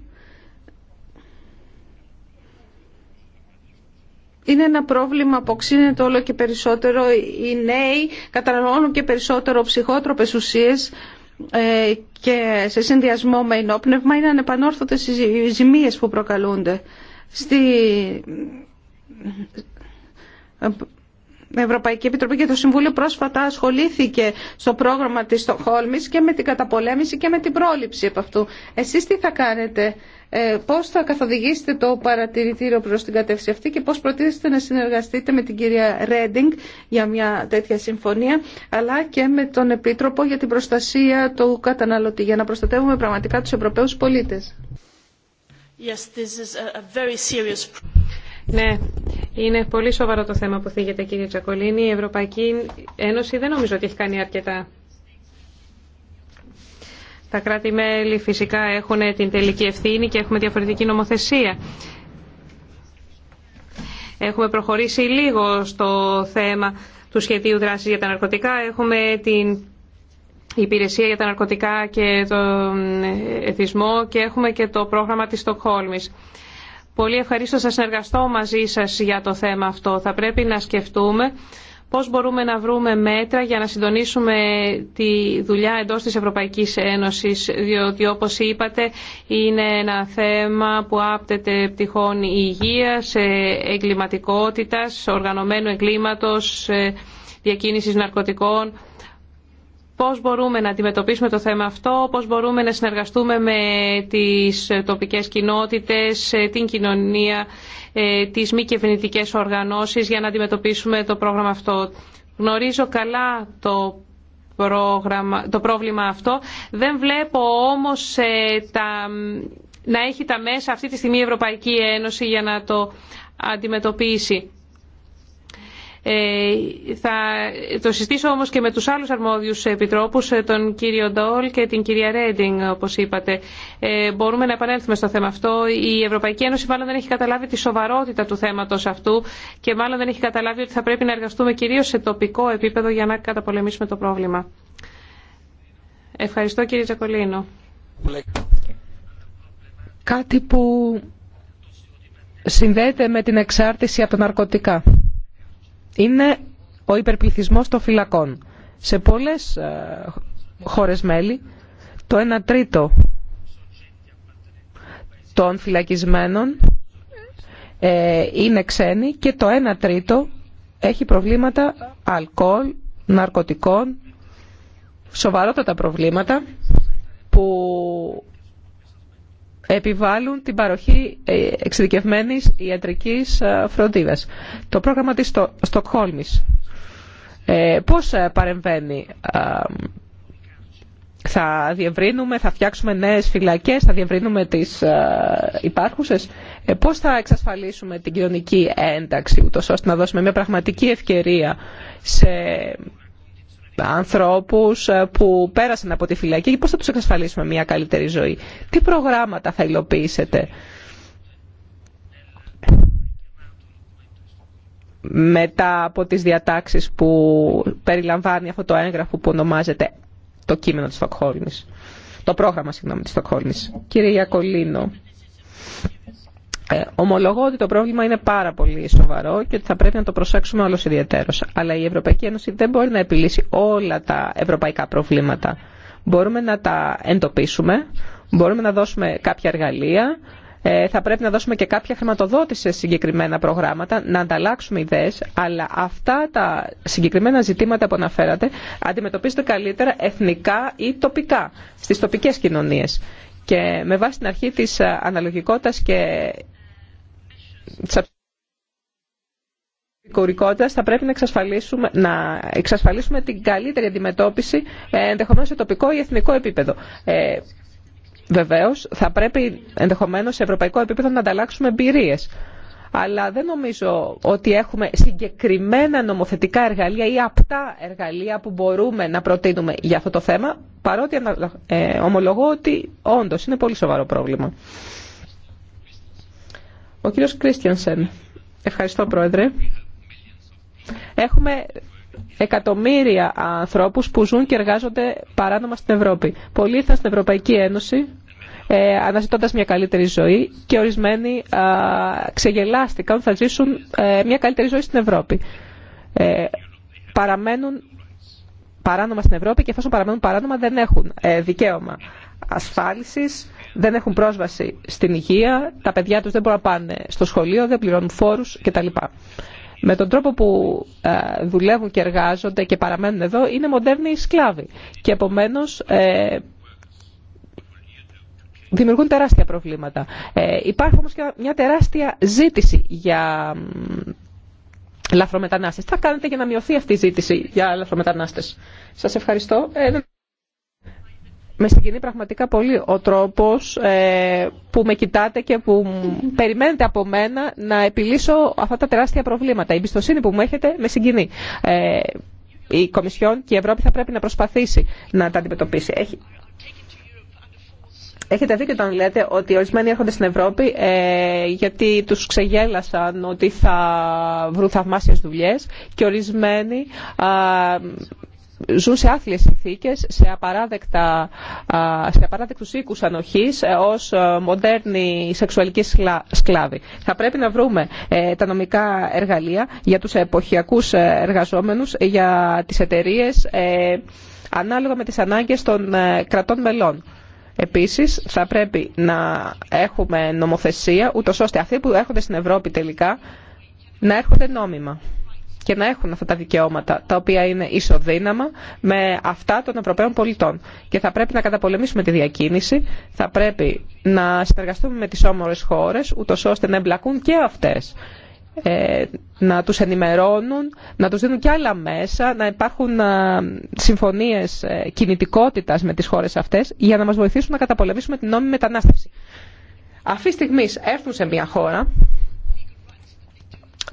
είναι ένα πρόβλημα που οξύνεται όλο και περισσότερο. Οι νέοι καταναλώνουν και περισσότερο ψυχότροπες ουσίες ε, και σε συνδυασμό με ενόπνευμα είναι ανεπανόρθωτες οι ζημίες που προκαλούνται. Στη Ευρωπαϊκή Επιτροπή και το Συμβούλιο πρόσφατα ασχολήθηκε στο πρόγραμμα της Στοχόλμης και με την καταπολέμηση και με την πρόληψη από αυτού. Εσείς τι θα κάνετε, ε, πώς θα καθοδηγήσετε το παρατηρητήριο προς την κατεύθυνση αυτή και πώς προτίθεστε να συνεργαστείτε με την κυρία Ρέντινγκ για μια τέτοια συμφωνία, αλλά και με τον Επίτροπο για την προστασία του καταναλωτή, για να προστατεύουμε πραγματικά τους Ευρωπαίους πολίτες. Ναι, είναι πολύ σοβαρό το θέμα που θίγεται κύριε Τσακολίνη. Η Ευρωπαϊκή Ένωση δεν νομίζω ότι έχει κάνει αρκετά. Τα κράτη-μέλη φυσικά έχουν την τελική ευθύνη και έχουμε διαφορετική νομοθεσία. Έχουμε προχωρήσει λίγο στο θέμα του σχεδίου δράσης για τα ναρκωτικά. Έχουμε την υπηρεσία για τα ναρκωτικά και τον εθισμό και έχουμε και το πρόγραμμα της Στοκχόλμης. Πολύ ευχαρίστω να συνεργαστώ μαζί σας για το θέμα αυτό. Θα πρέπει να σκεφτούμε πώς μπορούμε να βρούμε μέτρα για να συντονίσουμε τη δουλειά εντός της Ευρωπαϊκής Ένωσης, διότι όπως είπατε είναι ένα θέμα που άπτεται πτυχών υγεία, ε, εγκληματικότητας, οργανωμένου εγκλήματος, ε, διακίνησης ναρκωτικών πώς μπορούμε να αντιμετωπίσουμε το θέμα αυτό, πώς μπορούμε να συνεργαστούμε με τις τοπικές κοινότητες, ε, την κοινωνία, ε, τις μη κυβερνητικέ οργανώσεις για να αντιμετωπίσουμε το πρόγραμμα αυτό. Γνωρίζω καλά το πρόγραμμα, το πρόβλημα αυτό. Δεν βλέπω όμως ε, τα, να έχει τα μέσα αυτή τη στιγμή η Ευρωπαϊκή Ένωση για να το αντιμετωπίσει. Ε, θα το συστήσω όμως και με τους άλλους αρμόδιους επιτρόπους, ε, τον κύριο Ντόλ και την κυρία Ρέντινγκ, όπως είπατε. Ε, μπορούμε να επανέλθουμε στο θέμα αυτό. Η Ευρωπαϊκή Ένωση μάλλον δεν έχει καταλάβει τη σοβαρότητα του θέματος αυτού και μάλλον δεν έχει καταλάβει ότι θα πρέπει να εργαστούμε κυρίως σε τοπικό επίπεδο για να καταπολεμήσουμε το πρόβλημα. Ευχαριστώ κύριε Τζακολίνο. Κάτι που συνδέεται με την εξάρτηση από τα ναρκωτικά είναι ο υπερπληθυσμός των φυλακών. Σε πολλές ε, χώρες μέλη το 1 τρίτο των φυλακισμένων ε, είναι ξένοι και το 1 τρίτο έχει προβλήματα αλκοόλ, ναρκωτικών, σοβαρότατα προβλήματα που επιβάλλουν την παροχή ε, εξειδικευμένη ιατρικής ε, φροντίδας. Το πρόγραμμα της Ε, πώς ε, παρεμβαίνει θα διευρύνουμε, θα φτιάξουμε νέες φυλακέ, θα διευρύνουμε τις υπάρχουσες. Πώς θα εξασφαλίσουμε την κοινωνική ένταξη, ούτω ώστε να δώσουμε μια πραγματική ευκαιρία σε ανθρώπους ε, που πέρασαν από τη φυλακή και πώς θα τους εξασφαλίσουμε μια καλύτερη ζωή. Τι προγράμματα θα υλοποιήσετε μετά από τις διατάξεις που περιλαμβάνει αυτό το έγγραφο που ονομάζεται το κείμενο της Στοκχόλμης. Το πρόγραμμα, συγγνώμη, της Στοκχόλμης. Κύριε Ιακολίνο, ε, ομολογώ ότι το πρόβλημα είναι πάρα πολύ σοβαρό και ότι θα πρέπει να το προσέξουμε όλο ιδιαίτερω. Αλλά η Ευρωπαϊκή Ένωση δεν μπορεί να επιλύσει όλα τα ευρωπαϊκά προβλήματα. Μπορούμε να τα εντοπίσουμε, μπορούμε να δώσουμε κάποια εργαλεία, ε, θα πρέπει να δώσουμε και κάποια χρηματοδότηση σε συγκεκριμένα προγράμματα, να ανταλλάξουμε ιδέε, αλλά αυτά τα συγκεκριμένα ζητήματα που αναφέρατε αντιμετωπίζονται καλύτερα εθνικά ή τοπικά, στι τοπικέ κοινωνίε. Και με βάση την αρχή τη αναλογικότητα και θα πρέπει να εξασφαλίσουμε, να εξασφαλίσουμε την καλύτερη αντιμετώπιση ε, ενδεχομένως σε τοπικό ή εθνικό επίπεδο. Ε, βεβαίως θα πρέπει ενδεχομένως σε ευρωπαϊκό επίπεδο να ανταλλάξουμε εμπειρίε. Αλλά δεν νομίζω ότι έχουμε συγκεκριμένα νομοθετικά εργαλεία ή απτά εργαλεία που μπορούμε να προτείνουμε για αυτό το θέμα, παρότι ε, ομολογώ ότι όντως είναι πολύ σοβαρό πρόβλημα. Ο κύριος Κρίστιανσεν. Ευχαριστώ, Πρόεδρε. Έχουμε εκατομμύρια ανθρώπους που ζουν και εργάζονται παράνομα στην Ευρώπη. Πολλοί ήρθαν στην Ευρωπαϊκή Ένωση ε, μια καλύτερη ζωή και ορισμένοι ξεγελάστηκαν ότι θα ζήσουν ε, μια καλύτερη ζωή στην Ευρώπη. Ε, παραμένουν παράνομα στην Ευρώπη και εφόσον παραμένουν παράνομα δεν έχουν ε, δικαίωμα ασφάλισης, δεν έχουν πρόσβαση στην υγεία, τα παιδιά τους δεν μπορούν να πάνε στο σχολείο, δεν πληρώνουν φόρους κτλ. Με τον τρόπο που ε, δουλεύουν και εργάζονται και παραμένουν εδώ είναι μοντέρνοι σκλάβοι και επομένως ε, δημιουργούν τεράστια προβλήματα. Ε, υπάρχει όμως και μια τεράστια ζήτηση για λαθρομετανάστες. θα κάνετε για να μειωθεί αυτή η ζήτηση για λαθρομετανάστες. Σας ευχαριστώ με συγκινεί πραγματικά πολύ ο τρόπος ε, που με κοιτάτε και που περιμένετε από μένα να επιλύσω αυτά τα τεράστια προβλήματα. Η εμπιστοσύνη που μου έχετε με συγκινεί. Ε, η Κομισιόν και η Ευρώπη θα πρέπει να προσπαθήσει να τα αντιμετωπίσει. Έχει... Έχετε δίκιο όταν λέτε ότι ορισμένοι έρχονται στην Ευρώπη ε, γιατί τους ξεγέλασαν ότι θα βρουν θαυμάσιες δουλειές και ορισμένοι ζουν σε άθλιες συνθήκε σε, σε απαράδεκτους οίκους ανοχής ε, ως ε, μοντέρνοι σεξουαλικοί σκλάβοι. Θα πρέπει να βρούμε ε, τα νομικά εργαλεία για τους εποχιακού εργαζόμενους, για τι εταιρείε ανάλογα με τι ανάγκες των κρατών μελών. Επίσης, θα πρέπει να έχουμε νομοθεσία, ούτως ώστε αυτοί που έρχονται στην Ευρώπη τελικά να έρχονται νόμιμα και να έχουν αυτά τα δικαιώματα τα οποία είναι ισοδύναμα με αυτά των Ευρωπαίων πολιτών. Και θα πρέπει να καταπολεμήσουμε τη διακίνηση, θα πρέπει να συνεργαστούμε με τις όμορες χώρες, ούτω ώστε να εμπλακούν και αυτές. Ε, να τους ενημερώνουν, να τους δίνουν και άλλα μέσα, να υπάρχουν α, ε, συμφωνίες ε, κινητικότητας με τις χώρες αυτές για να μας βοηθήσουν να καταπολεμήσουμε την νόμιμη μετανάστευση. Αυτή τη στιγμή έρθουν σε μια χώρα,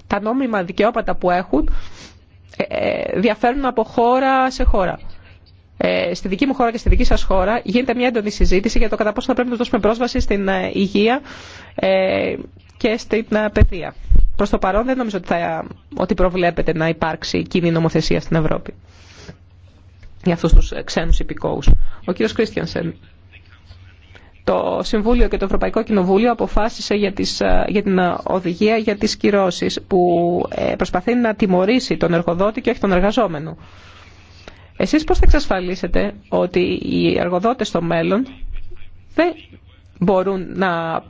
τα νόμιμα δικαιώματα που έχουν ε, ε, διαφέρουν από χώρα σε χώρα. Ε, στη δική μου χώρα και στη δική σας χώρα γίνεται μια έντονη συζήτηση για το κατά πόσο θα πρέπει να δώσουμε πρόσβαση στην υγεία και στην παιδεία. Προς το παρόν δεν νομίζω ότι, θα, ότι προβλέπεται να υπάρξει κοινή νομοθεσία στην Ευρώπη για αυτούς τους ξένους υπηκόους. Ο κύριος Κρίστιανσεν. Το Συμβούλιο και το Ευρωπαϊκό Κοινοβούλιο αποφάσισε για, τις, ε, για την ε, οδηγία για τις κυρώσεις που ε, προσπαθεί να τιμωρήσει τον εργοδότη και όχι τον εργαζόμενο. Εσείς πώς θα εξασφαλίσετε ότι οι εργοδότες στο μέλλον δεν μπορούν να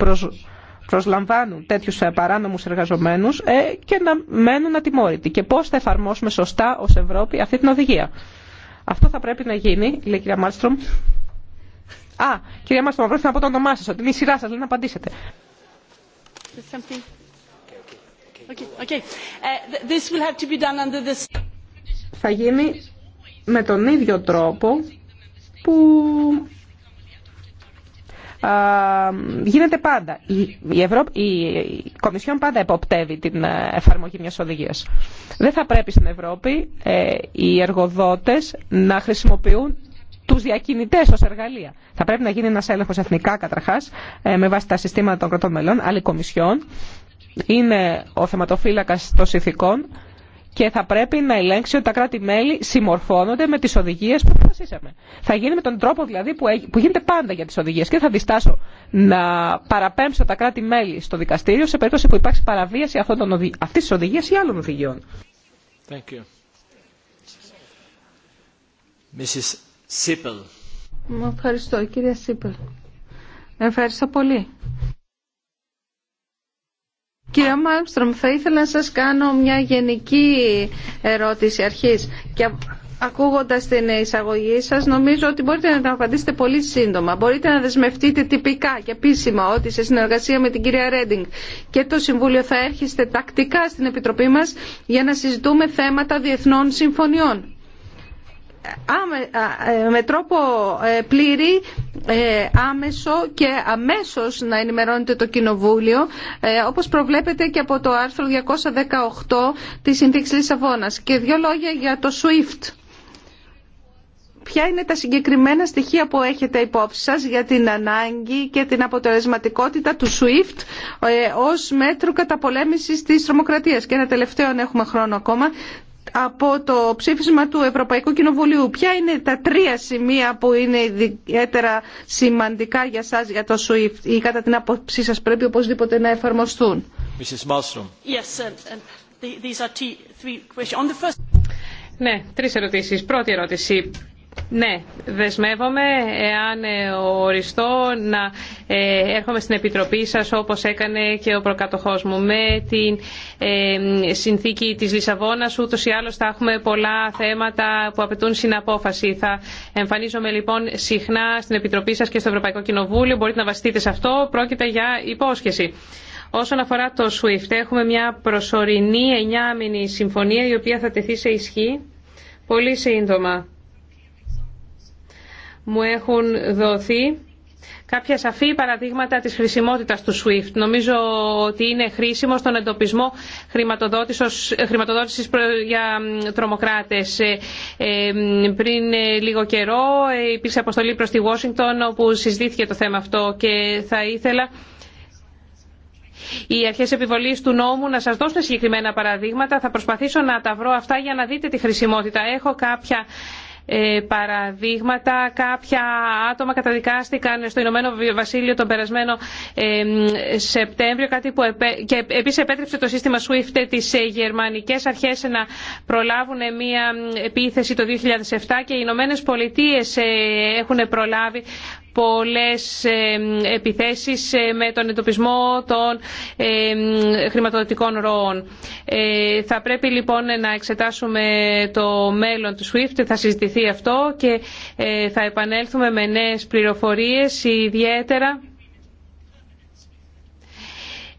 προσλαμβάνουν τέτοιους παράνομους εργαζομένους και να μένουν ατιμόρυτοι και πώς θα εφαρμόσουμε σωστά ως Ευρώπη αυτή την οδηγία. Αυτό θα πρέπει να γίνει, λέει η κυρία Μάλστρομ, Α, κυρία Μάστομα, πρέπει να πω το όνομά σα, ότι είναι η σειρά σα, λέει να απαντήσετε. Ε, θα γίνει με τον ίδιο τρόπο που γίνεται πάντα. Η, η, η, η Κομισιόν πάντα εποπτεύει την ε, εφαρμογή μιας οδηγίας. Δεν θα πρέπει στην Ευρώπη ε, οι εργοδότες να χρησιμοποιούν του διακινητέ ω εργαλεία. Θα πρέπει να γίνει ένα έλεγχο εθνικά καταρχάς ε, με βάση τα συστήματα των κρατών μελών, άλλη κομισιόν. Είναι ο θεματοφύλακα των συνθηκών και θα πρέπει να ελέγξει ότι τα κράτη-μέλη συμμορφώνονται με τι οδηγίε που αποφασίσαμε. Θα γίνει με τον τρόπο δηλαδή που, γίνεται πάντα για τι οδηγίε και θα διστάσω να παραπέμψω τα κράτη-μέλη στο δικαστήριο σε περίπτωση που υπάρξει παραβίαση αυτή τη οδη... ή άλλων οδηγιών. Thank you. Mrs. Σίπελ. Ευχαριστώ, κυρία Σίπελ. Ευχαριστώ πολύ. Μάλμστρομ, θα ήθελα να σας κάνω μια γενική ερώτηση αρχής και ακούγοντας την εισαγωγή σας νομίζω ότι μπορείτε να απαντήσετε πολύ σύντομα. Μπορείτε να δεσμευτείτε τυπικά και επίσημα ότι σε συνεργασία με την κυρία Ρέντινγκ και το Συμβούλιο θα έρχεστε τακτικά στην Επιτροπή μας για να συζητούμε θέματα διεθνών συμφωνιών. Ε, με τρόπο ε, πλήρη, ε, άμεσο και αμέσως να ενημερώνεται το Κοινοβούλιο, όπως προβλέπεται και από το άρθρο 218 της Συνθήκης Λισαβόνας. Και δύο λόγια για το SWIFT. Ποια είναι τα συγκεκριμένα στοιχεία που έχετε υπόψη σας για την ανάγκη και την αποτελεσματικότητα του SWIFT ως μέτρο καταπολέμησης της τρομοκρατίας. Και ένα τελευταίο, αν έχουμε χρόνο ακόμα, από το ψήφισμα του Ευρωπαϊκού Κοινοβουλίου. Ποια είναι τα τρία σημεία που είναι ιδιαίτερα σημαντικά για σας για το SWIFT ή κατά την άποψή σας πρέπει οπωσδήποτε να εφαρμοστούν. Ναι, τρεις ερωτήσεις. Πρώτη ερώτηση. Ναι, δεσμεύομαι εάν ε, οριστώ να ε, έρχομαι στην Επιτροπή σας όπως έκανε και ο προκατοχός μου. Με την ε, συνθήκη της Λισαβόνας ούτως ή άλλως θα έχουμε πολλά θέματα που απαιτούν συναπόφαση. Θα εμφανίζομαι λοιπόν συχνά στην Επιτροπή σας και στο Ευρωπαϊκό Κοινοβούλιο. Μπορείτε να βασιστείτε σε αυτό. Πρόκειται για υπόσχεση. Όσον αφορά το SWIFT, έχουμε μια προσωρινή εννιάμινη συμφωνία η οποία θα τεθεί σε ισχύ πολύ σύντομα μου έχουν δοθεί κάποια σαφή παραδείγματα της χρησιμότητας του SWIFT. Νομίζω ότι είναι χρήσιμο στον εντοπισμό χρηματοδότησης για τρομοκράτες. Ε, ε, πριν ε, λίγο καιρό υπήρξε αποστολή προς τη Washington όπου συζητήθηκε το θέμα αυτό και θα ήθελα οι αρχέ επιβολή του νόμου να σα δώσουν συγκεκριμένα παραδείγματα. Θα προσπαθήσω να τα βρω αυτά για να δείτε τη χρησιμότητα. Έχω κάποια ε, παραδείγματα. Κάποια άτομα καταδικάστηκαν στο Ηνωμένο Βασίλειο τον περασμένο ε, Σεπτέμβριο κάτι που και επίσης επέτρεψε το σύστημα SWIFT τις ε, γερμανικές αρχές να προλάβουν μια επίθεση το 2007 και οι Ηνωμένε Πολιτείε έχουν προλάβει πολλές ε, επιθέσεις ε, με τον εντοπισμό των ε, χρηματοδοτικών ροών. Θα πρέπει λοιπόν να εξετάσουμε το μέλλον του SWIFT, θα συζητηθεί αυτό και θα επανέλθουμε με νέες πληροφορίες ιδιαίτερα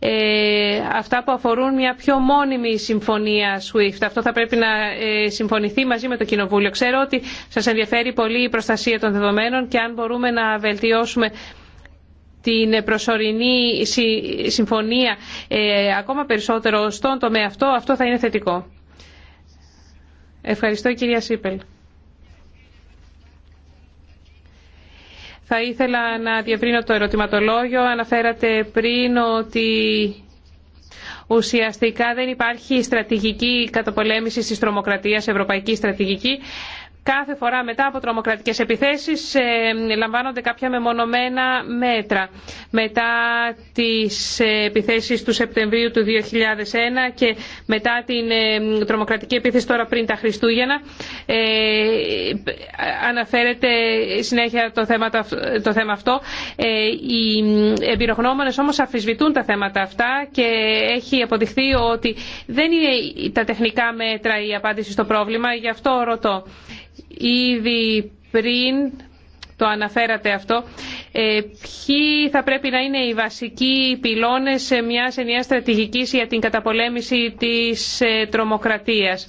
ε, αυτά που αφορούν μια πιο μόνιμη συμφωνία SWIFT. Αυτό θα πρέπει να ε, συμφωνηθεί μαζί με το Κοινοβούλιο. Ξέρω ότι σας ενδιαφέρει πολύ η προστασία των δεδομένων και αν μπορούμε να βελτιώσουμε την προσωρινή συμφωνία ε, ακόμα περισσότερο στον τομέα αυτό, αυτό θα είναι θετικό. Ευχαριστώ κυρία Σίπελ. Θα ήθελα να διευρύνω το ερωτηματολόγιο. Αναφέρατε πριν ότι ουσιαστικά δεν υπάρχει στρατηγική καταπολέμηση της τρομοκρατίας, ευρωπαϊκή στρατηγική κάθε φορά μετά από τρομοκρατικές επιθέσεις ε, λαμβάνονται κάποια μεμονωμένα μέτρα. Μετά τις ε, επιθέσεις του Σεπτεμβρίου του 2001 και μετά την ε, τρομοκρατική επίθεση τώρα πριν τα Χριστούγεννα αναφέρεται συνέχεια το θέμα, το θέμα αυτό. Οι εμπειρογνώμονες όμως αφισβητούν τα θέματα αυτά και έχει αποδειχθεί ότι δεν είναι τα τεχνικά μέτρα η απάντηση στο πρόβλημα. Γι' αυτό ρωτώ ήδη πριν το αναφέρατε αυτό, ε, ποιοι θα πρέπει να είναι οι βασικοί πυλώνες μια ενιαίας στρατηγική για την καταπολέμηση της ε, τρομοκρατίας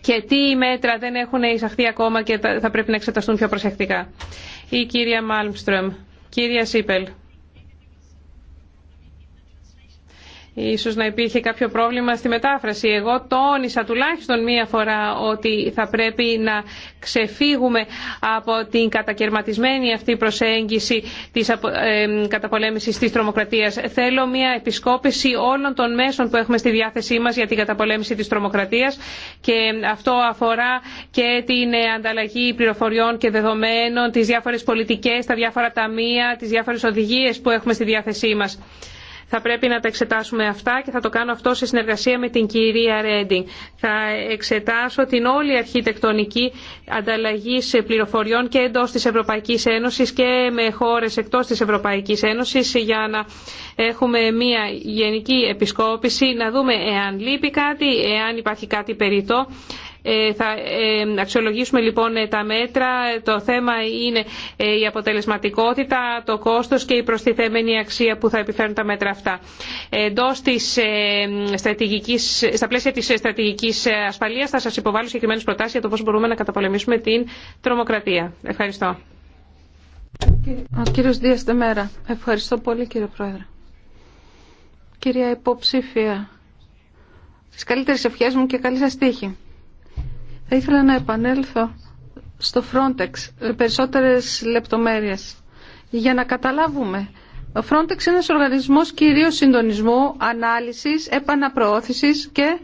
και τι μέτρα δεν έχουν εισαχθεί ακόμα και θα πρέπει να εξεταστούν πιο προσεκτικά. Η κυρία Μάλμστρομ, κυρία Σίπελ. Ίσως να υπήρχε κάποιο πρόβλημα στη μετάφραση. Εγώ τόνισα τουλάχιστον μία φορά ότι θα πρέπει να ξεφύγουμε από την κατακαιρματισμένη αυτή προσέγγιση της ε, καταπολέμησης της τρομοκρατίας. Θέλω μία επισκόπηση όλων των μέσων που έχουμε στη διάθεσή μας για την καταπολέμηση της τρομοκρατίας και αυτό αφορά και την ανταλλαγή πληροφοριών και δεδομένων, τις διάφορες πολιτικές, τα διάφορα ταμεία, τις διάφορες οδηγίες που έχουμε στη διάθεσή μας. Θα πρέπει να τα εξετάσουμε αυτά και θα το κάνω αυτό σε συνεργασία με την κυρία Ρέντινγκ. Θα εξετάσω την όλη αρχιτεκτονική ανταλλαγή πληροφοριών και εντό τη Ευρωπαϊκή Ένωση και με χώρε εκτό τη Ευρωπαϊκή Ένωση για να έχουμε μια γενική επισκόπηση, να δούμε εάν λείπει κάτι, εάν υπάρχει κάτι περιττό ε, θα ε, αξιολογήσουμε λοιπόν ε, τα μέτρα. Το θέμα είναι η αποτελεσματικότητα, το κόστος και η προστιθέμενη αξία που θα επιφέρουν τα μέτρα αυτά. Εντός της στρατηγικής, στα πλαίσια της στρατηγικής ασφαλείας θα σας υποβάλω συγκεκριμένες προτάσεις για το πώς μπορούμε να καταπολεμήσουμε την τρομοκρατία. Ευχαριστώ. Ο κύριος Δίας Δεμέρα. Ευχαριστώ πολύ κύριε Πρόεδρε. Κυρία Υποψήφια, τις καλύτερες ευχές μου και καλή σας τύχη. Θα ήθελα να επανέλθω στο Frontex περισσότερες λεπτομέρειες για να καταλάβουμε. Ο Frontex είναι ένας οργανισμός κυρίως συντονισμού, ανάλυσης, επαναπροώθησης και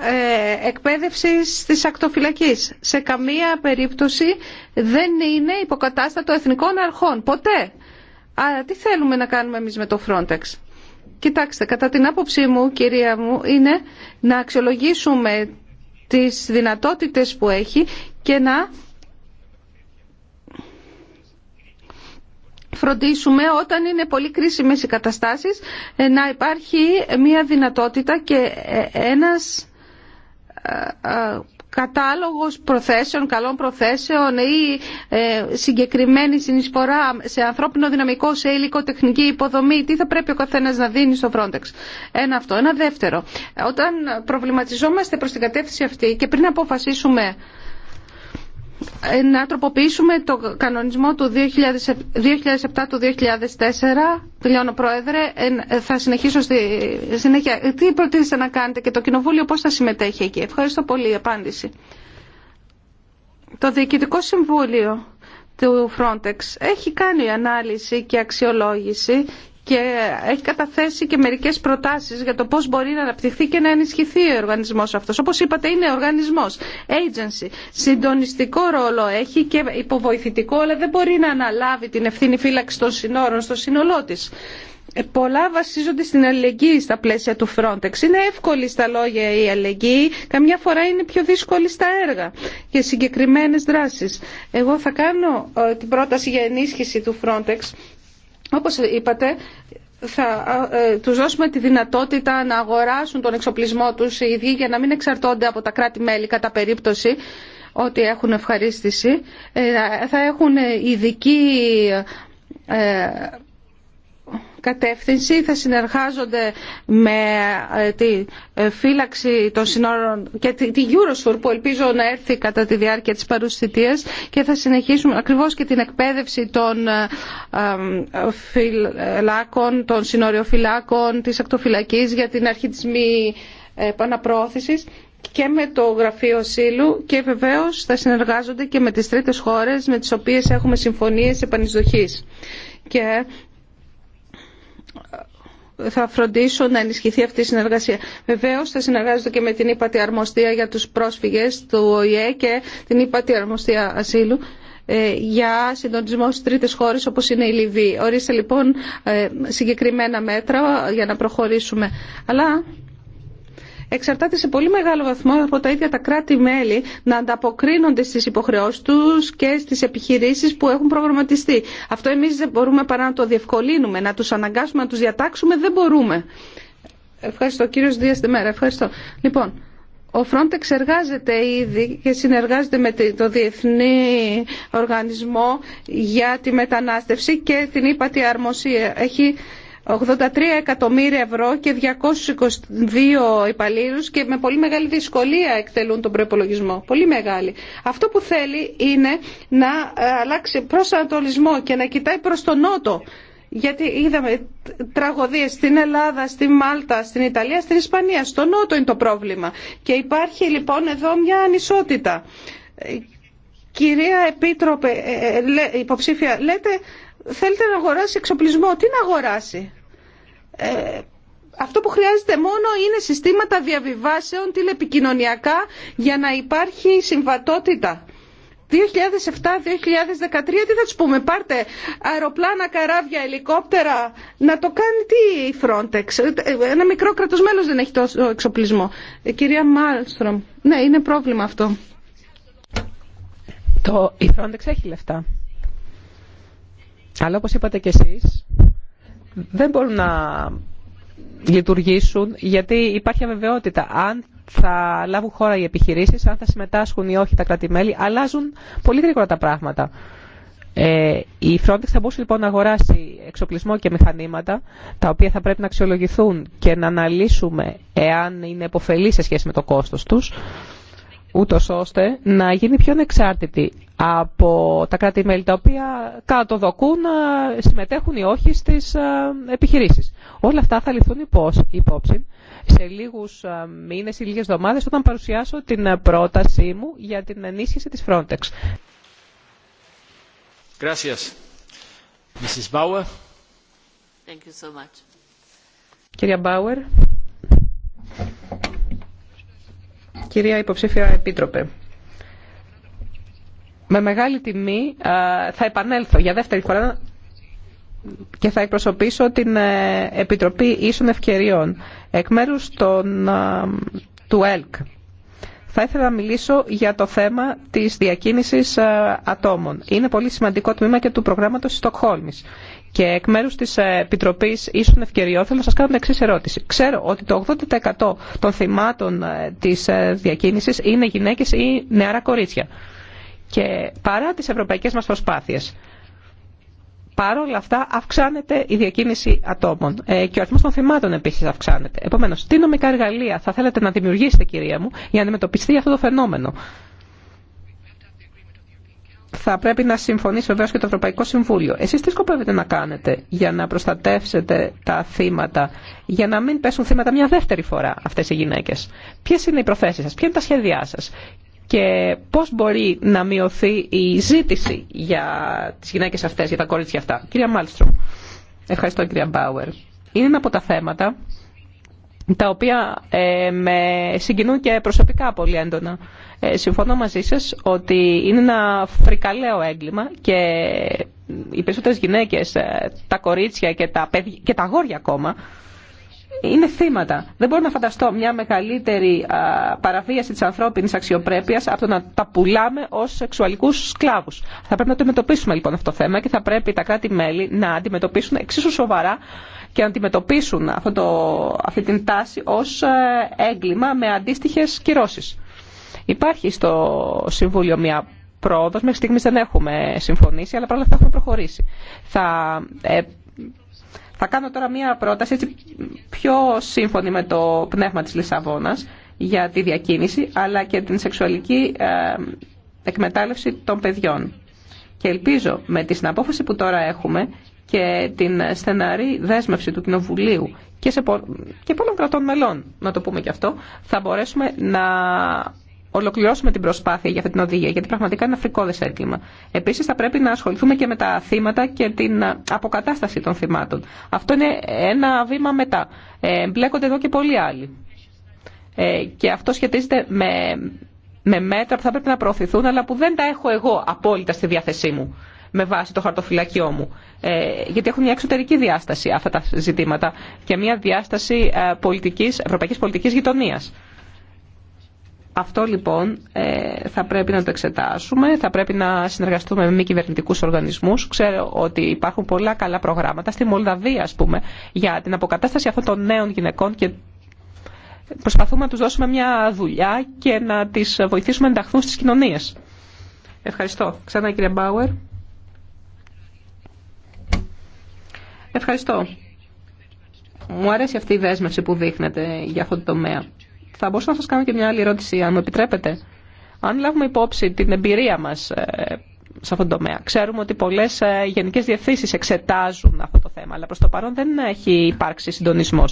ε, εκπαίδευσης της ακτοφυλακής. Σε καμία περίπτωση δεν είναι υποκατάστατο εθνικών αρχών. Ποτέ. Άρα τι θέλουμε να κάνουμε εμείς με το Frontex. Κοιτάξτε, κατά την άποψή μου, κυρία μου, είναι να αξιολογήσουμε τις δυνατότητες που έχει και να φροντίσουμε όταν είναι πολύ κρίσιμες οι καταστάσεις ε, να υπάρχει μια δυνατότητα και ε, ε, ένας κατάλογος προθέσεων, καλών προθέσεων ή ε, συγκεκριμένη συνεισφορά σε ανθρώπινο δυναμικό, σε υλικό, υποδομή, τι θα πρέπει ο καθένας να δίνει στο Frontex. Ένα αυτό. Ένα δεύτερο. Όταν προβληματιζόμαστε προς την κατεύθυνση αυτή και πριν αποφασίσουμε να τροποποιήσουμε το κανονισμό του 2007 του 2004. Τελειώνω, Πρόεδρε. θα συνεχίσω στη συνέχεια. Τι προτείνετε να κάνετε και το Κοινοβούλιο πώς θα συμμετέχει εκεί. Ευχαριστώ πολύ η απάντηση. Το Διοικητικό Συμβούλιο του Frontex έχει κάνει ανάλυση και αξιολόγηση και έχει καταθέσει και μερικές προτάσεις για το πώς μπορεί να αναπτυχθεί και να ενισχυθεί ο οργανισμός αυτός. Όπως είπατε είναι οργανισμός, agency, συντονιστικό ρόλο έχει και υποβοηθητικό, αλλά δεν μπορεί να αναλάβει την ευθύνη φύλαξη των συνόρων στο σύνολό της. Ε, πολλά βασίζονται στην αλληλεγγύη στα πλαίσια του Frontex. Είναι εύκολη στα λόγια η αλληλεγγύη, καμιά φορά είναι πιο δύσκολη στα έργα και συγκεκριμένες δράσεις. Εγώ θα κάνω ε, την πρόταση για ενίσχυση του Frontex όπως είπατε, θα ε, τους δώσουμε τη δυνατότητα να αγοράσουν τον εξοπλισμό τους οι ίδιοι για να μην εξαρτώνται από τα κράτη-μέλη κατά περίπτωση ότι έχουν ευχαρίστηση. Ε, θα έχουν ειδική ε, κατεύθυνση θα συνεργάζονται με ε, τη ε, φύλαξη των συνόρων και τη Eurosur που ελπίζω να έρθει κατά τη διάρκεια της παρουσιτίας και θα συνεχίσουμε ακριβώς και την εκπαίδευση των ε, φυλάκων, των συνοριοφυλάκων, της ακτοφυλακής για την αρχή της και με το Γραφείο Σύλλου και βεβαίως θα συνεργάζονται και με τις τρίτες χώρες με τις οποίες έχουμε συμφωνίες επανεισδοχής. Και θα φροντίσω να ενισχυθεί αυτή η συνεργασία. Βεβαίω θα συνεργάζονται και με την ΥΠΑΤΗ Αρμοστία για τους πρόσφυγες του ΟΗΕ και την ΥΠΑΤΗ Αρμοστία Ασύλου ε, για συντονισμό στι τρίτες χώρες όπως είναι η Λιβύη. Ορίστε λοιπόν ε, συγκεκριμένα μέτρα για να προχωρήσουμε. Αλλά εξαρτάται σε πολύ μεγάλο βαθμό από τα ίδια τα κράτη-μέλη να ανταποκρίνονται στις υποχρεώσεις τους και στις επιχειρήσεις που έχουν προγραμματιστεί. Αυτό εμείς δεν μπορούμε παρά να το διευκολύνουμε, να τους αναγκάσουμε, να τους διατάξουμε, δεν μπορούμε. Ευχαριστώ κύριος Δίας Δεμέρα, ευχαριστώ. Λοιπόν, ο Frontex εργάζεται ήδη και συνεργάζεται με το Διεθνή Οργανισμό για τη Μετανάστευση και την ύπατη αρμοσία. Έχει 83 εκατομμύρια ευρώ και 222 υπαλλήλους και με πολύ μεγάλη δυσκολία εκτελούν τον προϋπολογισμό. Πολύ μεγάλη. Αυτό που θέλει είναι να ε, αλλάξει προς ανατολισμό και να κοιτάει προς τον νότο. Γιατί είδαμε τραγωδίες στην Ελλάδα, στη Μάλτα, στην Ιταλία, στην Ισπανία. Στο νότο είναι το πρόβλημα. Και υπάρχει λοιπόν εδώ μια ανισότητα. Ε, κυρία Επίτροπε, ε, υποψήφια, λέτε θέλετε να αγοράσει εξοπλισμό. Τι να αγοράσει. Ε, αυτό που χρειάζεται μόνο είναι συστήματα διαβιβάσεων τηλεπικοινωνιακά για να υπάρχει συμβατότητα. 2007-2013 τι θα τους πούμε, πάρτε αεροπλάνα, καράβια, ελικόπτερα, να το κάνει τι η Frontex. Ένα μικρό κρατος μέλος δεν έχει τόσο εξοπλισμό. Ε, κυρία Μάλστρομ, ναι είναι πρόβλημα αυτό. Το, η Frontex έχει λεφτά. Αλλά όπως είπατε και εσείς, δεν μπορούν να λειτουργήσουν γιατί υπάρχει αβεβαιότητα. Αν θα λάβουν χώρα οι επιχειρήσεις, αν θα συμμετάσχουν ή όχι τα κράτη-μέλη, αλλάζουν πολύ γρήγορα τα πράγματα. Ε, η Frontex θα μπορούσε λοιπόν να αγοράσει εξοπλισμό και μηχανήματα τα οποία θα πρέπει να αξιολογηθούν και να αναλύσουμε εάν είναι υποφελή σε σχέση με το κόστος τους ούτως ώστε να γίνει πιο ανεξάρτητη από τα κράτη-μέλη τα οποία κατοδοκούν συμμετέχουν ή όχι στις επιχειρήσεις. Όλα αυτά θα λυθούν υπόψη σε λίγους μήνες ή λίγες εβδομάδες όταν παρουσιάσω την πρότασή μου για την ενίσχυση της Frontex. Κυρία Μπάουερ. Κυρία Υποψήφια Επίτροπε με μεγάλη τιμή θα επανέλθω για δεύτερη φορά και θα εκπροσωπήσω την ε, Επιτροπή Ίσων Ευκαιριών εκ μέρους του ΕΛΚ. Θα ήθελα να μιλήσω για το θέμα της διακίνησης ατόμων. Είναι πολύ σημαντικό τμήμα και του προγράμματος Στοκχόλμης. Και εκ μέρους της ε, Επιτροπής Ίσων Ευκαιριών θέλω να σας κάνω την εξής ερώτηση. Ξέρω ότι το 80% των θυμάτων ε, της διακίνησης είναι γυναίκες ή νεαρά κορίτσια. Και παρά τις ευρωπαϊκές μας προσπάθειες, παρόλα αυτά αυξάνεται η διακίνηση ατόμων ε, και ο αριθμός των θυμάτων επίσης αυξάνεται. Επομένως, τι νομικά εργαλεία θα θέλετε να δημιουργήσετε, κυρία μου, για να αντιμετωπιστεί αυτό το φαινόμενο. Θα πρέπει να συμφωνήσει βεβαίω και το Ευρωπαϊκό Συμβούλιο. Εσεί τι σκοπεύετε να κάνετε για να προστατεύσετε τα θύματα, για να μην πέσουν θύματα μια δεύτερη φορά αυτέ οι γυναίκε. Ποιε είναι οι προθέσει σα, ποια είναι τα σχέδιά σα και πώς μπορεί να μειωθεί η ζήτηση για τις γυναίκες αυτές, για τα κορίτσια αυτά. Κυρία Μάλστρομ, ευχαριστώ κυρία Μπάουερ. Είναι ένα από τα θέματα τα οποία ε, με συγκινούν και προσωπικά πολύ έντονα. Ε, συμφωνώ μαζί σας ότι είναι ένα φρικαλαίο έγκλημα και οι περισσότερες γυναίκες, ε, τα κορίτσια και τα, παιδι και τα αγόρια ακόμα, είναι θύματα. Δεν μπορώ να φανταστώ μια μεγαλύτερη παραβίαση της ανθρώπινης αξιοπρέπειας από το να τα πουλάμε ως σεξουαλικούς σκλάβους. Θα πρέπει να το αντιμετωπίσουμε λοιπόν αυτό το θέμα και θα πρέπει τα κράτη-μέλη να αντιμετωπίσουν εξίσου σοβαρά και να αντιμετωπίσουν αυτό το, αυτή την τάση ως ε, έγκλημα με αντίστοιχες κυρώσεις. Υπάρχει στο Συμβούλιο μια πρόοδος, μέχρι στιγμής δεν έχουμε συμφωνήσει, αλλά παρόλα θα έχουμε προχωρήσει. Θα ε, θα κάνω τώρα μία πρόταση έτσι, πιο σύμφωνη με το πνεύμα της Λισαβόνας για τη διακίνηση, αλλά και την σεξουαλική ε, εκμετάλλευση των παιδιών. Και ελπίζω με τη συναπόφαση που τώρα έχουμε και την στεναρή δέσμευση του Κοινοβουλίου και, σε, και πολλών κρατών μελών, να το πούμε και αυτό, θα μπορέσουμε να ολοκληρώσουμε την προσπάθεια για αυτή την οδηγία, γιατί πραγματικά είναι αφρικόδε έγκλημα. Επίση, θα πρέπει να ασχοληθούμε και με τα θύματα και την ε, αποκατάσταση των θυμάτων. Αυτό είναι ένα βήμα μετά. Ε, μπλέκονται εδώ και πολλοί άλλοι. Ε, και αυτό σχετίζεται με, με μέτρα που θα πρέπει να προωθηθούν, αλλά που δεν τα έχω εγώ απόλυτα στη διάθεσή μου με βάση το χαρτοφυλακιό μου. Ε, γιατί έχουν μια εξωτερική διάσταση αυτά τα ζητήματα και μια διάσταση ε, πολιτικής, ευρωπαϊκής πολιτικής γειτονίας. Αυτό λοιπόν ε, θα πρέπει να το εξετάσουμε, θα πρέπει να συνεργαστούμε με μη κυβερνητικού οργανισμού. Ξέρω ότι υπάρχουν πολλά καλά προγράμματα στη Μολδαβία, α πούμε, για την αποκατάσταση αυτών των νέων γυναικών και προσπαθούμε να του δώσουμε μια δουλειά και να τι βοηθήσουμε να ενταχθούν στι κοινωνίε. Ευχαριστώ. Ξανά κύριε Μπάουερ. Ευχαριστώ. Μου αρέσει αυτή η δέσμευση που δείχνετε για αυτό το τομέα. Θα μπορούσα να σας κάνω και μια άλλη ερώτηση, αν μου επιτρέπετε. Αν λάβουμε υπόψη την εμπειρία μας ε, σε αυτόν τον τομέα. Ξέρουμε ότι πολλέ ε, γενικές διευθύνσει εξετάζουν αυτό το θέμα, αλλά προς το παρόν δεν έχει υπάρξει συντονισμό.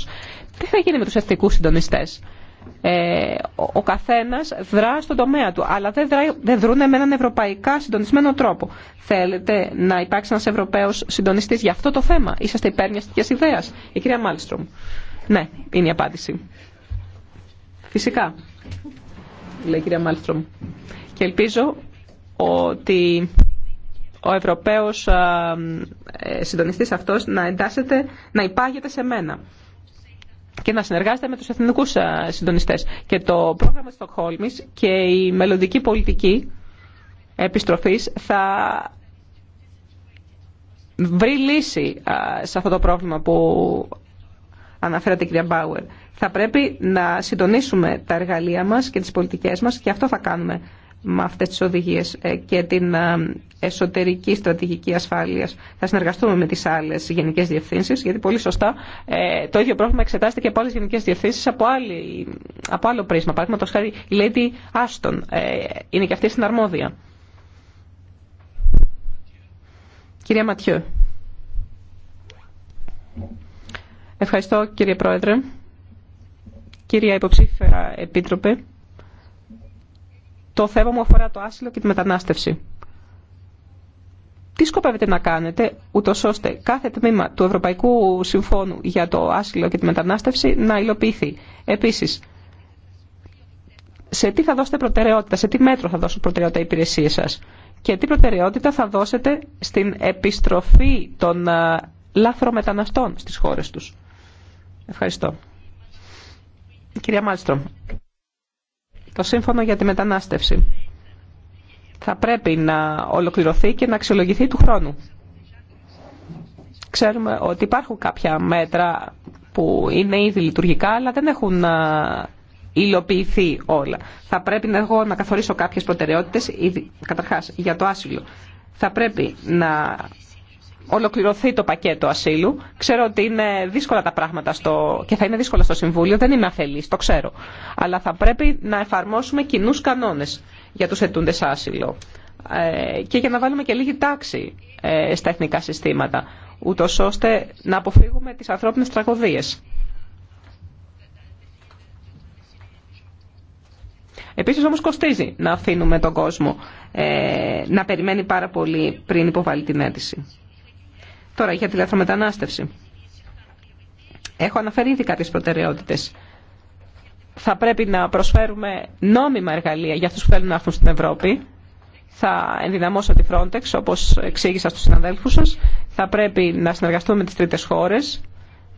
Τι θα γίνει με τους εθνικούς συντονιστέ. Ε, ο καθένας δρά στον τομέα του, αλλά δεν, δρά, δεν δρούνε με έναν ευρωπαϊκά συντονισμένο τρόπο. Θέλετε να υπάρξει ένας ευρωπαίος συντονιστή για αυτό το θέμα. Είσαστε υπέρ μια τέτοια ιδέα. Η κυρία Μάλστρομ. Ναι, είναι η απάντηση. Φυσικά, λέει η κυρία Μάλστρομ. Και ελπίζω ότι ο Ευρωπαίος ε, συντονιστής αυτός να εντάσσεται, να υπάγεται σε μένα και να συνεργάζεται με τους εθνικούς συντονιστές. Και το πρόγραμμα Στοκχόλμης και η μελλοντική πολιτική επιστροφής θα βρει λύση σε αυτό το πρόβλημα που αναφέρατε κυρία Μπάουερ. Θα πρέπει να συντονίσουμε τα εργαλεία μας και τις πολιτικές μας και αυτό θα κάνουμε με αυτές τις οδηγίες ε, και την ε, εσωτερική στρατηγική ασφάλειας. Θα συνεργαστούμε με τις άλλες γενικές διευθύνσεις, γιατί πολύ σωστά ε, το ίδιο πρόβλημα εξετάζεται και από άλλες γενικές διευθύνσεις από, άλλο πρίσμα. Παραδείγματος χάρη η Lady άστον, είναι και αυτή στην αρμόδια. Κυρία Ματιού. Ευχαριστώ κύριε Πρόεδρε. Κυρία Υποψήφια Επίτροπε, το θέμα μου αφορά το άσυλο και τη μετανάστευση. Τι σκοπεύετε να κάνετε, ούτω ώστε κάθε τμήμα του Ευρωπαϊκού Συμφώνου για το άσυλο και τη μετανάστευση να υλοποιηθεί. Επίση, σε τι θα δώσετε προτεραιότητα, σε τι μέτρο θα δώσουν προτεραιότητα οι υπηρεσίε σα και τι προτεραιότητα θα δώσετε στην επιστροφή των ε, λάθρο μεταναστών στις χώρες τους. Ευχαριστώ. Κυρία Μάλστρομ, το σύμφωνο για τη μετανάστευση θα πρέπει να ολοκληρωθεί και να αξιολογηθεί του χρόνου. Ξέρουμε ότι υπάρχουν κάποια μέτρα που είναι ήδη λειτουργικά, αλλά δεν έχουν υλοποιηθεί όλα. Θα πρέπει να, εγώ να καθορίσω κάποιες προτεραιότητες, καταρχάς για το άσυλο. Θα πρέπει να ολοκληρωθεί το πακέτο ασύλου. Ξέρω ότι είναι δύσκολα τα πράγματα στο... και θα είναι δύσκολα στο Συμβούλιο. Δεν είμαι αφελής, το ξέρω. Αλλά θα πρέπει να εφαρμόσουμε κοινού κανόνες για τους ετούντες άσυλο. Ε, και για να βάλουμε και λίγη τάξη ε, στα εθνικά συστήματα, ούτω ώστε να αποφύγουμε τις ανθρώπινες τραγωδίες. Επίσης όμως κοστίζει να αφήνουμε τον κόσμο ε, να περιμένει πάρα πολύ πριν υποβάλει την αίτηση. Τώρα για τη λαθρομετανάστευση. Έχω αναφέρει ήδη κάποιες προτεραιότητες. Θα πρέπει να προσφέρουμε νόμιμα εργαλεία για αυτούς που θέλουν να έρθουν στην Ευρώπη. Θα ενδυναμώσω τη Frontex, όπως εξήγησα στους συναδέλφους σας. Θα πρέπει να συνεργαστούμε με τις τρίτες χώρες.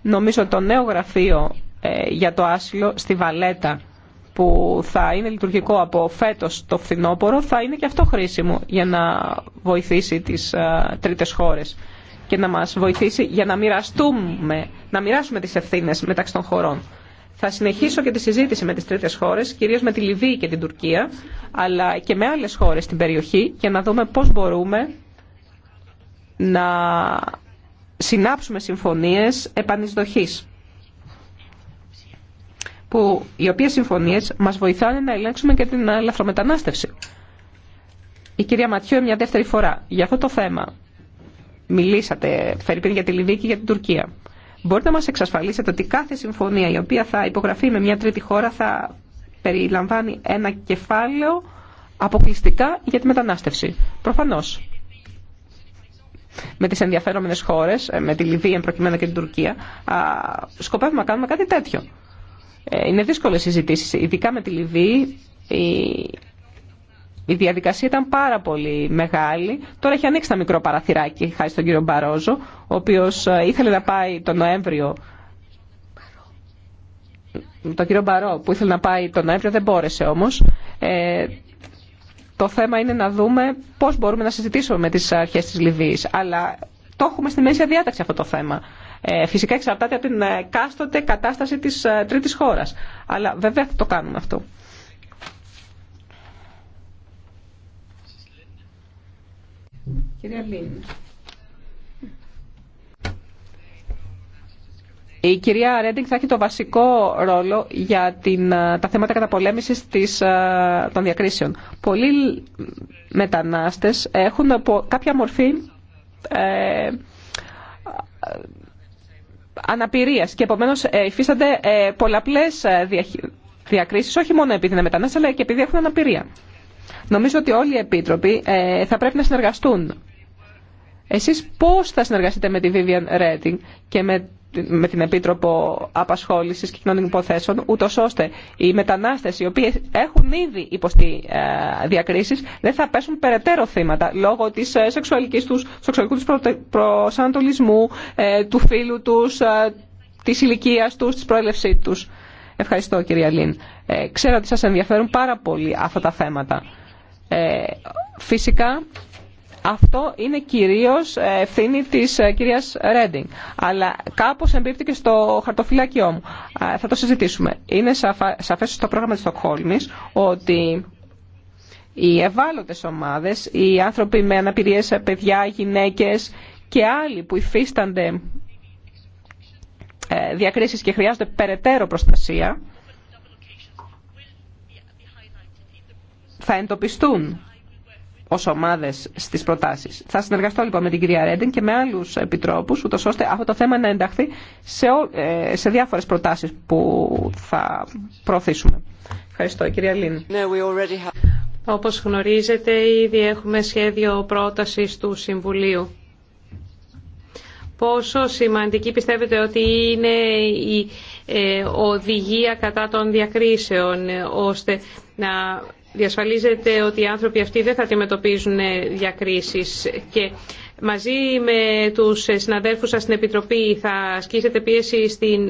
Νομίζω το νέο γραφείο ε, για το άσυλο στη Βαλέτα που θα είναι λειτουργικό από φέτος το φθινόπωρο θα είναι και αυτό χρήσιμο για να βοηθήσει τις ε, τρίτες χώρες και να μας βοηθήσει για να μοιραστούμε, να μοιράσουμε τις ευθύνες μεταξύ των χωρών. Θα συνεχίσω και τη συζήτηση με τις τρίτες χώρες, κυρίως με τη Λιβύη και την Τουρκία, αλλά και με άλλες χώρες στην περιοχή, για να δούμε πώς μπορούμε να συνάψουμε συμφωνίες επανεισδοχής που οι οποίες συμφωνίες μας βοηθάνε να ελέγξουμε και την λαθρομετανάστευση. Η κυρία Ματιού μια δεύτερη φορά για αυτό το θέμα μιλήσατε, Φερρυπίν, για τη Λιβύη και για την Τουρκία. Μπορείτε να μας εξασφαλίσετε ότι κάθε συμφωνία η οποία θα υπογραφεί με μια τρίτη χώρα θα περιλαμβάνει ένα κεφάλαιο αποκλειστικά για τη μετανάστευση. Προφανώς. Με τις ενδιαφέρομενες χώρες, ε, με τη Λιβύη εμπροκειμένα και την Τουρκία, σκοπεύουμε να κάνουμε κάτι τέτοιο. Ε, είναι δύσκολες συζητήσεις, ειδικά με τη Λιβύη. Η η διαδικασία ήταν πάρα πολύ μεγάλη. Τώρα έχει ανοίξει ένα μικρό παραθυράκι, χάρη στον κύριο Μπαρόζο, ο οποίο ε, ήθελε να πάει τον Νοέμβριο τον κύριο Μπαρό που ήθελε να πάει τον Νοέμβριο δεν μπόρεσε όμω. Ε, το θέμα είναι να δούμε πώ μπορούμε να συζητήσουμε με τι αρχέ τη Λιβύη. Αλλά το έχουμε στη μέση διάταξη αυτό το θέμα. Ε, φυσικά εξαρτάται από την κάστοτε κατάσταση τη τρίτη χώρα. Αλλά βέβαια θα το κάνουμε αυτό. Κυρία Η κυρία Ρέντινγκ θα έχει το βασικό ρόλο για την, ε, τα θέματα καταπολέμησης της, ε, των διακρίσεων. Πολλοί μετανάστες έχουν κάποια μορφή ε, αναπηρίας και επομένως ε, υφίστανται πολλαπλές διακρίσεις, όχι μόνο επειδή είναι μετανάστες, αλλά και επειδή έχουν αναπηρία. Νομίζω ότι όλοι οι επίτροποι θα πρέπει να συνεργαστούν Εσεί πώς θα συνεργαστείτε με τη Vivian Redding και με την Επίτροπο Απασχόληση και Κοινωνικών Υποθέσεων, ούτω ώστε οι μετανάστε οι οποίοι έχουν ήδη υποστεί ε, διακρίσει δεν θα πέσουν περαιτέρω θύματα λόγω τη ε, σεξουαλική του, σεξουαλικού του προσανατολισμού, ε, του φίλου του, τη ηλικία του, τη προέλευσή του. Ευχαριστώ, κυρία Λίν. ξέρω ότι σα ενδιαφέρουν πάρα πολύ αυτά τα θέματα. φυσικά αυτό είναι κυρίως ευθύνη της ε, κυρίας Ρέντινγκ. Αλλά κάπως εμπίπτει στο χαρτοφυλάκιό μου. Θα το συζητήσουμε. Είναι σαφές στο πρόγραμμα της Στοκχόλμης ότι οι ευάλωτες ομάδες, οι άνθρωποι με αναπηρίες, παιδιά, γυναίκες και άλλοι που υφίστανται ε, διακρίσεις και χρειάζονται περαιτέρω προστασία, θα εντοπιστούν ω ομάδες στις προτάσεις. Θα συνεργαστώ λοιπόν με την κυρία Ρέντιν και με άλλους επιτρόπους, ούτως ώστε αυτό το θέμα να ενταχθεί σε, ε, σε διάφορες προτάσεις που θα προωθήσουμε. Ευχαριστώ, κυρία Λίν. Όπως γνωρίζετε, ήδη έχουμε σχέδιο πρότασης του Συμβουλίου. Πόσο σημαντική πιστεύετε ότι είναι η ε, οδηγία κατά των διακρίσεων, ώστε να διασφαλίζεται ότι οι άνθρωποι αυτοί δεν θα αντιμετωπίζουν ε, διακρίσεις και μαζί με τους ε, συναδέλφους σας στην Επιτροπή θα ασκήσετε πίεση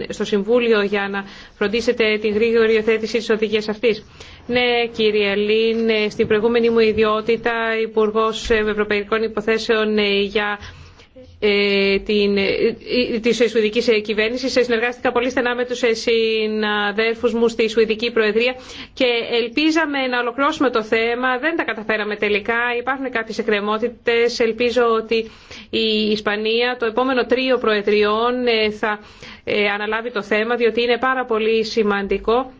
στο Συμβούλιο για να φροντίσετε την γρήγορη οριοθέτηση της οδηγίας αυτής. Ναι, κύριε Λίν, ε, στην προηγούμενη μου ιδιότητα Υπουργός Ευρωπαϊκών Υποθέσεων για ε, Τη ε, ε, Σουηδική κυβέρνηση. Συνεργάστηκα πολύ στενά με τους συναδέρφους μου στη Σουηδική Προεδρία και ελπίζαμε να ολοκληρώσουμε το θέμα. Δεν τα καταφέραμε τελικά. Υπάρχουν κάποιες εκκρεμότητε. Ελπίζω ότι η Ισπανία το επόμενο τρίο προεδριών θα αναλάβει το θέμα διότι είναι πάρα πολύ σημαντικό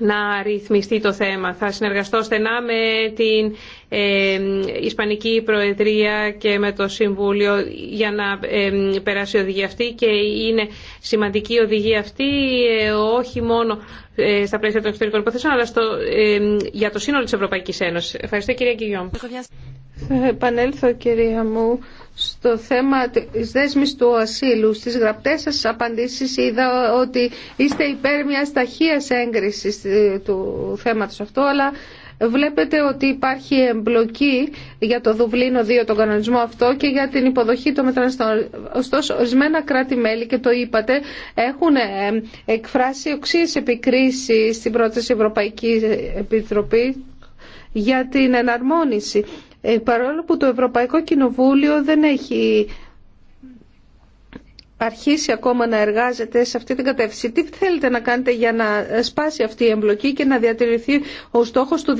να ρυθμιστεί το θέμα. Θα συνεργαστώ στενά με την ε, Ισπανική Προεδρία και με το Συμβούλιο για να ε, περάσει η οδηγία αυτή και είναι σημαντική η οδηγία αυτή ε, όχι μόνο στα πλαίσια των εξωτερικών υποθέσεων αλλά στο, για το σύνολο της Ευρωπαϊκής Ένωσης. Ευχαριστώ κυρία Κιγιόμ. Θα επανέλθω κυρία μου στο θέμα της δέσμης του ασύλου. Στις γραπτές σας απαντήσεις είδα ότι είστε υπέρ μια ταχείας έγκρισης του θέματος αυτού, αλλά βλέπετε ότι υπάρχει εμπλοκή για το Δουβλίνο 2, τον κανονισμό αυτό και για την υποδοχή των μεταναστών. Ωστόσο, ορισμένα κράτη-μέλη, και το είπατε, έχουν ε, εκφράσει οξύες επικρίσεις στην πρόταση Ευρωπαϊκή Επιτροπή για την εναρμόνιση ε, παρόλο που το Ευρωπαϊκό Κοινοβούλιο δεν έχει αρχίσει ακόμα να εργάζεται σε αυτή την κατεύθυνση. Τι θέλετε να κάνετε για να σπάσει αυτή η εμπλοκή και να διατηρηθεί ο στόχος του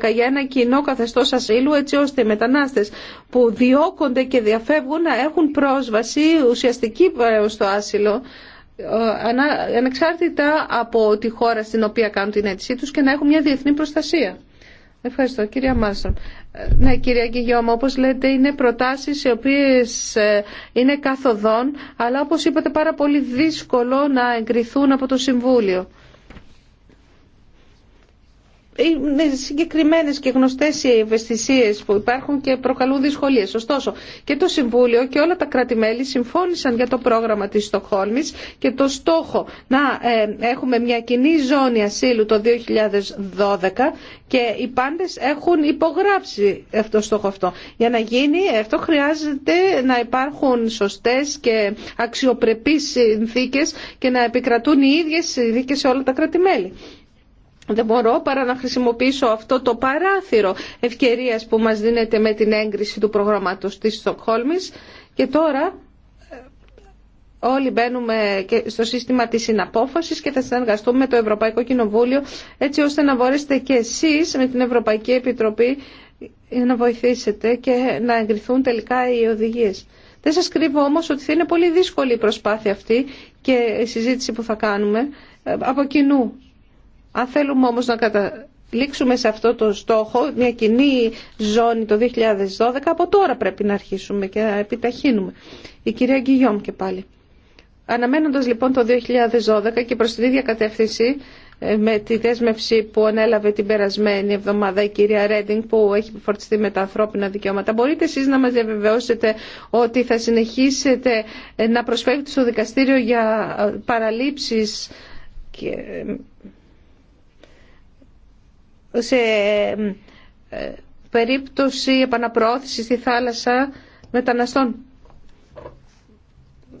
2012 για ένα κοινό καθεστώς ασύλου έτσι ώστε οι μετανάστες που διώκονται και διαφεύγουν να έχουν πρόσβαση ουσιαστική ε, στο άσυλο ε, ανεξάρτητα από τη χώρα στην οποία κάνουν την αίτησή τους και να έχουν μια διεθνή προστασία. Ευχαριστώ κυρία Μάρσον. Ε, ναι κυρία Κιγιώμα, όπως λέτε είναι προτάσεις οι οποίες ε, είναι καθοδόν, αλλά όπως είπατε πάρα πολύ δύσκολο να εγκριθούν από το Συμβούλιο είναι συγκεκριμένες και γνωστές οι ευαισθησίες που υπάρχουν και προκαλούν δυσκολίες. Ωστόσο και το Συμβούλιο και όλα τα κρατημέλη συμφώνησαν για το πρόγραμμα της Στοχόλμης και το στόχο να ε, έχουμε μια κοινή ζώνη ασύλου το 2012 και οι πάντες έχουν υπογράψει αυτό το στόχο αυτό. Για να γίνει αυτό χρειάζεται να υπάρχουν σωστές και αξιοπρεπείς συνθήκες και να επικρατούν οι ίδιες συνθήκες σε όλα τα κρατη δεν μπορώ παρά να χρησιμοποιήσω αυτό το παράθυρο ευκαιρίας που μας δίνεται με την έγκριση του προγράμματος της Στοκχόλμης και τώρα ε, όλοι μπαίνουμε στο σύστημα της συναπόφασης και θα συνεργαστούμε με το Ευρωπαϊκό Κοινοβούλιο έτσι ώστε να μπορέσετε και εσείς με την Ευρωπαϊκή Επιτροπή να βοηθήσετε και να εγκριθούν τελικά οι οδηγίες. Δεν σας κρύβω όμως ότι θα είναι πολύ δύσκολη η προσπάθεια αυτή και η συζήτηση που θα κάνουμε ε, από κοινού αν θέλουμε όμως να καταλήξουμε σε αυτό το στόχο, μια κοινή ζώνη το 2012, από τώρα πρέπει να αρχίσουμε και να επιταχύνουμε. Η κυρία Γκυγιόμ και πάλι. Αναμένοντας λοιπόν το 2012 και προς την ίδια κατεύθυνση ε, με τη δέσμευση που ανέλαβε την περασμένη εβδομάδα η κυρία Ρέντινγκ που έχει φορτιστεί με τα ανθρώπινα δικαιώματα. Μπορείτε εσείς να μας διαβεβαιώσετε ότι θα συνεχίσετε ε, να προσφέρετε στο δικαστήριο για ε, παραλήψεις και σε ε, περίπτωση επαναπροώθησης στη θάλασσα μεταναστών.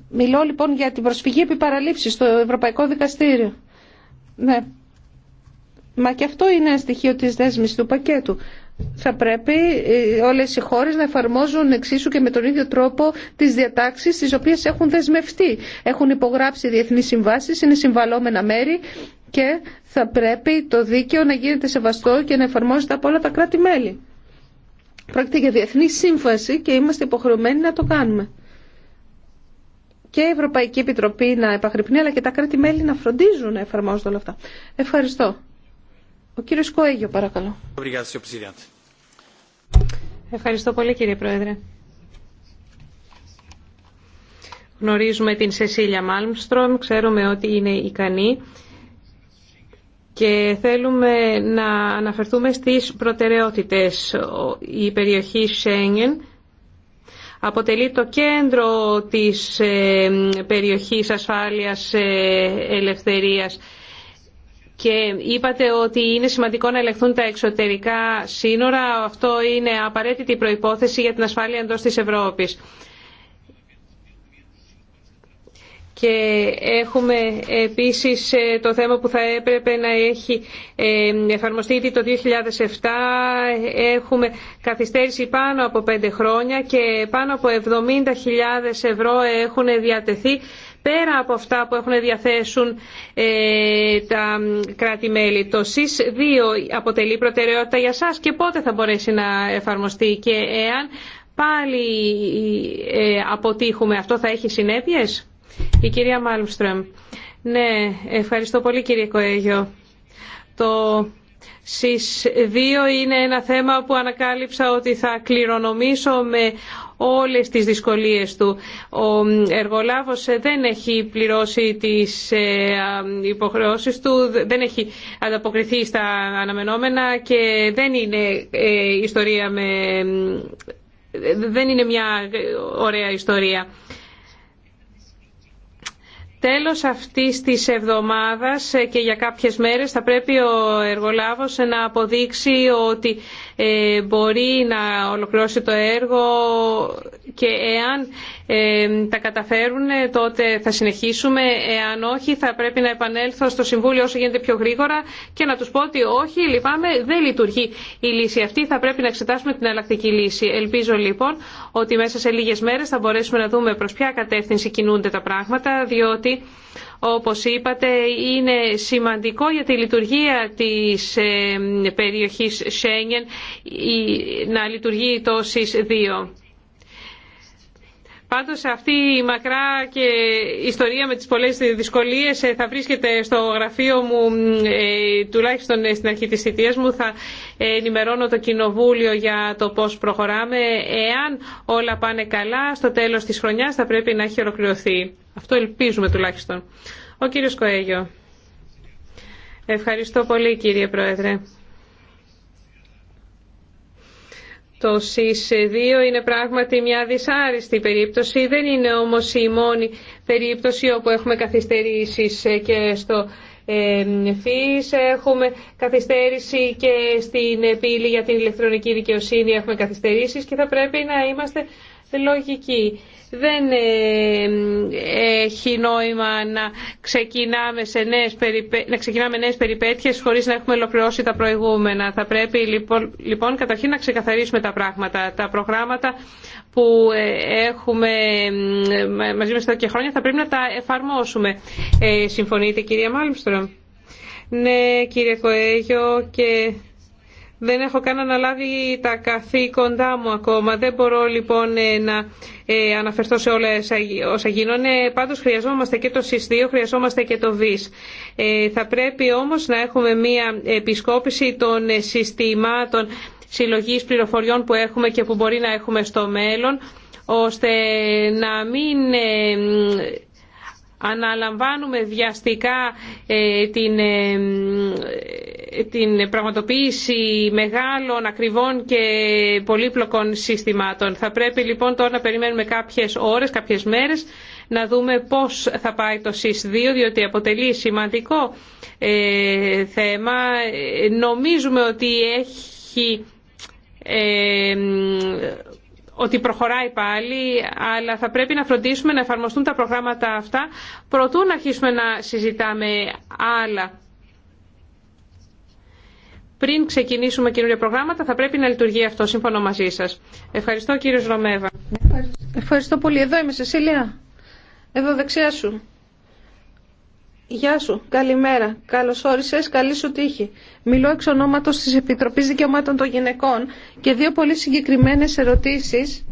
Μιλώ λοιπόν για την προσφυγή επί παραλήψης στο Ευρωπαϊκό Δικαστήριο. Ναι. Μα και αυτό είναι ένα στοιχείο της δέσμης του πακέτου. Θα πρέπει ε, όλες οι χώρες να εφαρμόζουν εξίσου και με τον ίδιο τρόπο τις διατάξεις τις οποίες έχουν δεσμευτεί. Έχουν υπογράψει διεθνείς συμβάσεις, είναι συμβαλόμενα μέρη και θα πρέπει το δίκαιο να γίνεται σεβαστό και να εφαρμόζεται από όλα τα κράτη-μέλη. Πρόκειται για διεθνή σύμφαση και είμαστε υποχρεωμένοι να το κάνουμε. Και η Ευρωπαϊκή Επιτροπή να επαχρυπνεί, αλλά και τα κράτη-μέλη να φροντίζουν να εφαρμόζονται όλα αυτά. Ευχαριστώ. Ο κύριο Κοέγιο, παρακαλώ. Ευχαριστώ πολύ, κύριε Πρόεδρε. Γνωρίζουμε την Σεσίλια Μάλμστρομ, ξέρουμε ότι είναι ικανή και θέλουμε να αναφερθούμε στις προτεραιότητες. Η περιοχή Σέγγεν αποτελεί το κέντρο της ε, περιοχής ασφάλειας ε, ελευθερίας και είπατε ότι είναι σημαντικό να ελεγχθούν τα εξωτερικά σύνορα. Αυτό είναι απαραίτητη προϋπόθεση για την ασφάλεια εντός της Ευρώπης. Και έχουμε επίσης ε, το θέμα που θα έπρεπε να έχει ε, εφαρμοστεί το 2007. Έχουμε καθυστέρηση πάνω από 5 χρόνια και πάνω από 70.000 ευρώ έχουν διατεθεί πέρα από αυτά που έχουν διαθέσουν ε, τα κράτη-μέλη. Το ΣΥΣ αποτελεί προτεραιότητα για σας και πότε θα μπορέσει να εφαρμοστεί και εάν πάλι αποτύχουμε αυτό θα έχει συνέπειες. Η κυρία Μάλμστρεμ. Ναι, ευχαριστώ πολύ κύριε Κοέγιο. Το ΣΥΣ 2 είναι ένα θέμα που ανακάλυψα ότι θα κληρονομήσω με όλες τις δυσκολίες του. Ο εργολάβος δεν έχει πληρώσει τις ε, υποχρεώσεις του, δεν έχει ανταποκριθεί στα αναμενόμενα και δεν είναι ε, ιστορία με... δεν είναι μια ωραία ιστορία. Τέλος αυτής της εβδομάδας ε, και για κάποιες μέρες θα πρέπει ο εργολάβος να αποδείξει ότι ε, μπορεί να ολοκληρώσει το έργο και εάν ε, τα καταφέρουν ε, τότε θα συνεχίσουμε. Εάν όχι θα πρέπει να επανέλθω στο Συμβούλιο όσο γίνεται πιο γρήγορα και να τους πω ότι όχι, λυπάμαι, δεν λειτουργεί η λύση αυτή. Θα πρέπει να εξετάσουμε την άλλακτική λύση. Ελπίζω λοιπόν ότι μέσα σε λίγες μέρες θα μπορέσουμε να δούμε προς ποια κατεύθυνση κινούνται τα πράγματα διότι όπως είπατε, είναι σημαντικό για τη λειτουργία της ε, περιοχής Σέγγεν να λειτουργεί το ΣΥΣ 2. Πάντως αυτή η μακρά και ιστορία με τις πολλέ δυσκολίες ε, θα βρίσκεται στο γραφείο μου ε, τουλάχιστον ε, στην αρχή τη θητεία μου. Θα ενημερώνω το Κοινοβούλιο για το πώς προχωράμε. Εάν όλα πάνε καλά, στο τέλος της χρονιάς θα πρέπει να έχει ολοκληρωθεί. Αυτό ελπίζουμε τουλάχιστον. Ο κύριος Κοέγιο. Ευχαριστώ πολύ κύριε Πρόεδρε. Το ΣΥΣ 2 είναι πράγματι μια δυσάρεστη περίπτωση, δεν είναι όμως η μόνη περίπτωση όπου έχουμε καθυστερήσεις και στο ΦΥΣ, έχουμε καθυστέρηση και στην πύλη για την ηλεκτρονική δικαιοσύνη έχουμε καθυστερήσεις και θα πρέπει να είμαστε λογικοί. Δεν έχει νόημα να ξεκινάμε, σε νέες περιπέ... να ξεκινάμε νέες περιπέτειες χωρίς να έχουμε ολοκληρώσει τα προηγούμενα. Θα πρέπει λοιπόν, λοιπόν καταρχήν να ξεκαθαρίσουμε τα πράγματα. Τα προγράμματα που ε, έχουμε μαζί μας τα και χρόνια θα πρέπει να τα εφαρμόσουμε. Ε, συμφωνείτε κυρία Μάλμστρομ. Ναι κύριε Κοέγιο και δεν έχω καν αναλάβει τα καθήκοντά μου ακόμα. Δεν μπορώ λοιπόν ε, να ε, αναφερθώ σε όλα όσα γίνονται. Ε, πάντως χρειαζόμαστε και το ΣΥΣ2, χρειαζόμαστε και το ΒΙΣ. Θα πρέπει όμως να έχουμε μία επισκόπηση των συστημάτων συλλογής πληροφοριών που έχουμε και που μπορεί να έχουμε στο μέλλον, ώστε να μην αναλαμβάνουμε βιαστικά την την πραγματοποίηση μεγάλων, ακριβών και πολύπλοκων συστημάτων. Θα πρέπει λοιπόν τώρα να περιμένουμε κάποιες ώρες, κάποιες μέρες να δούμε πώς θα πάει το ΣΥΣ2, διότι αποτελεί σημαντικό ε, θέμα. Νομίζουμε ότι έχει... Ε, ότι προχωράει πάλι, αλλά θα πρέπει να φροντίσουμε να εφαρμοστούν τα προγράμματα αυτά προτού να αρχίσουμε να συζητάμε άλλα πριν ξεκινήσουμε καινούργια προγράμματα θα πρέπει να λειτουργεί αυτό. σύμφωνο μαζί σα. Ευχαριστώ κύριο Ρωμέβα. Ευχαριστώ πολύ. Εδώ είμαι Σεσίλια. Εδώ δεξιά σου. Γεια σου, καλημέρα, Καλώ όρισε, καλή σου τύχη. Μιλώ εξ ονόματο της Επιτροπής Δικαιωμάτων των Γυναικών και δύο πολύ συγκεκριμένε ερωτήσει.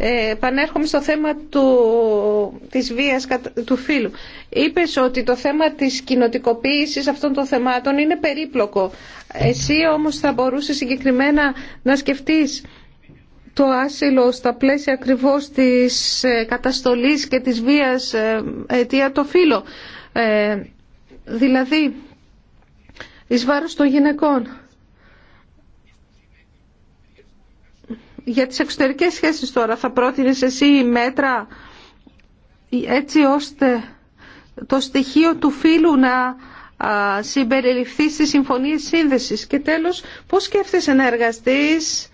Ε, πανέρχομαι στο θέμα του, της βίας του φίλου. Είπες ότι το θέμα της κοινοτικοποίησης αυτών των θεμάτων είναι περίπλοκο. Εσύ όμως θα μπορούσες συγκεκριμένα να σκεφτείς το άσυλο στα πλαίσια ακριβώς της ε, καταστολής και της βίας ε, αιτία το φίλο; ε, δηλαδή, εις βάρος των γυναικών. Για τις εξωτερικές σχέσεις τώρα θα πρότεινες εσύ μέτρα έτσι ώστε το στοιχείο του φίλου να συμπεριληφθεί στις συμφωνίες σύνδεσης. Και τέλος, πώς σκέφτεσαι να εργαστείς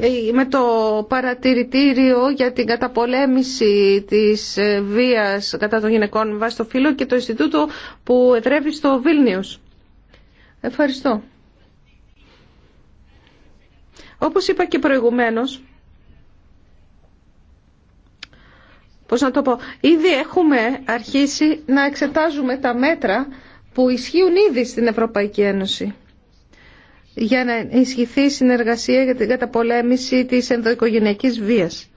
ε, με το παρατηρητήριο για την καταπολέμηση της ε, βίας κατά των γυναικών με το φύλλο και το Ινστιτούτο που εδρεύει στο Βίλνιους. Ευχαριστώ. Όπως είπα και προηγουμένως, πώς να το πω, ήδη έχουμε αρχίσει να εξετάζουμε τα μέτρα που ισχύουν ήδη στην Ευρωπαϊκή Ένωση για να ισχυθεί η συνεργασία για την καταπολέμηση της ενδοοικογενειακής βίας.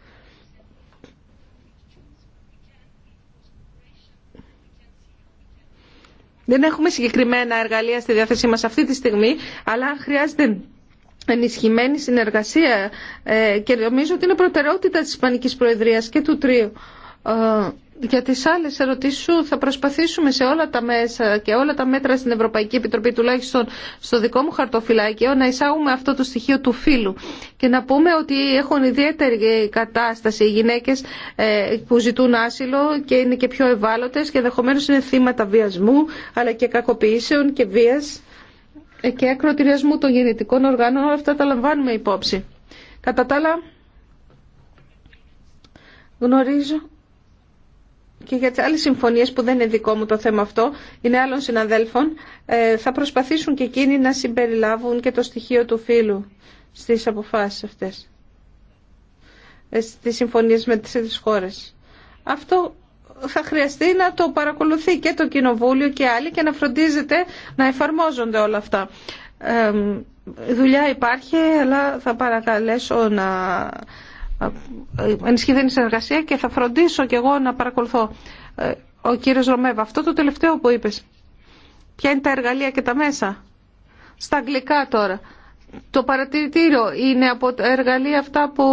Δεν έχουμε συγκεκριμένα εργαλεία στη διάθεσή μας αυτή τη στιγμή, αλλά αν χρειάζεται ενισχυμένη συνεργασία ε, και νομίζω ότι είναι προτεραιότητα της Ισπανικής Προεδρίας και του Τρίου. Ε, για τις άλλες ερωτήσεις σου θα προσπαθήσουμε σε όλα τα μέσα και όλα τα μέτρα στην Ευρωπαϊκή Επιτροπή, τουλάχιστον στο δικό μου χαρτοφυλάκιο, να εισάγουμε αυτό το στοιχείο του φύλου και να πούμε ότι έχουν ιδιαίτερη κατάσταση οι γυναίκες ε, που ζητούν άσυλο και είναι και πιο ευάλωτες και ενδεχομένω είναι θύματα βιασμού αλλά και κακοποιήσεων και βίας και ακροτηριασμού των γεννητικών οργάνων, όλα αυτά τα λαμβάνουμε υπόψη. Κατά τα άλλα, γνωρίζω και για τις άλλες συμφωνίες που δεν είναι δικό μου το θέμα αυτό, είναι άλλων συναδέλφων, ε, θα προσπαθήσουν και εκείνοι να συμπεριλάβουν και το στοιχείο του φίλου στις αποφάσεις αυτές, ε, στις συμφωνίες με τις χώρες. Αυτό θα χρειαστεί να το παρακολουθεί και το Κοινοβούλιο και άλλοι και να φροντίζεται να εφαρμόζονται όλα αυτά. δουλειά υπάρχει, αλλά θα παρακαλέσω να ενισχυθεί η συνεργασία και θα φροντίσω κι εγώ να παρακολουθώ. Ε, ο κύριος Ρωμέβα, αυτό το τελευταίο που είπες, ποια είναι τα εργαλεία και τα μέσα, στα αγγλικά τώρα το παρατηρητήριο είναι από τα εργαλεία αυτά που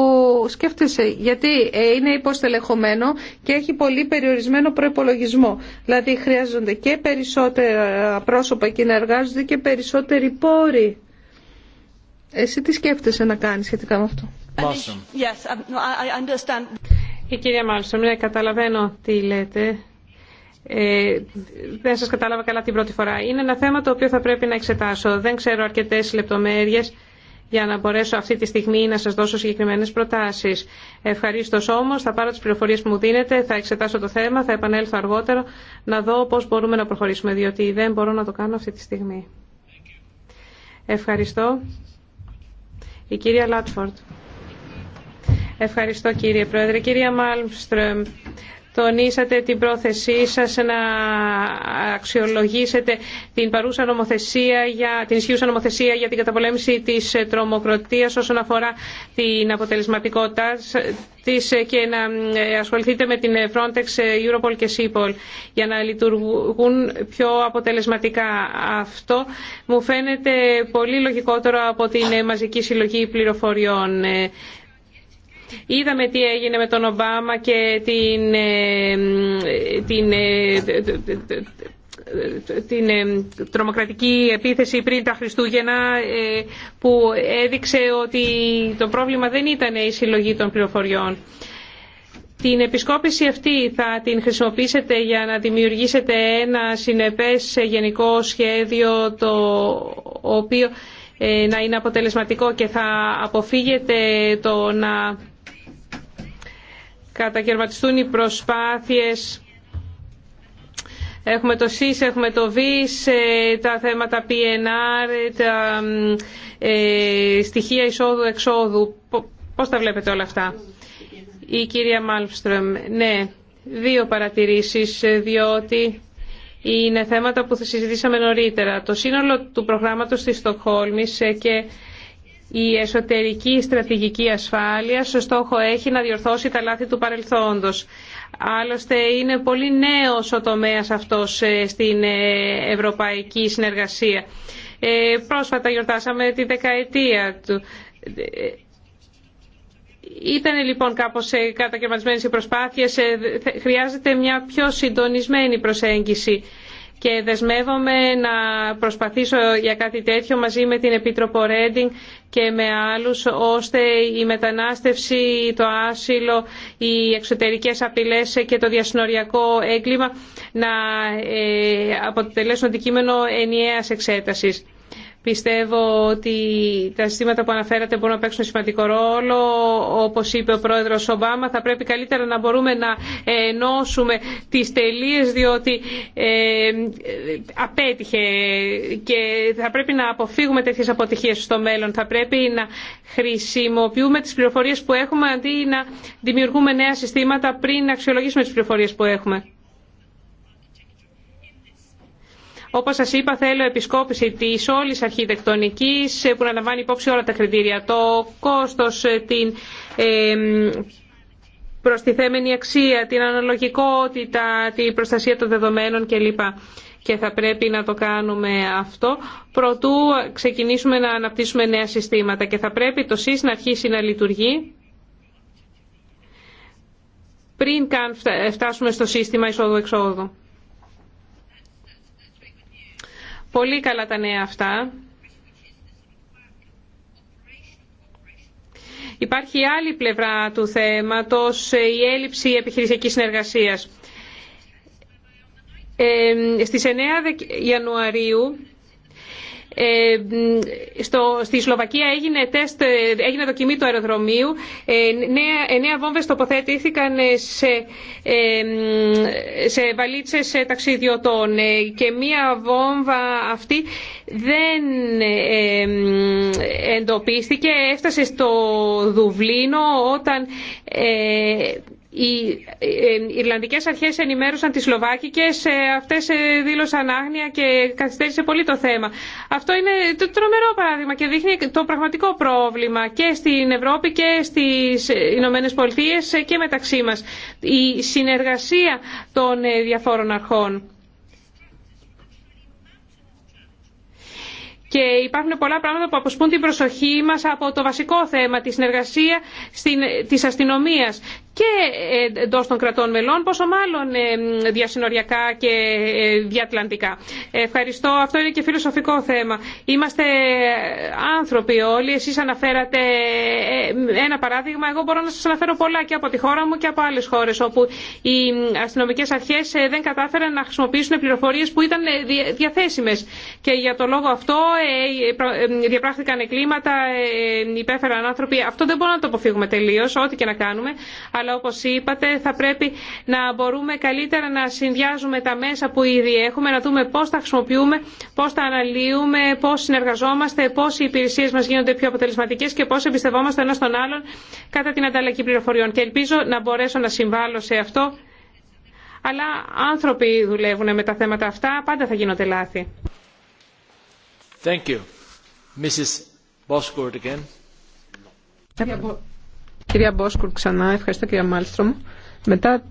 σκέφτεσαι, γιατί ε, είναι υποστελεχωμένο και έχει πολύ περιορισμένο προπολογισμό. Δηλαδή χρειάζονται και περισσότερα πρόσωπα εκεί να εργάζονται και περισσότεροι πόροι. Εσύ τι σκέφτεσαι να κάνεις σχετικά με αυτό. Yes, I understand. Η κυρία Μάλσομ, ναι, καταλαβαίνω τι λέτε. Ε, δεν σας κατάλαβα καλά την πρώτη φορά. Είναι ένα θέμα το οποίο θα πρέπει να εξετάσω. Δεν ξέρω αρκετές λεπτομέρειες για να μπορέσω αυτή τη στιγμή να σας δώσω συγκεκριμένες προτάσεις. Ευχαριστώ όμως, θα πάρω τις πληροφορίες που μου δίνετε, θα εξετάσω το θέμα, θα επανέλθω αργότερα να δω πώς μπορούμε να προχωρήσουμε, διότι δεν μπορώ να το κάνω αυτή τη στιγμή. Ευχαριστώ. Η κυρία Λάτφορντ. Ευχαριστώ κύριε Πρόεδρε. Κυρία Μάλμστρεμ, τονίσατε την πρόθεσή σας να αξιολογήσετε την παρούσα νομοθεσία για, την ισχύουσα νομοθεσία για την καταπολέμηση της τρομοκρατίας όσον αφορά την αποτελεσματικότητά της και να ασχοληθείτε με την Frontex, Europol και Cipol για να λειτουργούν πιο αποτελεσματικά. Αυτό μου φαίνεται πολύ λογικότερο από την μαζική συλλογή πληροφοριών. Είδαμε τι έγινε με τον Ομπάμα και την, ε, την, ε, την ε, τρομοκρατική επίθεση πριν τα Χριστούγεννα που έδειξε ότι το πρόβλημα δεν ήταν η συλλογή των πληροφοριών. Την επισκόπηση αυτή θα την χρησιμοποιήσετε για να δημιουργήσετε ένα συνεπές γενικό σχέδιο το οποίο να είναι αποτελεσματικό και θα αποφύγετε το να κατακαιρματιστούν οι προσπάθειες. Έχουμε το ΣΥΣ, έχουμε το ΒΙΣ, ε, τα θέματα PNR, τα ε, στοιχεία εισόδου-εξόδου. Πώς τα βλέπετε όλα αυτά. Η κυρία Μάλφστρομ, ναι, δύο παρατηρήσεις, ε, διότι είναι θέματα που θα συζητήσαμε νωρίτερα. Το σύνολο του προγράμματος της Στοκχόλμης και η εσωτερική στρατηγική ασφάλεια στο στόχο έχει να διορθώσει τα λάθη του παρελθόντος. Άλλωστε είναι πολύ νέος ο τομέας αυτός ε, στην ε, ευρωπαϊκή συνεργασία. Ε, πρόσφατα γιορτάσαμε τη δεκαετία του. Ήταν λοιπόν κάπως κατακαιρματισμένες οι προσπάθειες. Χρειάζεται μια πιο συντονισμένη προσέγγιση και δεσμεύομαι να προσπαθήσω για κάτι τέτοιο μαζί με την Επίτροπο Ρέντινγκ και με άλλους ώστε η μετανάστευση, το άσυλο, οι εξωτερικές απειλές και το διασυνοριακό έγκλημα να ε, αποτελέσουν αντικείμενο ενιαίας εξέτασης. Πιστεύω ότι τα συστήματα που αναφέρατε μπορούν να παίξουν σημαντικό ρόλο. Όπως είπε ο πρόεδρος Ομπάμα, θα πρέπει καλύτερα να μπορούμε να ενώσουμε τις τελείες, διότι ε, απέτυχε και θα πρέπει να αποφύγουμε τέτοιες αποτυχίες στο μέλλον. Θα πρέπει να χρησιμοποιούμε τις πληροφορίες που έχουμε αντί να δημιουργούμε νέα συστήματα πριν να αξιολογήσουμε τις πληροφορίες που έχουμε. Όπως σας είπα, θέλω επισκόπηση της όλης αρχιτεκτονικής ε, που να λαμβάνει υπόψη όλα τα κριτήρια. Το κόστος, ε, την προστιθέμενη αξία, την αναλογικότητα, την προστασία των δεδομένων κλπ. Και θα πρέπει να το κάνουμε αυτό προτού ξεκινήσουμε να αναπτύσσουμε νέα συστήματα. Και θα πρέπει το ΣΥΣ να αρχίσει να λειτουργεί πριν καν φτάσουμε στο σύστημα εισόδου-εξόδου. Πολύ καλά τα νέα αυτά. Υπάρχει άλλη πλευρά του θέματος, η έλλειψη επιχειρησιακής συνεργασίας. Ε, στις 9 Ιανουαρίου ε, στη Σλοβακία έγινε, τεστ, έγινε δοκιμή του αεροδρομίου. Ε, νέα, εννέα βόμβες τοποθετήθηκαν σε, σε βαλίτσες ταξιδιωτών ε, και μία βόμβα αυτή δεν εντοπίστηκε. Έφτασε στο Δουβλίνο όταν ε, ε, οι Ιρλανδικές αρχές ενημέρωσαν τις Σλοβάκικες, αυτές ε, δήλωσαν άγνοια και καθυστέρησε πολύ το θέμα. Αυτό είναι το τρομερό παράδειγμα και δείχνει το πραγματικό πρόβλημα και στην Ευρώπη και στις Ηνωμένε Πολιτείες και μεταξύ μας. Η συνεργασία των διαφόρων αρχών. Και υπάρχουν πολλά πράγματα που αποσπούν την προσοχή μας από το βασικό θέμα, τη συνεργασία της αστυνομίας και ε, εντό των κρατών μελών, πόσο μάλλον ε, διασυνοριακά και ε, διατλαντικά. Ευχαριστώ. Αυτό είναι και φιλοσοφικό θέμα. Είμαστε άνθρωποι όλοι. εσεί αναφέρατε ένα παράδειγμα. Εγώ μπορώ να σα αναφέρω πολλά και από τη χώρα μου και από άλλε χώρε όπου οι αστυνομικέ αρχέ δεν κατάφεραν να χρησιμοποιήσουν πληροφορίε που ήταν διαθέσιμε. Και για το λόγο αυτό διαπράχθηκαν εγκλήματα, υπέφεραν άνθρωποι. Αυτό δεν μπορούμε να το αποφύγουμε τελείω, ό,τι και να κάνουμε αλλά όπως είπατε θα πρέπει να μπορούμε καλύτερα να συνδυάζουμε τα μέσα που ήδη έχουμε, να δούμε πώς τα χρησιμοποιούμε, πώς τα αναλύουμε, πώς συνεργαζόμαστε, πώς οι υπηρεσίες μας γίνονται πιο αποτελεσματικές και πώς εμπιστευόμαστε ένα τον άλλον κατά την ανταλλαγή πληροφοριών. Και ελπίζω να μπορέσω να συμβάλλω σε αυτό. Αλλά άνθρωποι δουλεύουν με τα θέματα αυτά, πάντα θα γίνονται λάθη. Thank you. Mrs. Again. Κυρία Μπόσκουρ, ξανά ευχαριστώ κυρία Μάλστρομ. Μετά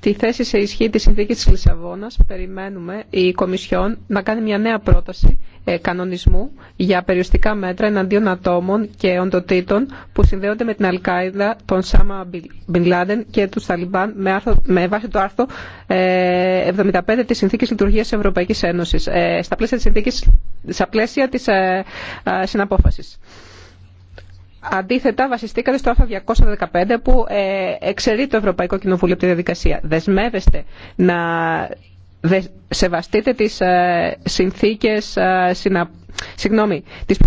τη θέση σε ισχύ της συνθήκης της Λισαβόνας περιμένουμε η Κομισιόν να κάνει μια νέα πρόταση ε, κανονισμού για περιοριστικά μέτρα εναντίον ατόμων και οντοτήτων που συνδέονται με την Αλκάιδα, τον Σάμα Μπιν και τους Ταλιμπάν με, άρθρο, βάση το άρθρο 75 ε, της Συνθήκης Λειτουργίας της Ευρωπαϊκής Ένωσης ε, στα πλαίσια της, συνθήκης, στα πλαίσια της συναπόφασης. Αντίθετα, βασιστήκατε στο άρθρο 215 που ε, εξαιρεί το Ευρωπαϊκό Κοινοβούλιο από τη διαδικασία. Δεσμεύεστε να σεβαστείτε τις ε, συνθήκες, ε, συνα... συγγνώμη, τις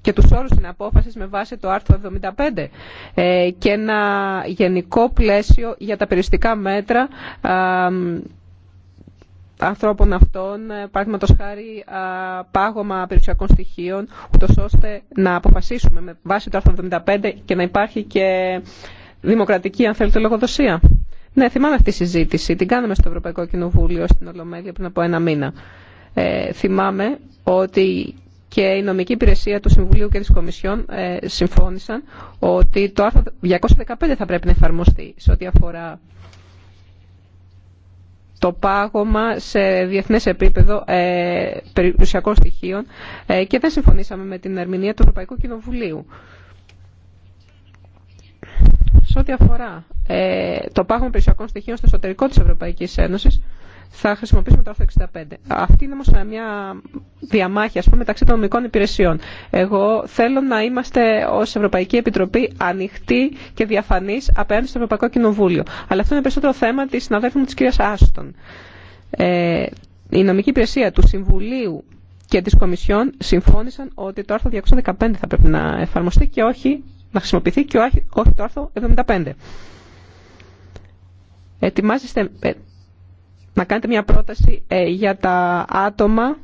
και τους όρους συναπόφασης με βάση το άρθρο 75 και ένα γενικό πλαίσιο για τα περιοριστικά μέτρα ανθρώπων αυτών, ε, παραδείγματο χάρη πάγωμα περιουσιακών στοιχείων, ούτω ώστε να αποφασίσουμε με βάση το άρθρο 75 και να υπάρχει και δημοκρατική, αν θέλετε, λογοδοσία. Ναι, θυμάμαι αυτή τη συζήτηση. Την κάναμε στο Ευρωπαϊκό Κοινοβούλιο στην Ολομέλεια πριν από ένα μήνα. Ε, θυμάμαι ότι και η νομική υπηρεσία του Συμβουλίου και της Κομισιόν ε, συμφώνησαν ότι το άρθρο 215 θα πρέπει να εφαρμοστεί σε ό,τι αφορά το πάγωμα σε διεθνές επίπεδο ε, περιουσιακών στοιχείων ε, και δεν συμφωνήσαμε με την ερμηνεία του Ευρωπαϊκού Κοινοβουλίου. Σε ό,τι αφορά ε, το πάγωμα περιουσιακών στοιχείων στο εσωτερικό της Ευρωπαϊκής Ένωσης, θα χρησιμοποιήσουμε το άρθρο 65. Αυτή είναι όμως μια διαμάχη, ας πούμε, μεταξύ των νομικών υπηρεσιών. Εγώ θέλω να είμαστε ως Ευρωπαϊκή Επιτροπή ανοιχτοί και διαφανεί απέναντι στο Ευρωπαϊκό Κοινοβούλιο. Αλλά αυτό είναι περισσότερο θέμα της συναδέλφου μου της κυρίας Άστον. Ε, η νομική υπηρεσία του Συμβουλίου και της Κομισιόν συμφώνησαν ότι το άρθρο 215 θα πρέπει να εφαρμοστεί και όχι να χρησιμοποιηθεί και όχι το άρθρο 75. Ετοιμάζεστε, ε, να κάνετε μια πρόταση ε, για τα άτομα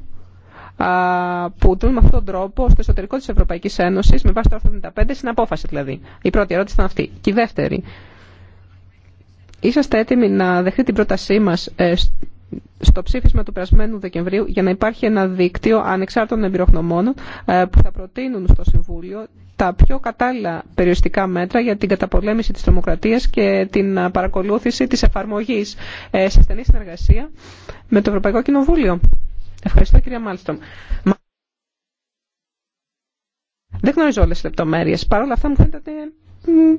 που δουν με αυτόν τον τρόπο στο εσωτερικό της Ευρωπαϊκής Ένωσης με βάση το 75 στην απόφαση δηλαδή. Η πρώτη ερώτηση ήταν αυτή. Και η δεύτερη. Είσαστε έτοιμοι να δεχτείτε την πρότασή μας ε, στο ψήφισμα του περασμένου Δεκεμβρίου για να υπάρχει ένα δίκτυο ανεξάρτητων εμπειρογνωμόνων ε, που θα προτείνουν στο Συμβούλιο τα πιο κατάλληλα περιοριστικά μέτρα για την καταπολέμηση της τρομοκρατίας και την παρακολούθηση της εφαρμογής ε, σε στενή συνεργασία με το Ευρωπαϊκό Κοινοβούλιο. Ευχαριστώ κυρία Μάλστρομ. Δεν γνωρίζω όλες τις λεπτομέρειες. Παρ' όλα αυτά μου φαίνεται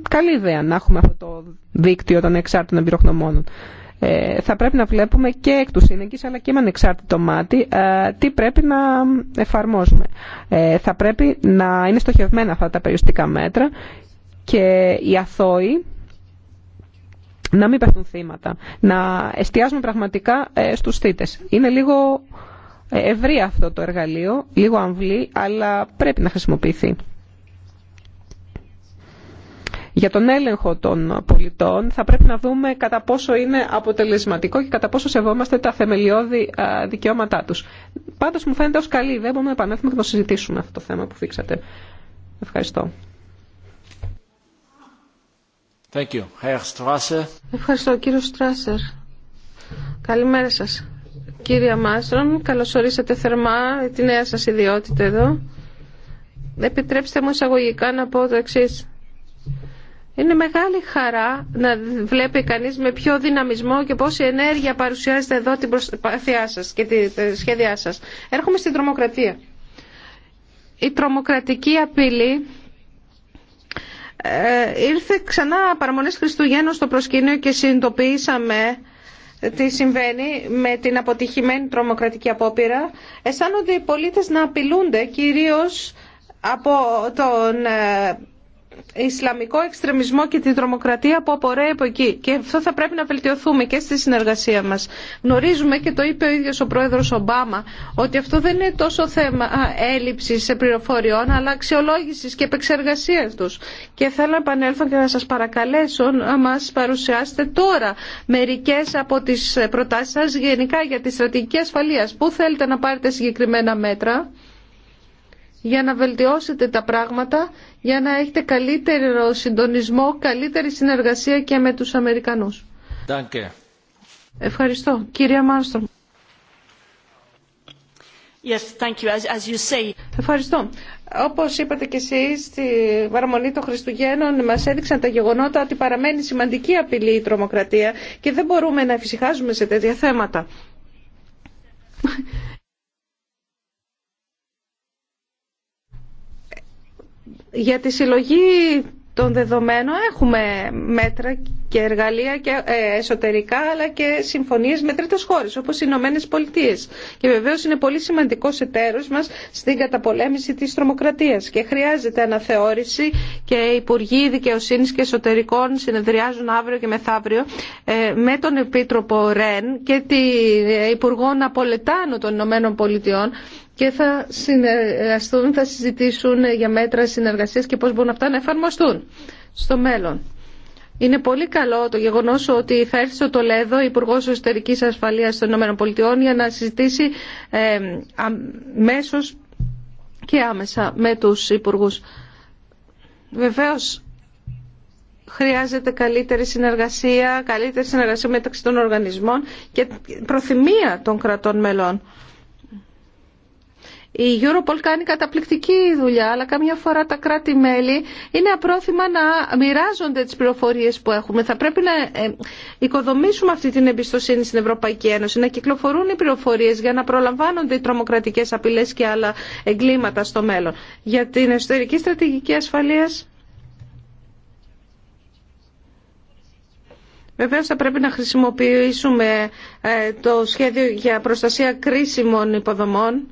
καλή ιδέα να έχουμε αυτό το δίκτυο των εξάρτητων εμπειρογνωμόνων. Ε, θα πρέπει να βλέπουμε και εκ του σύνεγγυς αλλά και με ανεξάρτητο μάτι ε, τι πρέπει να εφαρμόζουμε. Ε, θα πρέπει να είναι στοχευμένα αυτά τα περιοριστικά μέτρα και οι αθώοι να μην πέφτουν θύματα, να εστιάζουμε πραγματικά στους θύτες. Είναι λίγο ευρύ αυτό το εργαλείο, λίγο αμβλή, αλλά πρέπει να χρησιμοποιηθεί. Για τον έλεγχο των πολιτών θα πρέπει να δούμε κατά πόσο είναι αποτελεσματικό και κατά πόσο σεβόμαστε τα θεμελιώδη δικαιώματά τους. Πάντως μου φαίνεται ως καλή ιδέα, μπορούμε να επανέλθουμε και να συζητήσουμε αυτό το θέμα που φίξατε. Ευχαριστώ. Thank you. Ευχαριστώ κύριο Στράσερ. Καλημέρα σας. Κύριε Μάστρον, Καλωσορίσατε θερμά τη νέα σας ιδιότητα εδώ. Επιτρέψτε μου εισαγωγικά να πω το εξής. Είναι μεγάλη χαρά να βλέπει κανείς με ποιο δυναμισμό και πόση ενέργεια παρουσιάζεται εδώ την προσπάθειά σας και τη σχέδιά σας. Έρχομαι στην τρομοκρατία. Η τρομοκρατική απειλή ε, ήρθε ξανά παραμονές Χριστουγέννων στο προσκήνιο και συνειδητοποιήσαμε τι συμβαίνει με την αποτυχημένη τρομοκρατική απόπειρα. Αισθάνονται οι πολίτες να απειλούνται κυρίως από τον ε, Ισλαμικό εξτρεμισμό και τη τρομοκρατία που απορρέει από εκεί. Και αυτό θα πρέπει να βελτιωθούμε και στη συνεργασία μα. Γνωρίζουμε και το είπε ο ίδιο ο πρόεδρο Ομπάμα ότι αυτό δεν είναι τόσο θέμα έλλειψη πληροφοριών αλλά αξιολόγηση και επεξεργασία του. Και θέλω να επανέλθω και να σα παρακαλέσω να μα παρουσιάσετε τώρα μερικέ από τι προτάσει σα γενικά για τη στρατηγική ασφαλεία. Πού θέλετε να πάρετε συγκεκριμένα μέτρα για να βελτιώσετε τα πράγματα για να έχετε καλύτερο συντονισμό, καλύτερη συνεργασία και με τους Αμερικανούς. Danke. Ευχαριστώ. Κυρία Μάνστρομ. Yes, thank you. As, you say. Ευχαριστώ. Όπως είπατε και εσείς, στη παραμονή των Χριστουγέννων μας έδειξαν τα γεγονότα ότι παραμένει σημαντική απειλή η τρομοκρατία και δεν μπορούμε να εφησυχάζουμε σε τέτοια θέματα. Για τη συλλογή των δεδομένων έχουμε μέτρα και εργαλεία και ε, εσωτερικά αλλά και συμφωνίες με τρίτες χώρες όπως οι Ηνωμένε Πολιτείε. Και βεβαίως είναι πολύ σημαντικός εταίρος μας στην καταπολέμηση της τρομοκρατίας και χρειάζεται αναθεώρηση και οι Υπουργοί Δικαιοσύνης και Εσωτερικών συνεδριάζουν αύριο και μεθαύριο ε, με τον Επίτροπο Ρεν και την ε, Υπουργό Ναπολετάνου των Ηνωμένων Πολιτειών και θα συνεργαστούν, θα συζητήσουν για μέτρα συνεργασίας και πώς μπορούν αυτά να εφαρμοστούν στο μέλλον. Είναι πολύ καλό το γεγονό ότι θα έρθει στο Τολέδο Υπουργό Εσωτερική Ασφαλείας των ΗΠΑ για να συζητήσει ε, και άμεσα με του υπουργού. Βεβαίω χρειάζεται καλύτερη συνεργασία, καλύτερη συνεργασία μεταξύ των οργανισμών και προθυμία των κρατών μελών. Η Europol κάνει καταπληκτική δουλειά, αλλά καμιά φορά τα κράτη-μέλη είναι απρόθυμα να μοιράζονται τις πληροφορίες που έχουμε. Θα πρέπει να ε, οικοδομήσουμε αυτή την εμπιστοσύνη στην Ευρωπαϊκή Ένωση, να κυκλοφορούν οι πληροφορίες για να προλαμβάνονται οι τρομοκρατικές απειλές και άλλα εγκλήματα στο μέλλον. Για την εσωτερική στρατηγική ασφαλείας... Βεβαίως θα πρέπει να χρησιμοποιήσουμε ε, το σχέδιο για προστασία κρίσιμων υποδομών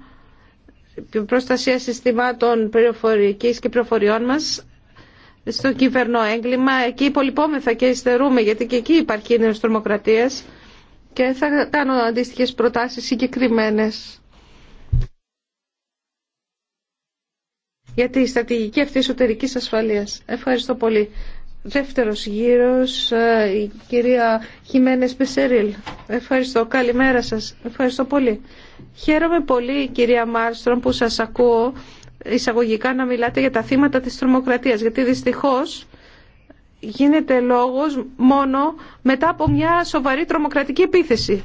προστασία συστημάτων πληροφορικής και πληροφοριών μας στο κυβερνό έγκλημα. Εκεί υπολοιπόμεθα και υστερούμε γιατί και εκεί υπάρχει νέος τρομοκρατίας και θα κάνω αντίστοιχες προτάσεις συγκεκριμένε. για τη στρατηγική αυτή εσωτερικη ασφαλείας. Ευχαριστώ πολύ. Δεύτερος γύρος, ε, η κυρία Χιμένες Πεσερίλ. Ευχαριστώ. Καλημέρα σας. Ευχαριστώ πολύ. Χαίρομαι πολύ, κυρία Μάρστρομ, που σας ακούω εισαγωγικά να μιλάτε για τα θύματα της τρομοκρατίας, γιατί δυστυχώς γίνεται λόγος μόνο μετά από μια σοβαρή τρομοκρατική επίθεση.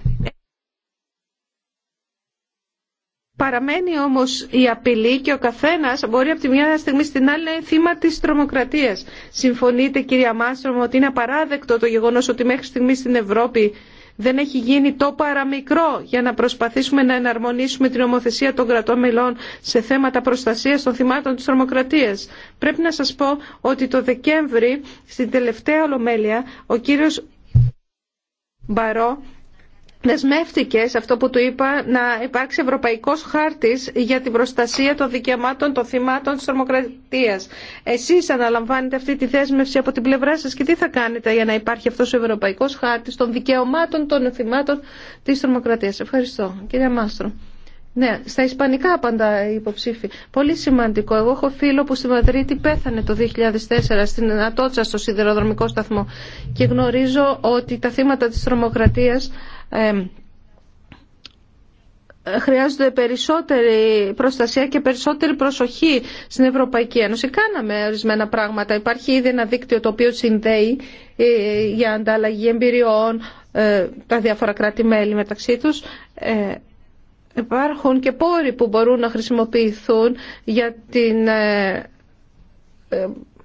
Παραμένει όμως η απειλή και ο καθένας μπορεί από τη μια στιγμή στην άλλη να είναι θύμα της τρομοκρατίας. Συμφωνείτε κυρία Μάστρομ ότι είναι απαράδεκτο το γεγονός ότι μέχρι στιγμή στην Ευρώπη δεν έχει γίνει το παραμικρό για να προσπαθήσουμε να εναρμονίσουμε την ομοθεσία των κρατών μελών σε θέματα προστασίας των θυμάτων της τρομοκρατίας. Πρέπει να σας πω ότι το Δεκέμβρη στην τελευταία ολομέλεια ο κύριος Μπαρό δεσμεύτηκε σε αυτό που του είπα να υπάρξει ευρωπαϊκός χάρτης για την προστασία των δικαιωμάτων των θυμάτων της τρομοκρατίας. Εσείς αναλαμβάνετε αυτή τη δέσμευση από την πλευρά σας και τι θα κάνετε για να υπάρχει αυτός ο ευρωπαϊκός χάρτης των δικαιωμάτων των θυμάτων της τρομοκρατίας. Ευχαριστώ. Κύριε Μάστρο. Ναι, στα ισπανικά απαντά η υποψήφη. Πολύ σημαντικό. Εγώ έχω φίλο που στη Μαδρίτη πέθανε το 2004 στην Ατότσα στο σιδηροδρομικό σταθμό και γνωρίζω ότι τα θύματα της τρομοκρατίας χρειάζονται περισσότερη προστασία και περισσότερη προσοχή στην Ευρωπαϊκή Ένωση. Κάναμε ορισμένα πράγματα. Υπάρχει ήδη ένα δίκτυο το οποίο συνδέει ε, για ανταλλαγή εμπειριών ε, τα διάφορα κράτη-μέλη μεταξύ τους. Ε, υπάρχουν και πόροι που μπορούν να χρησιμοποιηθούν για την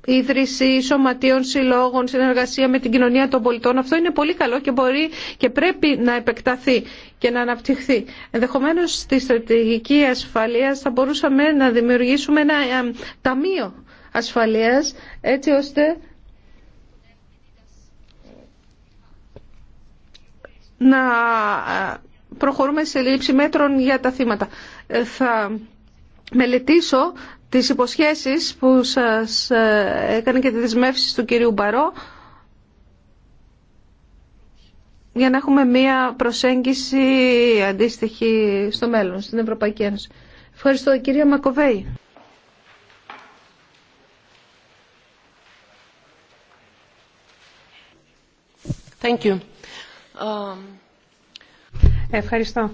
ίδρυση σωματείων συλλόγων, συνεργασία με την κοινωνία των πολιτών. Αυτό είναι πολύ καλό και μπορεί και πρέπει να επεκταθεί και να αναπτυχθεί. Ενδεχομένω στη στρατηγική ασφαλείας θα μπορούσαμε να δημιουργήσουμε ένα ε, ταμείο ασφαλείας έτσι ώστε να ε, προχωρούμε σε λήψη μέτρων για τα θύματα. Ε, θα μελετήσω τις υποσχέσεις που σας ε, έκανε και τη δεσμεύσεις του κυρίου Μπαρό για να έχουμε μία προσέγγιση αντίστοιχη στο μέλλον, στην Ευρωπαϊκή Ένωση. Ευχαριστώ, κυρία Μακοβέη. Thank you. Ευχαριστώ.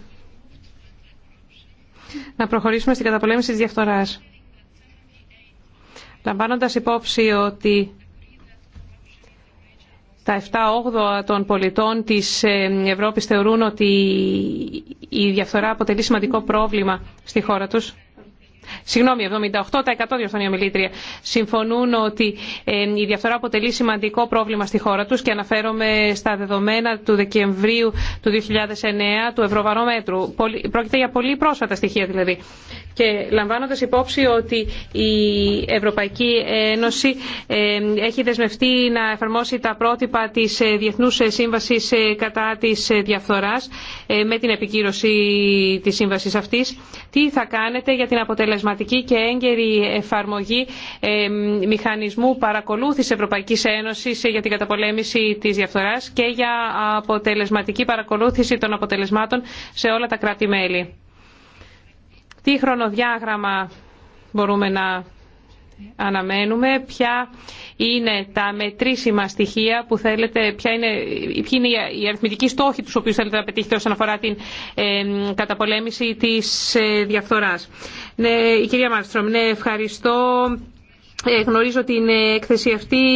Να προχωρήσουμε στην καταπολέμηση της διαφθοράς. Λαμβάνοντας υπόψη ότι τα 7-8 των πολιτών της ε, Ευρώπης θεωρούν ότι η διαφθορά αποτελεί σημαντικό πρόβλημα στη χώρα τους, Συγγνώμη, 78% διορθώνει η ομιλήτρια. Συμφωνούν ότι η διαφθορά αποτελεί σημαντικό πρόβλημα στη χώρα τους και αναφέρομαι στα δεδομένα του Δεκεμβρίου του 2009 του Ευρωβαρόμετρου. Πρόκειται για πολύ πρόσφατα στοιχεία δηλαδή. Και λαμβάνοντας υπόψη ότι η Ευρωπαϊκή Ένωση έχει δεσμευτεί να εφαρμόσει τα πρότυπα της ε, Διεθνούς Σύμβασης ε, κατά της ε, διαφθοράς, ε, με την επικύρωση της σύμβασης αυτής. Τι θα κάνετε για την αποτελεσματική και έγκαιρη εφαρμογή ε, μηχανισμού παρακολούθησης Ευρωπαϊκής Ένωσης για την καταπολέμηση της διαφθοράς και για αποτελεσματική παρακολούθηση των αποτελεσμάτων σε όλα τα κράτη-μέλη. Τι χρονοδιάγραμμα μπορούμε να αναμένουμε, ποια είναι τα μετρήσιμα στοιχεία που θέλετε, ποια είναι, ποιοι είναι οι αριθμητικοί στόχοι τους οποίους θέλετε να πετύχετε όσον αφορά την καταπολέμηση της ε, διαφθοράς. Ναι, η κυρία Μάρστρομ, ναι, ευχαριστώ. Ε, γνωρίζω την έκθεση αυτή,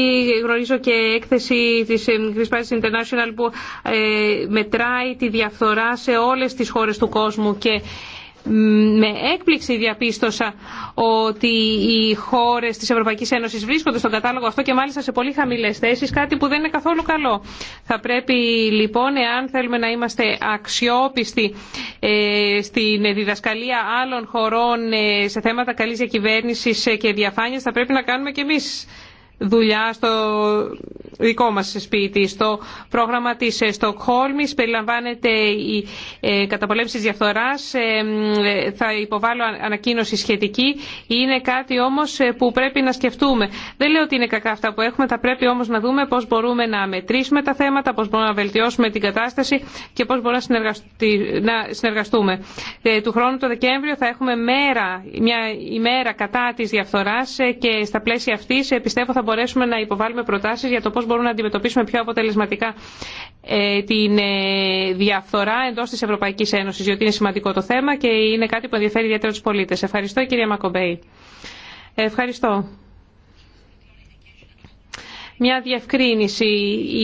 γνωρίζω και έκθεση της Greenpeace International που ε, μετράει τη διαφθορά σε όλες τις χώρες του κόσμου και με έκπληξη διαπίστωσα ότι οι χώρες της Ευρωπαϊκής Ένωσης βρίσκονται στον κατάλογο αυτό και μάλιστα σε πολύ χαμηλές θέσεις, κάτι που δεν είναι καθόλου καλό. Θα πρέπει λοιπόν, εάν θέλουμε να είμαστε αξιόπιστοι ε, στην διδασκαλία άλλων χωρών ε, σε θέματα καλής διακυβέρνησης ε, και διαφάνειας, θα πρέπει να κάνουμε κι εμείς δουλειά στο δικό μας σπίτι. Στο πρόγραμμα της ε, Στοκχόλμης περιλαμβάνεται η ε, καταπολέμηση της διαφθοράς. Ε, θα υποβάλω ανακοίνωση σχετική. Είναι κάτι όμως που πρέπει να σκεφτούμε. Δεν λέω ότι είναι κακά αυτά που έχουμε, θα πρέπει όμως να δούμε πώς μπορούμε να μετρήσουμε τα θέματα, πώς μπορούμε να βελτιώσουμε την κατάσταση και πώς μπορούμε να συνεργαστούμε. Του χρόνου το Δεκέμβριο θα έχουμε μέρα, μια ημέρα κατά της διαφθοράς και στα πλαίσια αυτής πιστεύω θα μπορέσουμε να υποβάλουμε προτάσεις για το πώς μπορούμε να αντιμετωπίσουμε πιο αποτελεσματικά ε, την ε, διαφθορά εντός της Ευρωπαϊκής Ένωση, γιατί είναι σημαντικό το θέμα και είναι κάτι που ενδιαφέρει ιδιαίτερα του πολίτε. Ευχαριστώ κυρία Μακομπέη. Ευχαριστώ. Μια διευκρίνηση.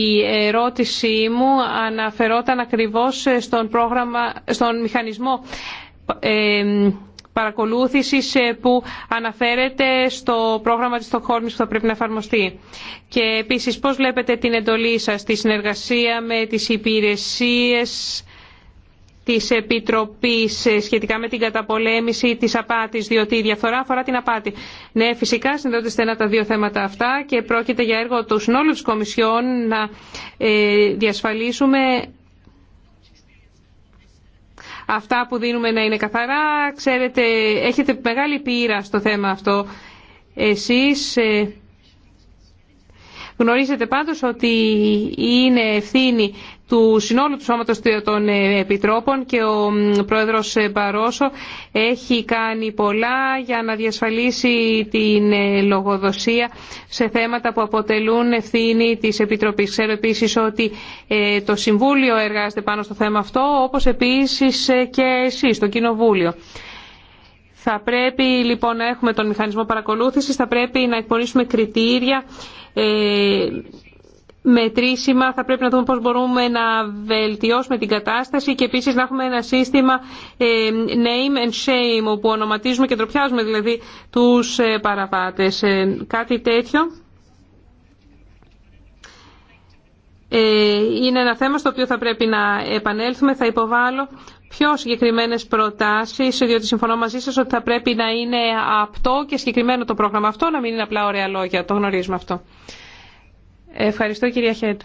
Η ερώτησή μου αναφερόταν ακριβώς στον, πρόγραμμα, στον μηχανισμό ε, παρακολούθησης ε, που αναφέρεται στο πρόγραμμα της στοχόρμης που θα πρέπει να εφαρμοστεί. Και επίσης πώς βλέπετε την εντολή σας στη συνεργασία με τις υπηρεσίες της Επιτροπής ε, σχετικά με την καταπολέμηση της απάτης, διότι η διαφθορά αφορά την απάτη. Ναι, φυσικά συνδέονται στενά τα δύο θέματα αυτά και πρόκειται για έργο του συνόλου της Κομισιόν να ε, διασφαλίσουμε αυτά που δίνουμε να είναι καθαρά. Ξέρετε, έχετε μεγάλη πείρα στο θέμα αυτό. Εσείς ε, γνωρίζετε πάντως ότι είναι ευθύνη του συνόλου του σώματος των ε, επιτρόπων και ο πρόεδρος ε, Μπαρόσο έχει κάνει πολλά για να διασφαλίσει την ε, λογοδοσία σε θέματα που αποτελούν ευθύνη της Επιτροπής. Ξέρω επίσης ότι το Συμβούλιο εργάζεται πάνω στο θέμα αυτό, όπως επίσης και εσείς, το Κοινοβούλιο. Θα πρέπει λοιπόν να έχουμε τον μηχανισμό παρακολούθησης, θα πρέπει να εκπονήσουμε κριτήρια μετρήσιμα, θα πρέπει να δούμε πώς μπορούμε να βελτιώσουμε την κατάσταση και επίσης να έχουμε ένα σύστημα ε, name and shame, όπου ονοματίζουμε και ντροπιάζουμε δηλαδή τους ε, παραβάτες. Ε, κάτι τέτοιο. Είναι ένα θέμα στο οποίο θα πρέπει να επανέλθουμε. Θα υποβάλω πιο συγκεκριμένε προτάσεις, διότι συμφωνώ μαζί σα, ότι θα πρέπει να είναι απτό και συγκεκριμένο το πρόγραμμα αυτό, να μην είναι απλά ωραία λόγια. Το γνωρίζουμε αυτό. Ευχαριστώ κυρία Χέτ.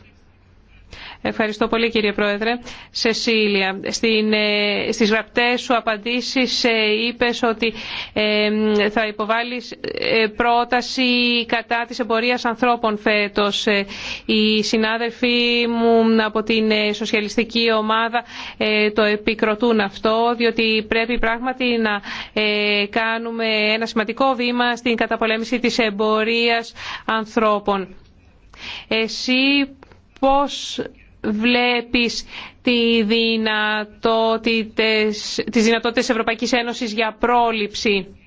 Ευχαριστώ πολύ κύριε Πρόεδρε. Σεσίλια, στην, ε, στις γραπτές σου απαντήσεις ε, είπες ότι ε, θα υποβάλεις πρόταση κατά της εμπορίας ανθρώπων φέτος. οι συνάδελφοί μου από την σοσιαλιστική ομάδα το επικροτούν αυτό, διότι πρέπει πράγματι να κάνουμε ένα σημαντικό βήμα στην καταπολέμηση της εμπορίας ανθρώπων. Εσύ πώς βλέπεις τη δυνατότητες, τις δυνατότητες Ευρωπαϊκής Ένωσης για πρόληψη.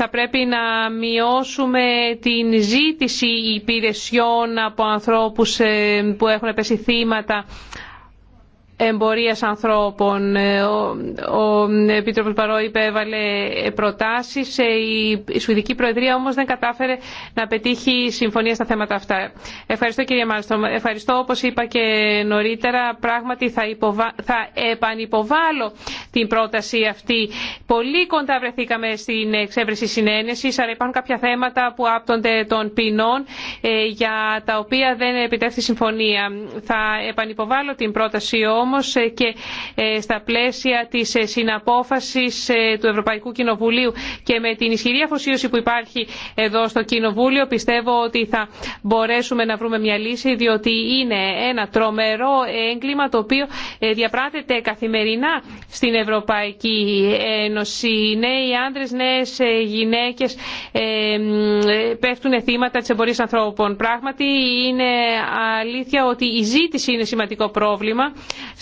Θα πρέπει να μειώσουμε την ζήτηση υπηρεσιών από ανθρώπους ε, που έχουν πέσει θύματα Εμπορία ανθρώπων. Ε, ο Επίτροπος Παρό υπέβαλε προτάσεις. Ε, η Σουηδική Προεδρία όμως δεν κατάφερε να πετύχει συμφωνία στα θέματα αυτά. Ευχαριστώ κύριε Μάλστρομ. Ευχαριστώ όπως είπα και νωρίτερα. Πράγματι θα, υποβα... θα επανυποβάλλω την πρόταση αυτή. Πολύ κοντά βρεθήκαμε στην εξέβρεση συνένεση, αλλά υπάρχουν κάποια θέματα που άπτονται των ποινών ε, για τα οποία δεν επιτεύχθη συμφωνία. Θα επανυποβάλλω την πρόταση όμως ε, και ε, στα πλαίσια της ε, συναπόφασης του Ευρωπαϊκού Κοινοβουλίου και με την ισχυρή αφοσίωση που υπάρχει εδώ στο Κοινοβούλιο πιστεύω ότι θα μπορέσουμε να βρούμε μια λύση διότι είναι ένα τρομερό έγκλημα το οποίο διαπράτεται καθημερινά στην Ευρωπαϊκή Ένωση. Νέοι άντρες, νέες γυναίκες πέφτουν θύματα της εμπορίας ανθρώπων. Πράγματι είναι αλήθεια ότι η ζήτηση είναι σημαντικό πρόβλημα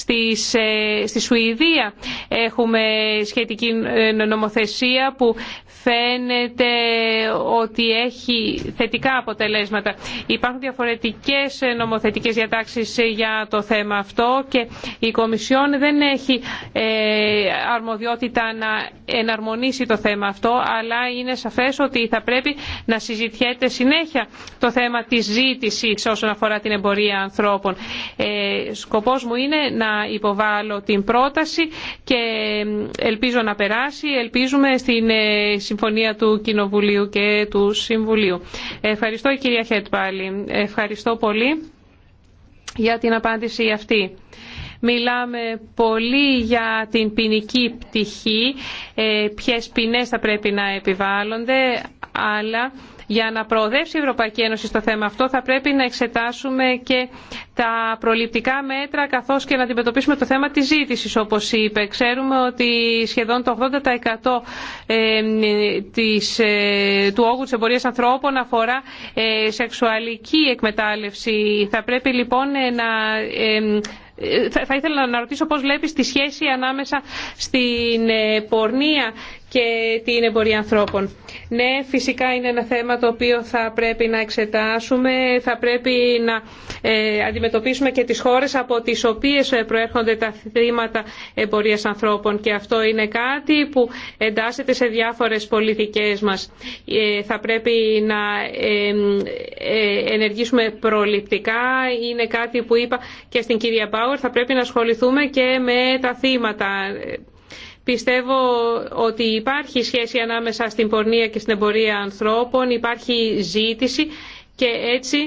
ε, στη Σουηδία έχουμε σχετική νομοθεσία που φαίνεται ότι έχει θετικά αποτελέσματα. Υπάρχουν διαφορετικές νομοθετικές διατάξεις για το θέμα αυτό και η Κομισιόν δεν έχει ε, αρμοδιότητα να εναρμονίσει το θέμα αυτό, αλλά είναι σαφές ότι θα πρέπει να συζητιέται συνέχεια το θέμα της ζήτησης όσον αφορά την εμπορία ανθρώπων. Ε, σκοπός μου είναι να να υποβάλω την πρόταση και ελπίζω να περάσει. Ελπίζουμε στην ε, συμφωνία του Κοινοβουλίου και του Συμβουλίου. Ευχαριστώ η κυρία Χέτ πάλι. Ευχαριστώ πολύ για την απάντηση αυτή. Μιλάμε πολύ για την ποινική πτυχή, ε, ποιες ποινές θα πρέπει να επιβάλλονται, αλλά για να προοδεύσει η Ευρωπαϊκή Ένωση στο θέμα αυτό θα πρέπει να εξετάσουμε και τα προληπτικά μέτρα καθώς και να αντιμετωπίσουμε το θέμα της ζήτησης όπως είπε. Ξέρουμε ότι σχεδόν το 80% ε, της, ε, του όγκου της εμπορίας ανθρώπων αφορά ε, σεξουαλική εκμετάλλευση. Θα πρέπει λοιπόν να θα ήθελα να ρωτήσω πώς βλέπεις τη σχέση ανάμεσα στην πορνεία και την εμπορία ανθρώπων. Ναι, φυσικά είναι ένα θέμα το οποίο θα πρέπει να εξετάσουμε. Θα πρέπει να ε, αντιμετωπίσουμε και τις χώρες από τις οποίες προέρχονται τα θύματα εμπορίας ανθρώπων. Και αυτό είναι κάτι που εντάσσεται σε διάφορες πολιτικές μας. Ε, θα πρέπει να ε, ενεργήσουμε προληπτικά. Είναι κάτι που είπα και στην κυρία Πάουερ, Θα πρέπει να ασχοληθούμε και με τα θύματα Πιστεύω ότι υπάρχει σχέση ανάμεσα στην πορνεία και στην εμπορία ανθρώπων, υπάρχει ζήτηση και έτσι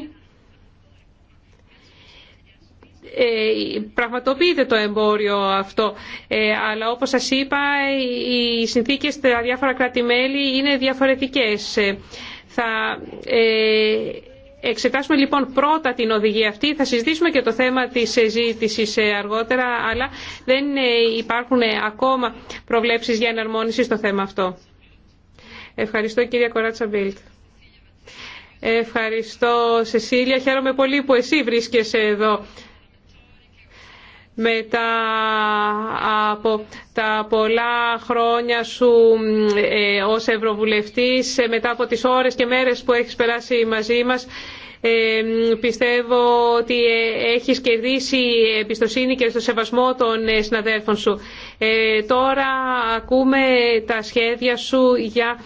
ε, πραγματοποιείται το εμπόριο αυτό. Ε, αλλά όπως σας είπα, οι συνθήκες στα διάφορα είναι διαφορετικές. Ε, θα εξετάσουμε λοιπόν πρώτα την οδηγία αυτή. Θα συζητήσουμε και το θέμα της συζήτηση ε, αργότερα, αλλά δεν ε, υπάρχουν ε, ακόμα προβλέψεις για εναρμόνιση στο θέμα αυτό. Ευχαριστώ κυρία Κοράτσα Μπίλτ. Ευχαριστώ Σεσίλια. Χαίρομαι πολύ που εσύ βρίσκεσαι εδώ μετά από τα πολλά χρόνια σου ε, ως Ευρωβουλευτής, ε, μετά από τις ώρες και μέρες που έχεις περάσει μαζί μας, ε, πιστεύω ότι ε, έχεις κερδίσει εμπιστοσύνη και στο σεβασμό των συναδέλφων σου. τώρα ακούμε τα σχέδια σου για...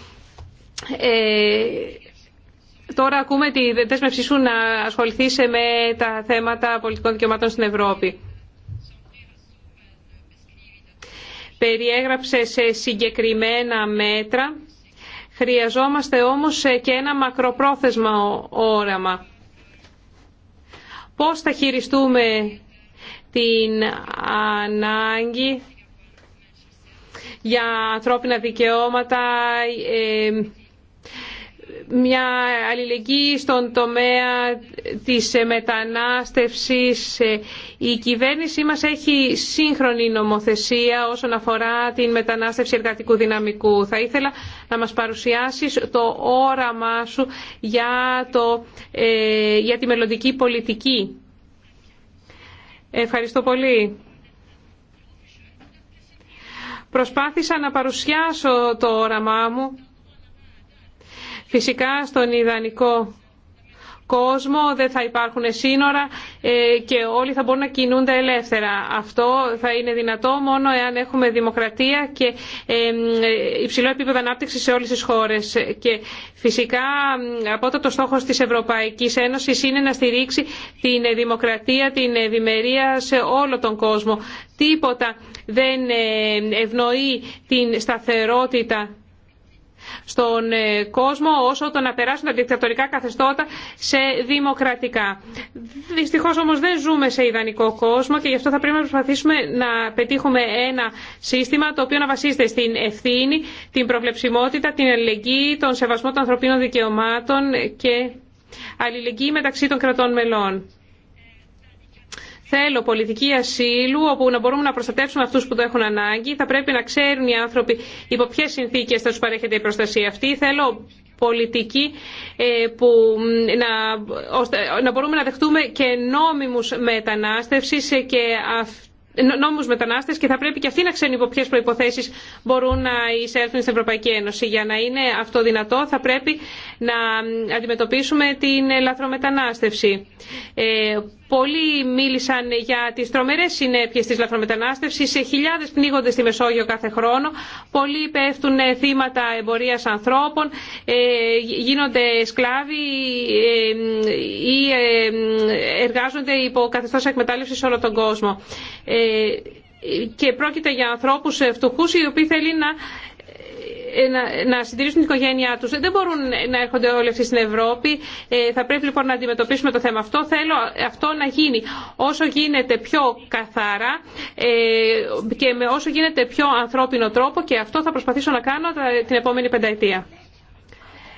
Τώρα ακούμε τη δέσμευσή σου να ασχοληθεί με τα θέματα πολιτικών δικαιωμάτων στην Ευρώπη. περιέγραψε σε συγκεκριμένα μέτρα. Χρειαζόμαστε όμως και ένα μακροπρόθεσμα όραμα. Πώς θα χειριστούμε την ανάγκη για ανθρώπινα δικαιώματα, ε, μια αλληλεγγύη στον τομέα της ε, μετανάστευσης. Ε, η κυβέρνησή μας έχει σύγχρονη νομοθεσία όσον αφορά την μετανάστευση εργατικού δυναμικού. Θα ήθελα να μας παρουσιάσεις το όραμά σου για, το, ε, για τη μελλοντική πολιτική. Ευχαριστώ πολύ. Προσπάθησα να παρουσιάσω το όραμά μου Φυσικά στον ιδανικό κόσμο δεν θα υπάρχουν σύνορα ε, και όλοι θα μπορούν να κινούνται ελεύθερα. Αυτό θα είναι δυνατό μόνο εάν έχουμε δημοκρατία και ε, υψηλό επίπεδο ανάπτυξη σε όλες τις χώρες. Και φυσικά από το στόχος της Ευρωπαϊκής Ένωσης είναι να στηρίξει την δημοκρατία, την ευημερία σε όλο τον κόσμο. Τίποτα δεν ε, ευνοεί την σταθερότητα στον ε, κόσμο όσο το να περάσουν τα δικτατορικά καθεστώτα σε δημοκρατικά. Δυστυχώς όμως δεν ζούμε σε ιδανικό κόσμο και γι' αυτό θα πρέπει να προσπαθήσουμε να πετύχουμε ένα σύστημα το οποίο να βασίζεται στην ευθύνη, την προβλεψιμότητα, την αλληλεγγύη, τον σεβασμό των ανθρωπίνων δικαιωμάτων και αλληλεγγύη μεταξύ των κρατών μελών. Θέλω πολιτική ασύλου όπου να μπορούμε να προστατεύσουμε αυτού που το έχουν ανάγκη. Θα πρέπει να ξέρουν οι άνθρωποι υπό ποιε συνθήκε θα του παρέχεται η προστασία αυτή. Θέλω πολιτική ε, που να, ώστε, να μπορούμε να δεχτούμε και νόμιμους μετανάστευσης και νόμους μετανάστες και θα πρέπει και αυτοί να ξέρουν υπό ποιες προϋποθέσεις μπορούν να εισέλθουν στην Ευρωπαϊκή Ένωση. Για να είναι αυτό δυνατό θα πρέπει να αντιμετωπίσουμε την λαθρομετανάστευση ε, Πολλοί μίλησαν για τις τρομερές συνέπειες της λαθρομετανάστευσης. Σε χιλιάδες πνίγονται στη Μεσόγειο κάθε χρόνο. Πολλοί πέφτουν θύματα εμπορίας ανθρώπων, ε, γίνονται σκλάβοι ε, ή ε, εργάζονται υπό καθεστώς εκμετάλλευσης σε όλο τον κόσμο. Και πρόκειται για ανθρώπους φτωχού, οι οποίοι θέλουν να ε, να συντηρήσουν την οικογένειά τους. Δεν μπορούν να έρχονται όλοι αυτοί στην Ευρώπη. Ε, θα πρέπει λοιπόν να αντιμετωπίσουμε το θέμα αυτό. Θέλω αυτό να γίνει όσο γίνεται πιο καθαρά ε, και με όσο γίνεται πιο ανθρώπινο τρόπο και αυτό θα προσπαθήσω να κάνω την επόμενη πενταετία.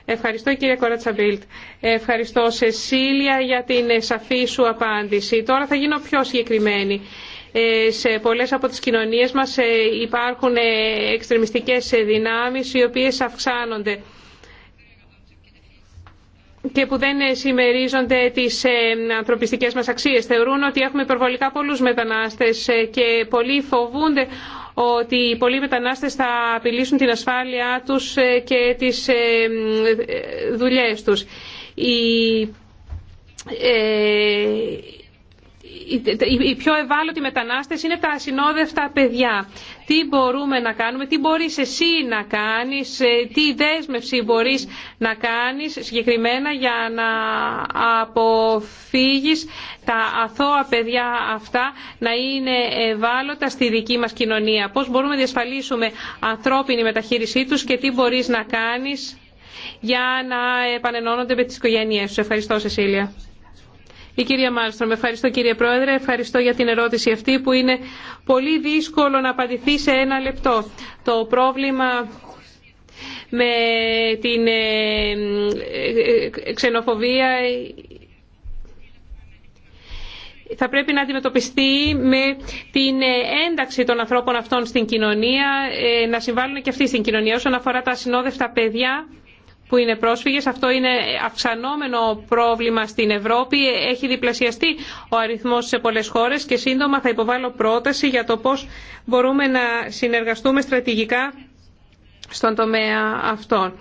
Ευχαριστώ κύριε Κορατσαμπίλτ. Ευχαριστώ Σεσίλια για την σαφή σου απάντηση. Τώρα θα γίνω πιο συγκεκριμένη. Ε, σε πολλές από τις κοινωνίες μας ε, υπάρχουν ε, εξτρεμιστικές δυνάμεις οι οποίες αυξάνονται και που δεν συμμερίζονται τις ανθρωπιστικές μας αξίες. Θεωρούν ότι έχουμε υπερβολικά πολλούς μετανάστες και πολλοί φοβούνται ότι οι πολλοί μετανάστες θα απειλήσουν την ασφάλειά τους και τις δουλειές τους. Η οι πιο ευάλωτοι μετανάστες είναι τα ασυνόδευτα παιδιά. Τι μπορούμε να κάνουμε, τι μπορείς εσύ να κάνεις, ε, τι δέσμευση μπορείς να κάνεις συγκεκριμένα για να αποφύγεις τα αθώα παιδιά αυτά να είναι ευάλωτα στη δική μας κοινωνία. Πώς μπορούμε να διασφαλίσουμε ανθρώπινη μεταχείρισή τους και τι μπορείς να κάνεις για να επανενώνονται με τις οικογένειές Ευχαριστώ Σεσίλια. Η κυρία Μάλστρομ, ευχαριστώ κύριε Πρόεδρε, ευχαριστώ για την ερώτηση αυτή που είναι πολύ δύσκολο να απαντηθεί σε ένα λεπτό. Το πρόβλημα με την ε, ε, ξενοφοβία θα πρέπει να αντιμετωπιστεί με την ε, ένταξη των ανθρώπων αυτών στην κοινωνία, να συμβάλλουν και αυτοί στην κοινωνία. Όσον αφορά τα ασυνόδευτα παιδιά, που είναι πρόσφυγες. Αυτό είναι αυξανόμενο πρόβλημα στην Ευρώπη. Έχει διπλασιαστεί ο αριθμός σε πολλές χώρες και σύντομα θα υποβάλω πρόταση για το πώς μπορούμε να συνεργαστούμε στρατηγικά στον τομέα αυτό.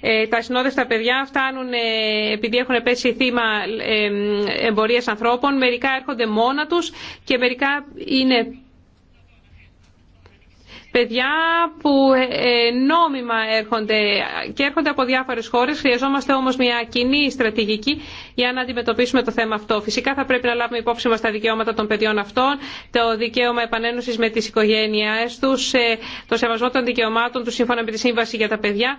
Ε, τα συνόδευτα παιδιά φτάνουν ε, επειδή έχουν πέσει θύμα ε, εμπορίας ανθρώπων. Μερικά έρχονται μόνα τους και μερικά είναι παιδιά που ε, ε, νόμιμα έρχονται και έρχονται από διάφορες χώρες. Χρειαζόμαστε όμως μια κοινή στρατηγική για να αντιμετωπίσουμε το θέμα αυτό. Φυσικά θα πρέπει να λάβουμε υπόψη μας τα δικαιώματα των παιδιών αυτών, το δικαίωμα επανένωσης με τις οικογένειές τους, ε, το σεβασμό των δικαιωμάτων του σύμφωνα με τη Σύμβαση για τα παιδιά.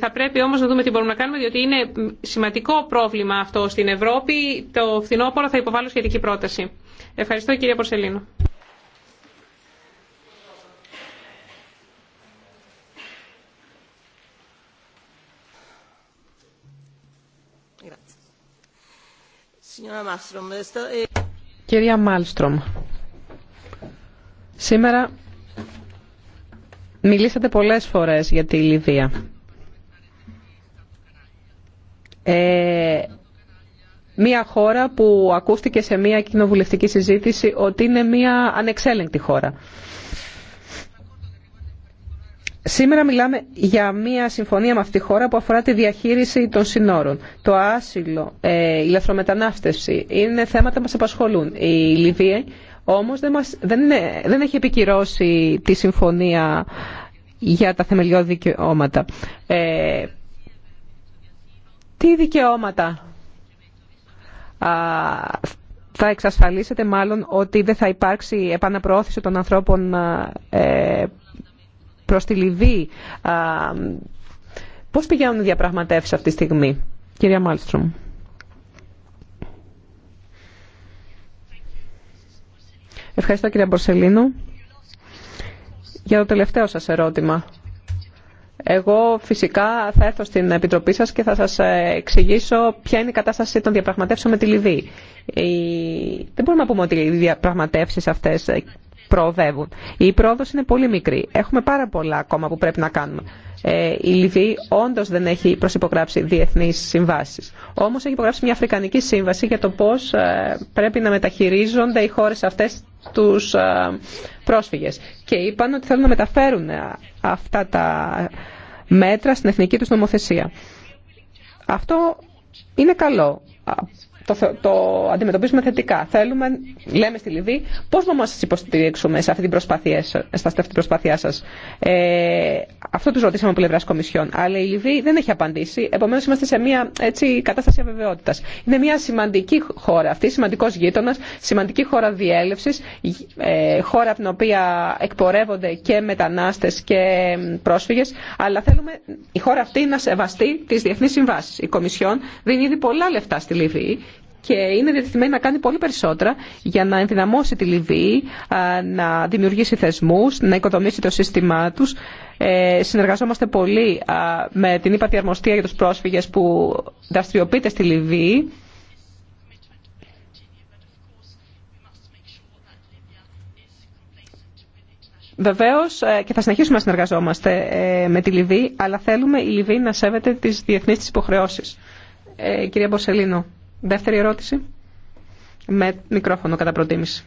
Θα πρέπει όμως να δούμε τι μπορούμε να κάνουμε, διότι είναι σημαντικό πρόβλημα αυτό στην Ευρώπη. Το φθινόπωρο θα υποβάλω σχετική πρόταση. Ευχαριστώ κυρία Πορσελίνο. Κυρία Μάλστρομ, σήμερα μιλήσατε πολλές φορές για τη Λιβύα. Ε, μια χώρα που ακούστηκε σε μια κοινοβουλευτική συζήτηση ότι είναι μια ανεξέλεγκτη χώρα. Σήμερα μιλάμε για μια συμφωνία με αυτή τη χώρα που αφορά τη διαχείριση των συνόρων. Το άσυλο, ε, η λαθρομετανάστευση είναι θέματα που μας απασχολούν. Η Λιβύη όμως δεν, δεν, δεν έχει επικυρώσει τη συμφωνία για τα θεμελιώδη δικαιώματα. Ε, τι δικαιώματα α, θα εξασφαλίσετε μάλλον ότι δεν θα υπάρξει επαναπροώθηση των ανθρώπων ε, προς τη Λιβύη. Πώς πηγαίνουν οι διαπραγματεύσεις αυτή τη στιγμή, κυρία Μάλστρομ. Ευχαριστώ κυρία Μπορσελίνο. Για το τελευταίο σας ερώτημα. Εγώ φυσικά θα έρθω στην Επιτροπή σας και θα σας ε, εξηγήσω ποια είναι η κατάσταση των διαπραγματεύσεων με τη Λιβύη. Δεν μπορούμε να πούμε ότι οι διαπραγματεύσεις αυτές προοδεύουν. Η πρόοδος είναι πολύ μικρή. Έχουμε πάρα πολλά ακόμα που πρέπει να κάνουμε. Ε, η Λιβύη όντω δεν έχει προσυπογράψει διεθνεί συμβάσει. Όμω έχει υπογράψει μια Αφρικανική σύμβαση για το πώ ε, πρέπει να μεταχειρίζονται οι χώρε αυτέ του ε, πρόσφυγε. Και είπαν ότι θέλουν να μεταφέρουν αυτά τα μέτρα στην εθνική του νομοθεσία. Αυτό είναι καλό το, το αντιμετωπίζουμε θετικά. Θέλουμε, λέμε στη Λιβύη, πώ να μα υποστηρίξουμε σε αυτή την προσπάθειά, σε αυτή την προσπάθειά σας. Ε, αυτό του ρωτήσαμε από πλευρά Κομισιόν. Αλλά η Λιβύη δεν έχει απαντήσει, Επομένω είμαστε σε μια έτσι, κατάσταση αβεβαιότητα. Είναι μια σημαντική χώρα αυτή, σημαντικό γείτονα, σημαντική χώρα διέλευση, ε, χώρα από την οποία εκπορεύονται και μετανάστε και πρόσφυγε, αλλά θέλουμε η χώρα αυτή να σεβαστεί τι διεθνεί συμβάσει. Η Κομισιόν δίνει ήδη πολλά λεφτά στη Λιβύη και είναι διατεθειμένη να κάνει πολύ περισσότερα για να ενδυναμώσει τη Λιβύη, να δημιουργήσει θεσμούς, να οικοδομήσει το σύστημά τους. Ε, συνεργαζόμαστε πολύ με την ύπατη αρμοστία για τους πρόσφυγες που δραστηριοποιείται στη Λιβύη. Βεβαίω ε, και θα συνεχίσουμε να συνεργαζόμαστε ε, με τη Λιβύη, αλλά θέλουμε η Λιβύη να σέβεται τι διεθνεί τη υποχρεώσει. Ε, κυρία Μποσελίνο. Δεύτερη ερώτηση. Με μικρόφωνο κατά προτίμηση.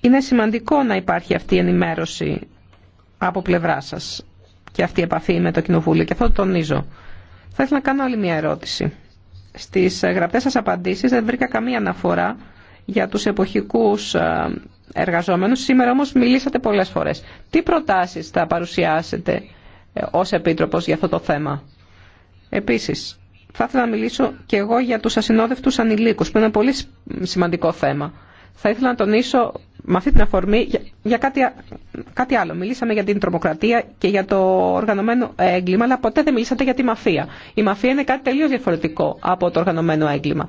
Είναι σημαντικό να υπάρχει αυτή η ενημέρωση από πλευρά σας και αυτή η επαφή με το Κοινοβούλιο και αυτό το τονίζω. Θα ήθελα να κάνω άλλη μια ερώτηση. Στις ε, γραπτές σας απαντήσεις δεν βρήκα καμία αναφορά για τους εποχικούς ε, εργαζόμενους. Σήμερα όμως μιλήσατε πολλές φορές. Τι προτάσεις θα παρουσιάσετε ε, ως Επίτροπος για αυτό το θέμα. Επίσης, θα ήθελα να μιλήσω και εγώ για τους ασυνόδευτους ανηλίκους, που είναι ένα πολύ σημαντικό θέμα. Θα ήθελα να τονίσω με αυτή την αφορμή για, κάτι, κάτι άλλο. Μιλήσαμε για την τρομοκρατία και για το οργανωμένο ε, έγκλημα, αλλά ποτέ δεν μιλήσατε για τη μαφία. Η μαφία είναι κάτι τελείως διαφορετικό από το οργανωμένο έγκλημα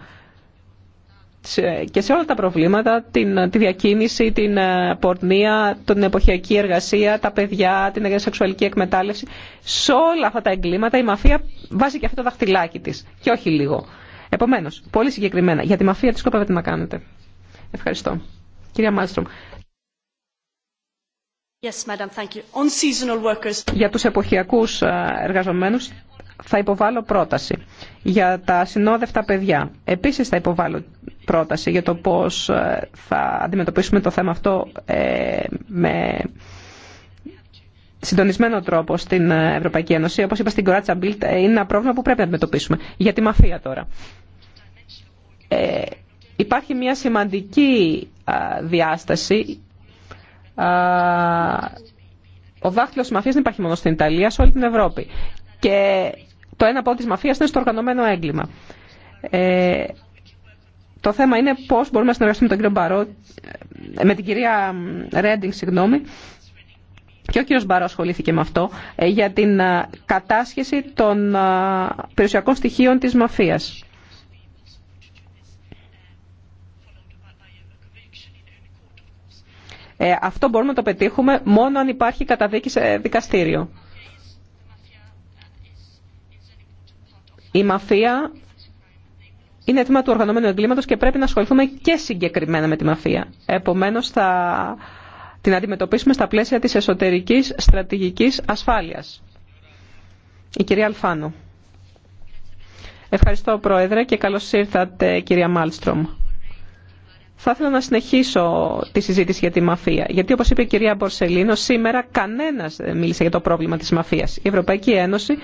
και σε όλα τα προβλήματα, την, τη διακίνηση, την ε, πορνεία, την εποχιακή εργασία, τα παιδιά, την σεξουαλική εκμετάλλευση. Σε όλα αυτά τα εγκλήματα η μαφία βάζει και αυτό το δαχτυλάκι της και όχι λίγο. Επομένως, πολύ συγκεκριμένα, για τη μαφία τι σκοπεύετε να κάνετε. Ευχαριστώ. Κυρία Μάλστρομ. Yes, madam, thank you. On workers. Για τους εποχιακούς ε, εργαζομένους θα υποβάλω πρόταση. Για τα συνόδευτα παιδιά επίσης θα υποβάλω πρόταση για το πώς ε, θα αντιμετωπίσουμε το θέμα αυτό ε, με συντονισμένο τρόπο στην Ευρωπαϊκή Ένωση. Όπως είπα στην Κοράτσα Μπίλτ, ε, είναι ένα πρόβλημα που πρέπει να αντιμετωπίσουμε. Για τη μαφία τώρα. Ε, υπάρχει μια σημαντική διάσταση. Α, ο δάχτυλος της μαφίας δεν υπάρχει μόνο στην Ιταλία, σε όλη την Ευρώπη. Και το ένα από τις μαφίες είναι στο οργανωμένο έγκλημα. Ε, το θέμα είναι πώ μπορούμε να συνεργαστούμε με τον κύριο Μπαρό, ε, με την κυρία ε, Ρέντινγκ, συγγνώμη, και ο κύριος Μπαρό ασχολήθηκε με αυτό, ε, για την κατάσχεση των περιουσιακών στοιχείων της μαφίας. αυτό μπορούμε να το πετύχουμε μόνο αν υπάρχει καταδίκη σε δικαστήριο. Η μαφία είναι θύμα του οργανωμένου εγκλήματος και πρέπει να ασχοληθούμε και συγκεκριμένα με τη μαφία. Επομένως θα την αντιμετωπίσουμε στα πλαίσια της εσωτερικής στρατηγικής ασφάλειας. Η κυρία Αλφάνου. Ευχαριστώ Πρόεδρε και καλώς ήρθατε κυρία Μάλστρομ. Θα ήθελα να συνεχίσω τη συζήτηση για τη μαφία. Γιατί όπως είπε η κυρία Μπορσελίνο, σήμερα κανένας μίλησε για το πρόβλημα της μαφίας. Η Ευρωπαϊκή Ένωση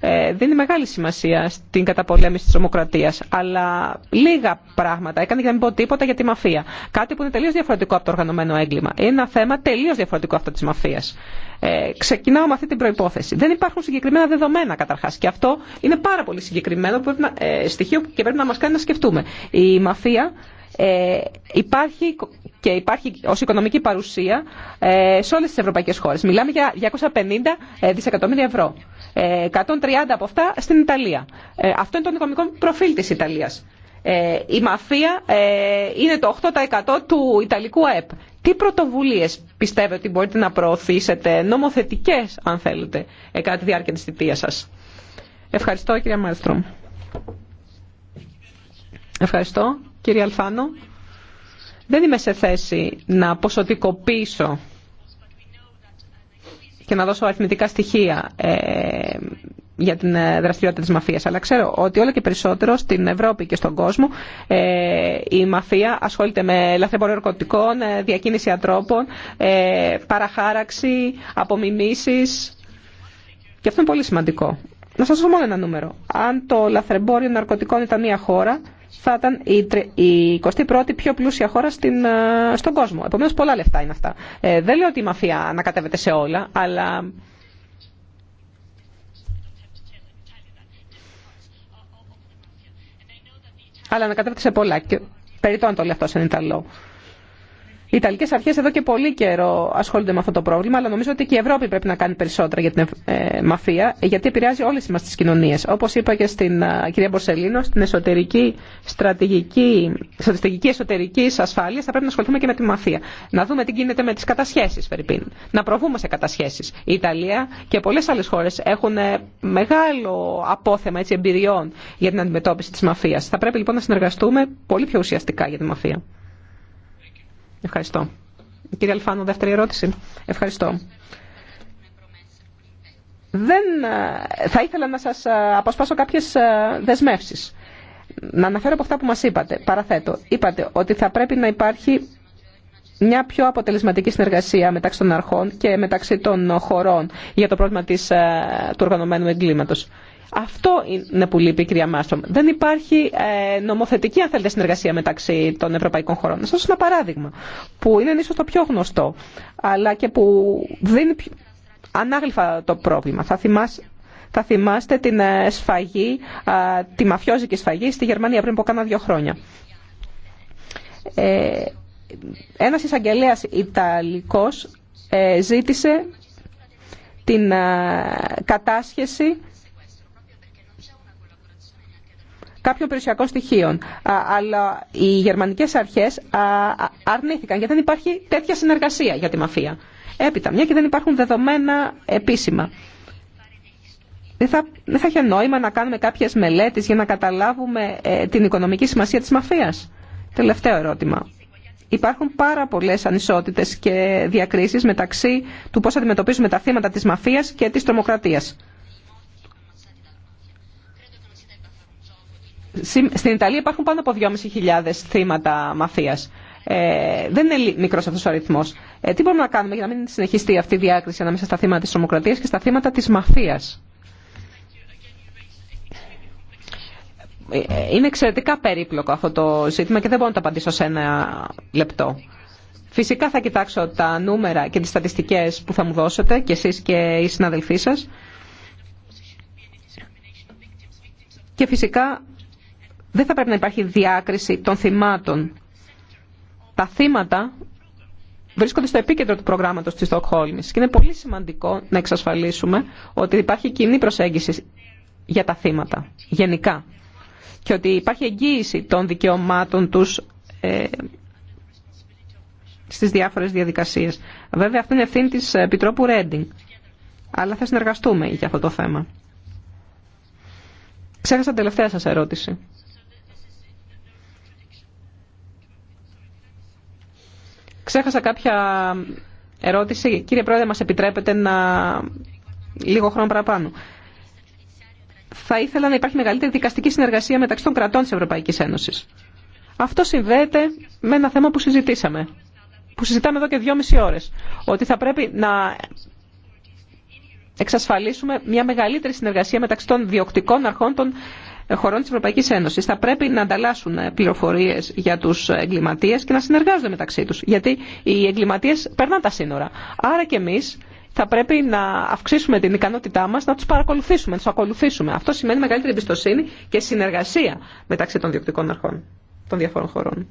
ε, δίνει μεγάλη σημασία στην καταπολέμηση της τρομοκρατία. αλλά λίγα πράγματα έκανε για να μην πω τίποτα για τη μαφία. Κάτι που είναι τελείως διαφορετικό από το οργανωμένο έγκλημα. Είναι ένα θέμα τελείως διαφορετικό αυτό τη μαφία. Ε, ξεκινάω με αυτή την προϋπόθεση. Δεν υπάρχουν συγκεκριμένα δεδομένα καταρχά. και αυτό είναι πάρα πολύ συγκεκριμένο που ε, στοιχείο και πρέπει να μα κάνει να σκεφτούμε. Η μαφία ε, υπάρχει και υπάρχει ως οικονομική παρουσία ε, σε όλες τις ευρωπαϊκές χώρες. Μιλάμε για 250 ε, δισεκατομμύρια ευρώ. 130 ε, από αυτά στην Ιταλία. αυτό είναι το οικονομικό προφίλ της Ιταλίας. η μαφία είναι το 8% του Ιταλικού ΑΕΠ. Τι πρωτοβουλίες πιστεύετε ότι μπορείτε να προωθήσετε, νομοθετικές αν θέλετε, κατά τη διάρκεια της θητείας σας. Ευχαριστώ κυρία Μάλστρομ. Ευχαριστώ. Κύριε Αλφάνο, δεν είμαι σε θέση να ποσοτικοποιήσω και να δώσω αριθμητικά στοιχεία ε, για την ε, δραστηριότητα της μαφίας. Αλλά ξέρω ότι όλο και περισσότερο στην Ευρώπη και στον κόσμο ε, η μαφία ασχολείται με λαθρεμπορία ναρκωτικών, ε, διακίνηση ανθρώπων, παραχάραξη, απομιμήσεις. Και αυτό είναι πολύ σημαντικό. Να σας δώσω μόνο ένα νούμερο. Αν το λαθρεμπόριο ναρκωτικών ήταν μια χώρα, θα ήταν η 21η πιο πλούσια χώρα στην, στον κόσμο. Επομένως πολλά λεφτά είναι αυτά. Ε, δεν λέω ότι η μαφία ανακατεύεται σε όλα, αλλά... Αλλά ανακατεύεται σε πολλά. Και περιττώνει το λεφτό σε Ιταλό. Οι Ιταλικέ αρχέ εδώ και πολύ καιρό ασχολούνται με αυτό το πρόβλημα, αλλά νομίζω ότι και η Ευρώπη πρέπει να κάνει περισσότερα για την ε, μαφία, γιατί επηρεάζει όλε μα τι κοινωνίε. Όπω είπα και στην κυρία Μπορσελίνο, στην εσωτερική στρατηγική, στρατηγική εσωτερική ασφάλεια θα πρέπει να ασχοληθούμε και με τη μαφία. Να δούμε τι γίνεται με τι κατασχέσει. Φερρυπίν. Να προβούμε σε κατασχέσει. Η Ιταλία και πολλέ άλλε χώρε έχουν ε, μεγάλο απόθεμα έτσι, εμπειριών για την αντιμετώπιση τη Μαφία. Θα πρέπει λοιπόν να συνεργαστούμε πολύ πιο ουσιαστικά για τη μαφία. Ευχαριστώ. Κύριε Αλφάνο, δεύτερη ερώτηση. Ευχαριστώ. Δεν, ε, θα ήθελα να σας ε, αποσπάσω κάποιες ε, δεσμεύσεις. Να αναφέρω από αυτά που μας είπατε. Παραθέτω, είπατε ότι θα πρέπει να υπάρχει μια πιο αποτελεσματική συνεργασία μεταξύ των αρχών και μεταξύ των χωρών για το πρόβλημα της, του οργανωμένου εγκλήματος. Αυτό είναι που λείπει κυρία Μάστρομ. Δεν υπάρχει ε, νομοθετική, αν θέλετε, συνεργασία μεταξύ των ευρωπαϊκών χωρών. Να σας ένα παράδειγμα που είναι ίσω το πιο γνωστό, αλλά και που δίνει ανάγλυφα το πρόβλημα. Θα θα θυμάστε την ε, σφαγή, τη μαφιόζικη σφαγή στη Γερμανία πριν από κάνα δύο χρόνια. Ένα ε, ένας εισαγγελέας Ιταλικός ζήτησε την κατάσχεση κάποιων περιουσιακών στοιχείων. Αλλά οι γερμανικές αρχές αρνήθηκαν γιατί δεν υπάρχει τέτοια συνεργασία για τη μαφία. Έπειτα, μια και δεν υπάρχουν δεδομένα επίσημα. Δεν θα, δεν θα είχε νόημα να κάνουμε κάποιες μελέτες για να καταλάβουμε ε, την οικονομική σημασία της μαφίας. Τελευταίο ερώτημα. Υπάρχουν πάρα πολλές ανισότητες και διακρίσεις μεταξύ του πώς αντιμετωπίζουμε τα θύματα της μαφίας και της τρομοκρατίας. Στην Ιταλία υπάρχουν πάνω από 2.500 θύματα μαφίας. Ε, δεν είναι μικρό αυτό ο αριθμό. Ε, τι μπορούμε να κάνουμε για να μην συνεχιστεί αυτή η διάκριση ανάμεσα στα θύματα τη τρομοκρατία και στα θύματα τη μαφία. Ε, είναι εξαιρετικά περίπλοκο αυτό το ζήτημα και δεν μπορώ να το απαντήσω σε ένα λεπτό. Φυσικά θα κοιτάξω τα νούμερα και τις στατιστικές που θα μου δώσετε και εσείς και οι συναδελφοί σας. Και φυσικά δεν θα πρέπει να υπάρχει διάκριση των θυμάτων. Τα θύματα βρίσκονται στο επίκεντρο του προγράμματος της Στοκχόλμης και είναι πολύ σημαντικό να εξασφαλίσουμε ότι υπάρχει κοινή προσέγγιση για τα θύματα γενικά και ότι υπάρχει εγγύηση των δικαιωμάτων τους ε, στις διάφορες διαδικασίες. Βέβαια αυτή είναι ευθύνη της Επιτρόπου Ρέντινγκ, αλλά θα συνεργαστούμε για αυτό το θέμα. Ξέχασα την τελευταία σας ερώτηση. Ξέχασα κάποια ερώτηση. Κύριε Πρόεδρε, μας επιτρέπετε να... λίγο χρόνο παραπάνω. Θα ήθελα να υπάρχει μεγαλύτερη δικαστική συνεργασία μεταξύ των κρατών της Ευρωπαϊκής Ένωσης. Αυτό συνδέεται με ένα θέμα που συζητήσαμε, που συζητάμε εδώ και δυόμιση ώρες, ότι θα πρέπει να εξασφαλίσουμε μια μεγαλύτερη συνεργασία μεταξύ των διοκτικών αρχών των χωρών της Ευρωπαϊκής Ένωσης θα πρέπει να ανταλλάσσουν πληροφορίες για τους εγκληματίες και να συνεργάζονται μεταξύ τους. Γιατί οι εγκληματίες περνάνε τα σύνορα. Άρα και εμείς θα πρέπει να αυξήσουμε την ικανότητά μας να τους παρακολουθήσουμε, να τους ακολουθήσουμε. Αυτό σημαίνει μεγαλύτερη εμπιστοσύνη και συνεργασία μεταξύ των διοκτικών αρχών των διαφόρων χωρών.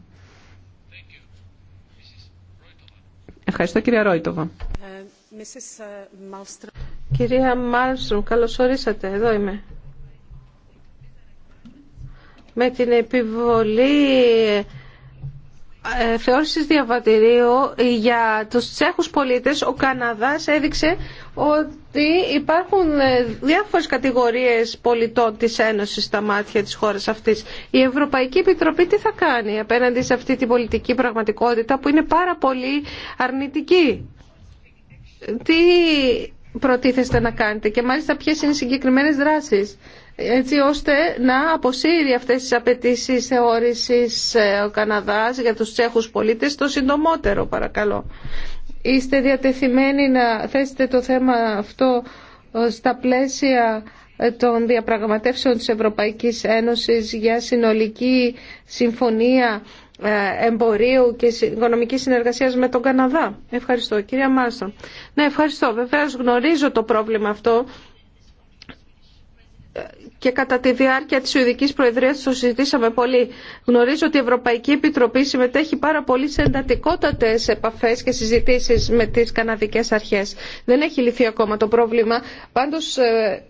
Ευχαριστώ κυρία Ρόιτοβα. Ε, ε, κυρία Μάλστρομ, καλώς ορίσατε. Εδώ είμαι με την επιβολή ε, θεώρησης διαβατηρίου για τους Τσέχους πολίτες ο Καναδάς έδειξε ότι υπάρχουν ε, διάφορες κατηγορίες πολιτών της Ένωσης στα μάτια της χώρας αυτής. Η Ευρωπαϊκή Επιτροπή τι θα κάνει απέναντι σε αυτή την πολιτική πραγματικότητα που είναι πάρα πολύ αρνητική. Τι προτίθεστε να κάνετε και μάλιστα ποιες είναι οι συγκεκριμένες δράσεις έτσι ώστε να αποσύρει αυτές τις απαιτήσει θεώρησης ε, ο Καναδάς για τους Τσέχους πολίτες το συντομότερο παρακαλώ. Είστε διατεθειμένοι να θέσετε το θέμα αυτό ε, στα πλαίσια ε, των διαπραγματεύσεων της Ευρωπαϊκής Ένωσης για συνολική συμφωνία εμπορίου και οικονομικής συνεργασίας με τον Καναδά. Ευχαριστώ. Κυρία Μάρστον. Ναι, ευχαριστώ. Βεβαίως γνωρίζω το πρόβλημα αυτό και κατά τη διάρκεια της Σουηδικής Προεδρίας το συζητήσαμε πολύ. Γνωρίζω ότι η Ευρωπαϊκή Επιτροπή συμμετέχει πάρα πολύ σε εντατικότατες επαφές και συζητήσεις με τις καναδικές αρχές. Δεν έχει λυθεί ακόμα το πρόβλημα, πάντως ε,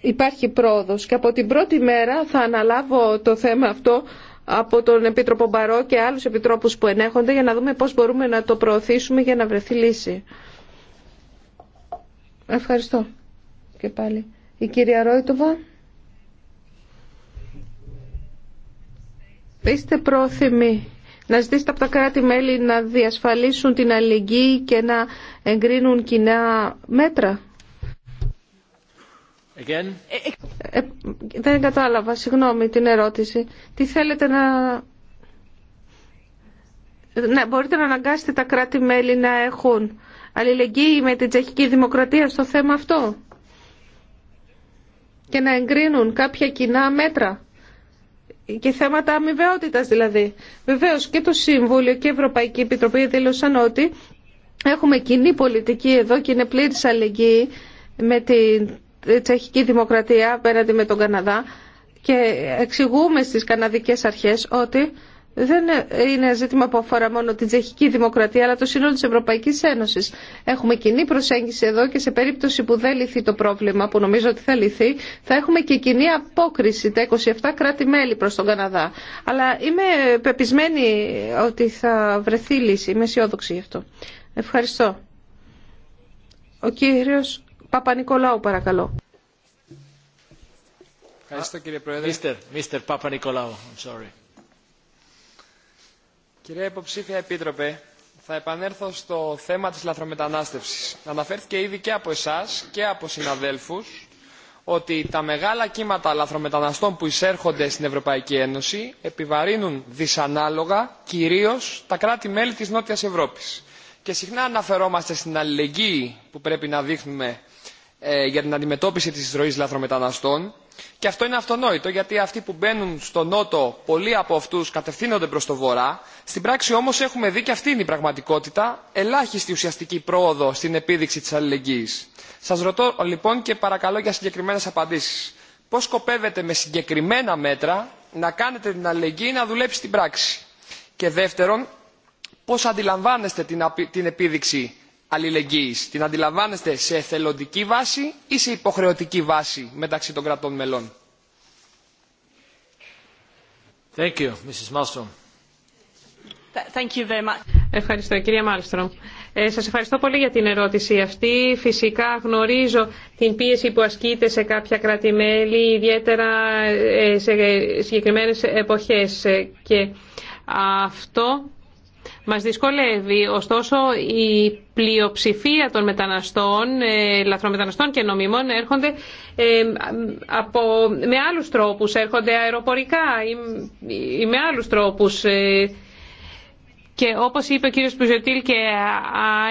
υπάρχει πρόοδος και από την πρώτη μέρα θα αναλάβω το θέμα αυτό από τον Επίτροπο Μπαρό και άλλους επιτρόπους που ενέχονται για να δούμε πώς μπορούμε να το προωθήσουμε για να βρεθεί λύση. Ευχαριστώ και πάλι. Η κυρία Ρόιτοβα. Είστε πρόθυμοι να ζητήσετε από τα κράτη-μέλη να διασφαλίσουν την αλληλεγγύη και να εγκρίνουν κοινά μέτρα. Again. Ε, δεν κατάλαβα, συγγνώμη την ερώτηση. Τι θέλετε να... μπορείτε να αναγκάσετε τα κράτη-μέλη να έχουν αλληλεγγύη με την τσεχική δημοκρατία στο θέμα αυτό και να εγκρίνουν κάποια κοινά μέτρα και θέματα αμοιβαιότητας δηλαδή. Βεβαίως και το Συμβούλιο και η Ευρωπαϊκή Επιτροπή δήλωσαν ότι έχουμε κοινή πολιτική εδώ και είναι πλήρης αλληλεγγύη με την τσεχική δημοκρατία απέναντι με τον Καναδά και εξηγούμε στις καναδικές αρχές ότι δεν είναι ζήτημα που αφορά μόνο την τσεχική δημοκρατία, αλλά το σύνολο της Ευρωπαϊκής Ένωση. Έχουμε κοινή προσέγγιση εδώ και σε περίπτωση που δεν λυθεί το πρόβλημα, που νομίζω ότι θα λυθεί, θα έχουμε και κοινή απόκριση τα 27 κράτη-μέλη προς τον Καναδά. Αλλά είμαι πεπισμένη ότι θα βρεθεί λύση. Είμαι αισιόδοξη γι' αυτό. Ευχαριστώ. Ο κύριο παπα Παπα-Νικολάου, παρακαλώ. Ευχαριστώ κύριε Πρόεδρε. Mr. Κυρία Υποψήφια Επίτροπε, θα επανέλθω στο θέμα της λαθρομετανάστευσης. Αναφέρθηκε ήδη και από εσάς και από συναδέλφους ότι τα μεγάλα κύματα λαθρομεταναστών που εισέρχονται στην Ευρωπαϊκή Ένωση επιβαρύνουν δυσανάλογα κυρίως τα κράτη-μέλη της Νότιας Ευρώπης. Και συχνά αναφερόμαστε στην αλληλεγγύη που πρέπει να δείχνουμε ε, για την αντιμετώπιση της ροής λαθρομεταναστών και αυτό είναι αυτονόητο γιατί αυτοί που μπαίνουν στο νότο πολλοί από αυτούς κατευθύνονται προς το βορρά στην πράξη όμως έχουμε δει και αυτή είναι η πραγματικότητα ελάχιστη ουσιαστική πρόοδο στην επίδειξη της αλληλεγγύης. Σας ρωτώ λοιπόν και παρακαλώ για συγκεκριμένες απαντήσεις. Πώς σκοπεύετε με συγκεκριμένα μέτρα να κάνετε την αλληλεγγύη να δουλέψει στην πράξη. Και δεύτερον, πώς αντιλαμβάνεστε την επίδειξη αλληλεγγύης. Την αντιλαμβάνεστε σε εθελοντική βάση ή σε υποχρεωτική βάση μεταξύ των κρατών μελών. Ευχαριστώ κυρία Μάλστρομ. Ε, σας ευχαριστώ πολύ για την ερώτηση αυτή. Φυσικά γνωρίζω την πίεση που ασκείται σε κάποια κράτη-μέλη, ιδιαίτερα ε, σε συγκεκριμένες εποχές. Και αυτό μας δυσκολεύει, ωστόσο η πλειοψηφία των μεταναστών, ε, λαθρομεταναστών και νομιμών έρχονται ε, από, με άλλους τρόπους, έρχονται αεροπορικά ή, με άλλους τρόπους. Ε, και όπως είπε ο κύριος Πουζετήλ και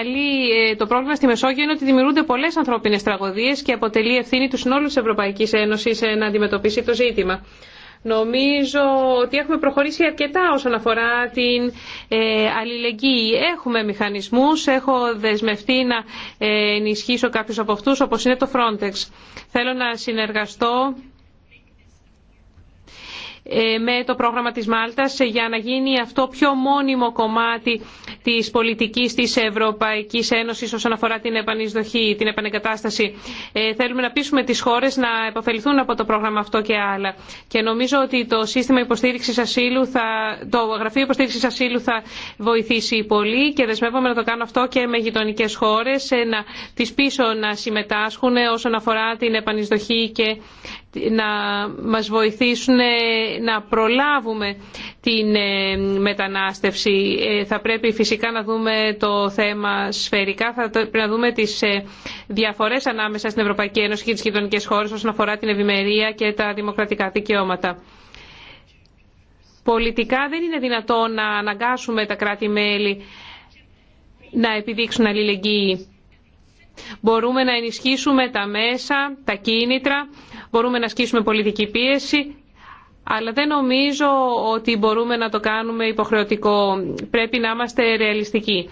άλλοι, το πρόβλημα στη Μεσόγειο είναι ότι δημιουργούνται πολλές ανθρώπινες τραγωδίες και αποτελεί ευθύνη του συνόλου της Ευρωπαϊκής Ένωσης να αντιμετωπίσει το ζήτημα. Νομίζω ότι έχουμε προχωρήσει αρκετά όσον αφορά την ε, αλληλεγγύη. Έχουμε μηχανισμούς, έχω δεσμευτεί να ε, ενισχύσω κάποιους από αυτούς, όπως είναι το Frontex. Θέλω να συνεργαστώ ε, με το πρόγραμμα της Μάλτας για να γίνει αυτό πιο μόνιμο κομμάτι της πολιτικής της Ευρωπαϊκής Ένωσης όσον αφορά την επανεισδοχή, την επανεγκατάσταση. Ε, θέλουμε να πείσουμε τις χώρες να επωφεληθούν από το πρόγραμμα αυτό και άλλα. Και νομίζω ότι το σύστημα υποστήριξης ασύλου θα, το γραφείο υποστήριξης ασύλου θα βοηθήσει πολύ και δεσμεύομαι να το κάνω αυτό και με γειτονικέ χώρες, ε, να τις πείσω να συμμετάσχουν όσον αφορά την επανεισδοχή και να μας βοηθήσουν να προλάβουμε την ε, μετανάστευση. Ε, θα πρέπει φυσικά να δούμε το θέμα σφαιρικά, θα πρέπει να δούμε τις ε, διαφορές ανάμεσα στην Ευρωπαϊκή Ένωση και τις γειτονικές χώρες όσον αφορά την ευημερία και τα δημοκρατικά δικαιώματα. Πολιτικά δεν είναι δυνατόν να αναγκάσουμε τα κράτη-μέλη να επιδείξουν αλληλεγγύη. Μπορούμε να ενισχύσουμε τα μέσα, τα κίνητρα, μπορούμε να ασκήσουμε πολιτική πίεση, αλλά δεν νομίζω ότι μπορούμε να το κάνουμε υποχρεωτικό. Πρέπει να είμαστε ρεαλιστικοί.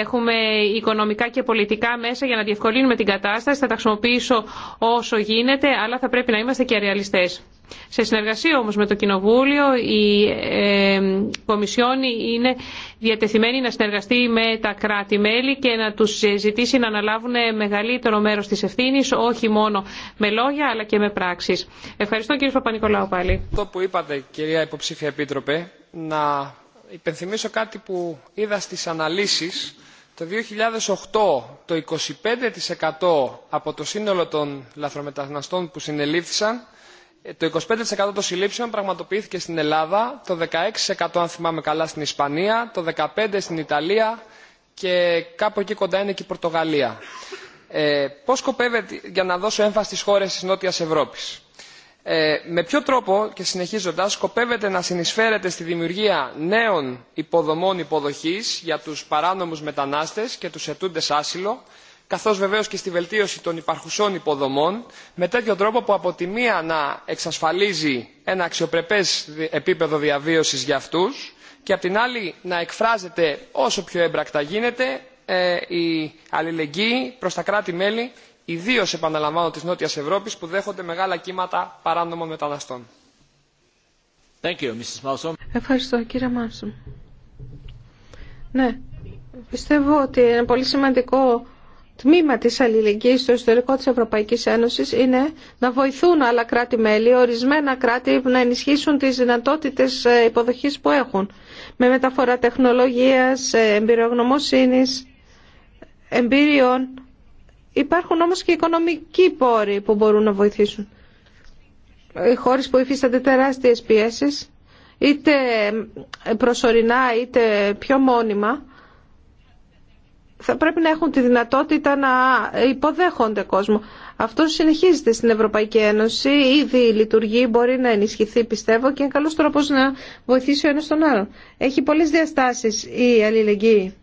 Έχουμε οικονομικά και πολιτικά μέσα για να διευκολύνουμε την κατάσταση. Θα τα χρησιμοποιήσω όσο γίνεται, αλλά θα πρέπει να είμαστε και ρεαλιστές. Σε συνεργασία όμως με το Κοινοβούλιο, η ε, Κομισιόν είναι διατεθειμένη να συνεργαστεί με τα κράτη-μέλη και να τους ζητήσει να αναλάβουν μεγαλύτερο μέρος της ευθύνης, όχι μόνο με λόγια αλλά και με πράξεις. Ευχαριστώ κύριε Παπα-Νικολάου πάλι. Αυτό που είπατε κυρία Υποψήφια Επίτροπε, να υπενθυμίσω κάτι που είδα στις αναλύσεις. Το 2008 το 25% από το σύνολο των λαθρομεταναστών που συνελήφθησαν, το 25% των συλλήψεων πραγματοποιήθηκε στην Ελλάδα, το 16% αν θυμάμαι καλά στην Ισπανία, το 15% στην Ιταλία και κάπου εκεί κοντά είναι και η Πορτογαλία. Ε, πώς σκοπεύετε για να δώσω έμφαση στις χώρες της Νότιας Ευρώπης ε, με ποιο τρόπο και συνεχίζοντας σκοπεύετε να συνεισφέρετε στη δημιουργία νέων υποδομών υποδοχής για τους παράνομους μετανάστες και τους ετούντες άσυλο καθώς βεβαίως και στη βελτίωση των υπαρχουσών υποδομών με τέτοιο τρόπο που από τη μία να εξασφαλίζει ένα αξιοπρεπές επίπεδο διαβίωσης για αυτούς και από την άλλη να εκφράζεται όσο πιο έμπρακτα γίνεται ε, η αλληλεγγύη προς τα κράτη μέλη ιδίω επαναλαμβάνω τη Νότια Ευρώπη, που δέχονται μεγάλα κύματα παράνομων μεταναστών. Ευχαριστώ, κύριε Μάνσομ. Ναι, πιστεύω ότι ένα πολύ σημαντικό τμήμα της αλληλεγγύης στο ιστορικό της Ευρωπαϊκής Ένωσης είναι να βοηθούν άλλα κράτη-μέλη, ορισμένα κράτη να ενισχύσουν τις δυνατότητες ε, υποδοχής που έχουν με μεταφορά τεχνολογίας, ε, εμπειρογνωμοσύνης, εμπειριών Υπάρχουν όμως και οικονομικοί πόροι που μπορούν να βοηθήσουν. Οι χώρες που υφίστανται τεράστιες πιέσεις, είτε προσωρινά είτε πιο μόνιμα, θα πρέπει να έχουν τη δυνατότητα να υποδέχονται κόσμο. Αυτό συνεχίζεται στην Ευρωπαϊκή Ένωση, ήδη λειτουργεί, μπορεί να ενισχυθεί πιστεύω και είναι καλός τρόπος να βοηθήσει ο ένας τον άλλον. Έχει πολλές διαστάσεις η αλληλεγγύη.